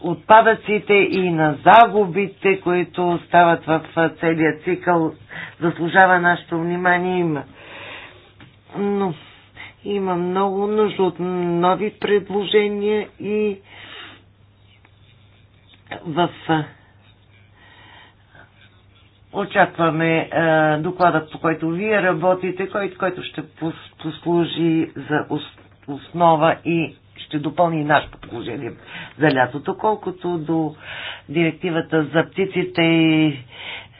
отпадъците и на загубите, които стават в целия цикъл, заслужава нашето внимание. Има. Но има много нужда от нови предложения и в Очакваме е, докладът, по който вие работите, който, който ще послужи за основа и ще допълни нашето предложение за лятото, колкото до директивата за птиците и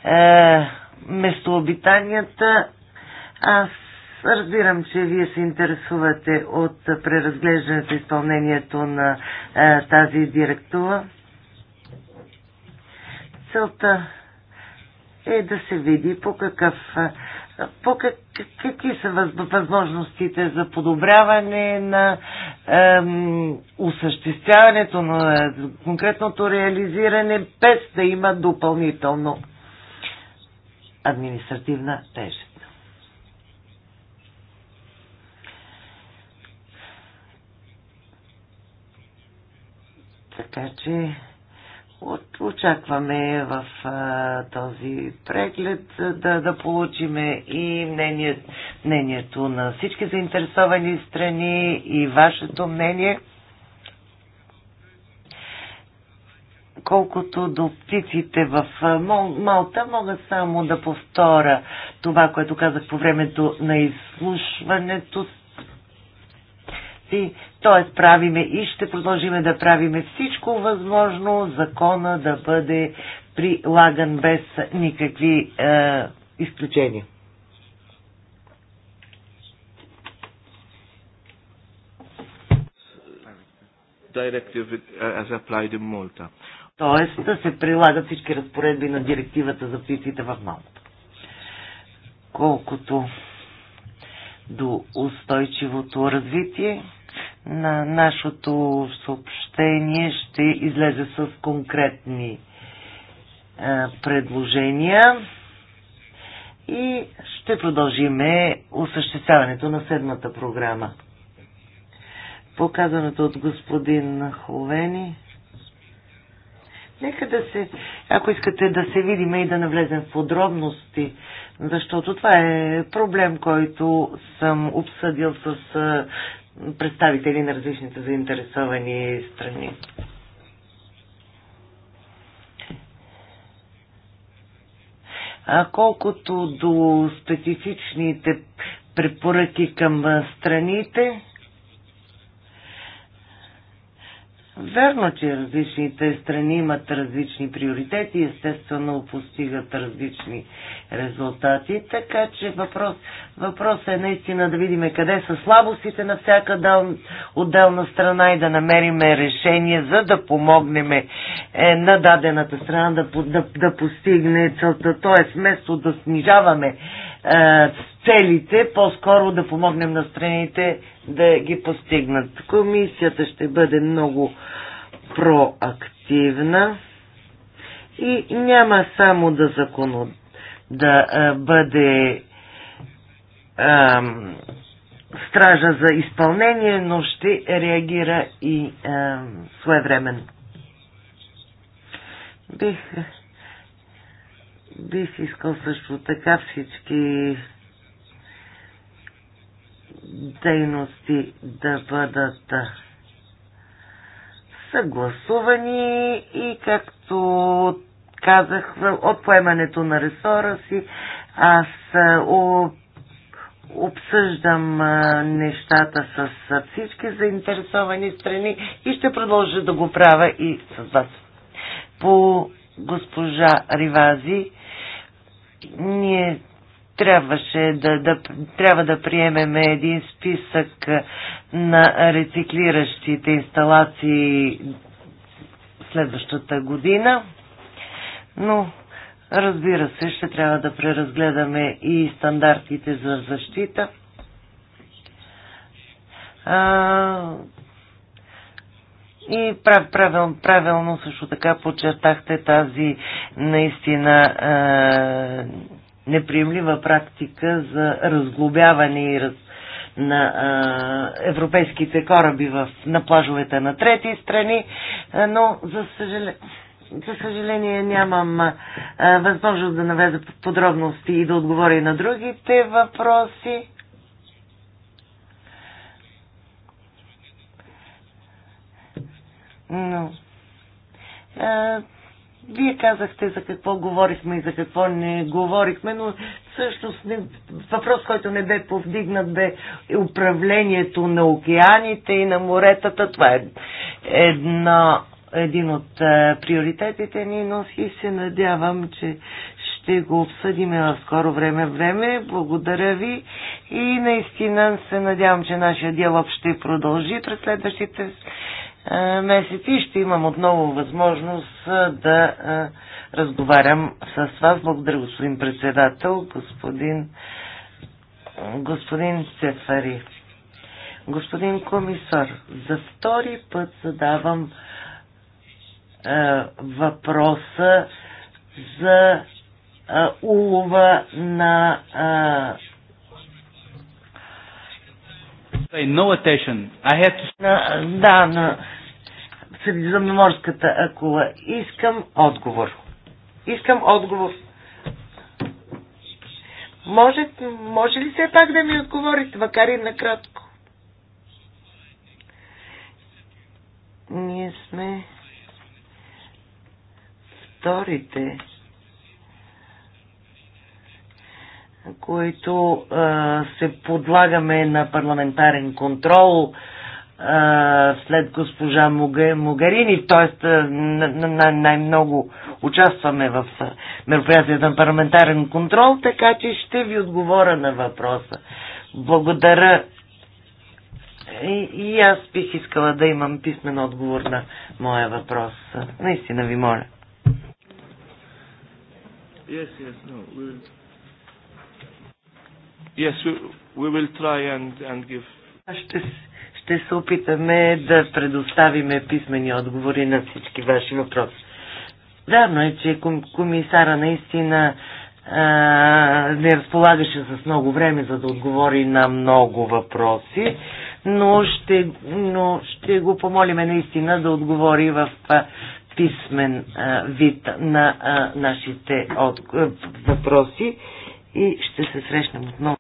е, местообитанията. Аз разбирам, че вие се интересувате от преразглеждането и изпълнението на е, тази директива. Целта е да се види по какъв е, по как, какви са възможностите за подобряване на ем, осъществяването на конкретното реализиране, без да има допълнително административна тежест. Така че Очакваме в а, този преглед да, да получиме и мнение, мнението на всички заинтересовани страни и вашето мнение. Колкото до птиците в Малта, мога само да повторя това, което казах по времето на изслушването т.е. правиме и ще продължиме да правиме всичко възможно закона да бъде прилаган без никакви е, изключения. Тоест да се прилагат всички разпоредби на директивата за птиците в Малта. Колкото до устойчивото развитие, на нашето съобщение ще излезе с конкретни е, предложения и ще продължиме осъществяването на седмата програма. Показаното от господин Ховени: Нека да се, ако искате да се видим и да навлезем в подробности, защото това е проблем, който съм обсъдил с е, представители на различните заинтересовани страни. А колкото до специфичните препоръки към страните, Верно, че различните страни имат различни приоритети и естествено постигат различни резултати, така че въпрос, въпрос е наистина да видим къде са слабостите на всяка дал, отделна страна и да намериме решение, за да помогнем е, на дадената страна да, да, да постигне целта. Тоест, вместо да снижаваме е, целите, по-скоро да помогнем на страните да ги постигнат. Комисията ще бъде много проактивна и няма само да закон да а, е, бъде а, е, стража за изпълнение, но ще реагира и а, своевременно. Бих бих искал също така всички дейности да бъдат съгласувани и както казах от поемането на ресора си, аз обсъждам нещата с всички заинтересовани страни и ще продължа да го правя и с вас. По госпожа Ривази ние трябваше да, да, трябва да приемем един списък на рециклиращите инсталации следващата година, но разбира се, ще трябва да преразгледаме и стандартите за защита. А, и прав, правил, правилно също така подчертахте тази наистина е, неприемлива практика за разглобяване и раз, на а, европейските кораби в, на плажовете на трети страни, а, но за съжаление. За съжаление нямам а, възможност да навеза подробности и да отговоря на другите въпроси. Но... А, вие казахте за какво говорихме и за какво не говорихме, но всъщност не, въпрос, който не бе повдигнат, бе управлението на океаните и на моретата. Това е една, един от а, приоритетите ни, но и се надявам, че ще го обсъдиме в скоро време. Време, благодаря ви и наистина се надявам, че нашия диалог ще продължи през следващите е, месеци ще имам отново възможност е, да е, разговарям с вас. Благодаря, господин председател, господин, господин Цефари. Господин комисар, за втори път задавам е, въпроса за е, улова на е, No attention. I had to... на, да, на Средиземноморската акула. Искам отговор. Искам отговор. Може, може ли все пак да ми отговорите, макар и накратко? Ние сме вторите които а, се подлагаме на парламентарен контрол а, след госпожа Могарини, т.е. най-много участваме в мероприятията на парламентарен контрол, така че ще ви отговоря на въпроса. Благодаря. И, и аз бих искала да имам писмен отговор на моя въпрос. Наистина ви моля. Yes, yes, no. we're... Yes, we, we will try and, and give. Ще, ще се опитаме да предоставиме писмени отговори на всички ваши въпроси. Вярно е, че комисара наистина а, не разполагаше с много време, за да отговори на много въпроси, но ще, но ще го помолиме наистина да отговори в а, писмен а, вид на а, нашите от, а, въпроси и ще се срещнем отново.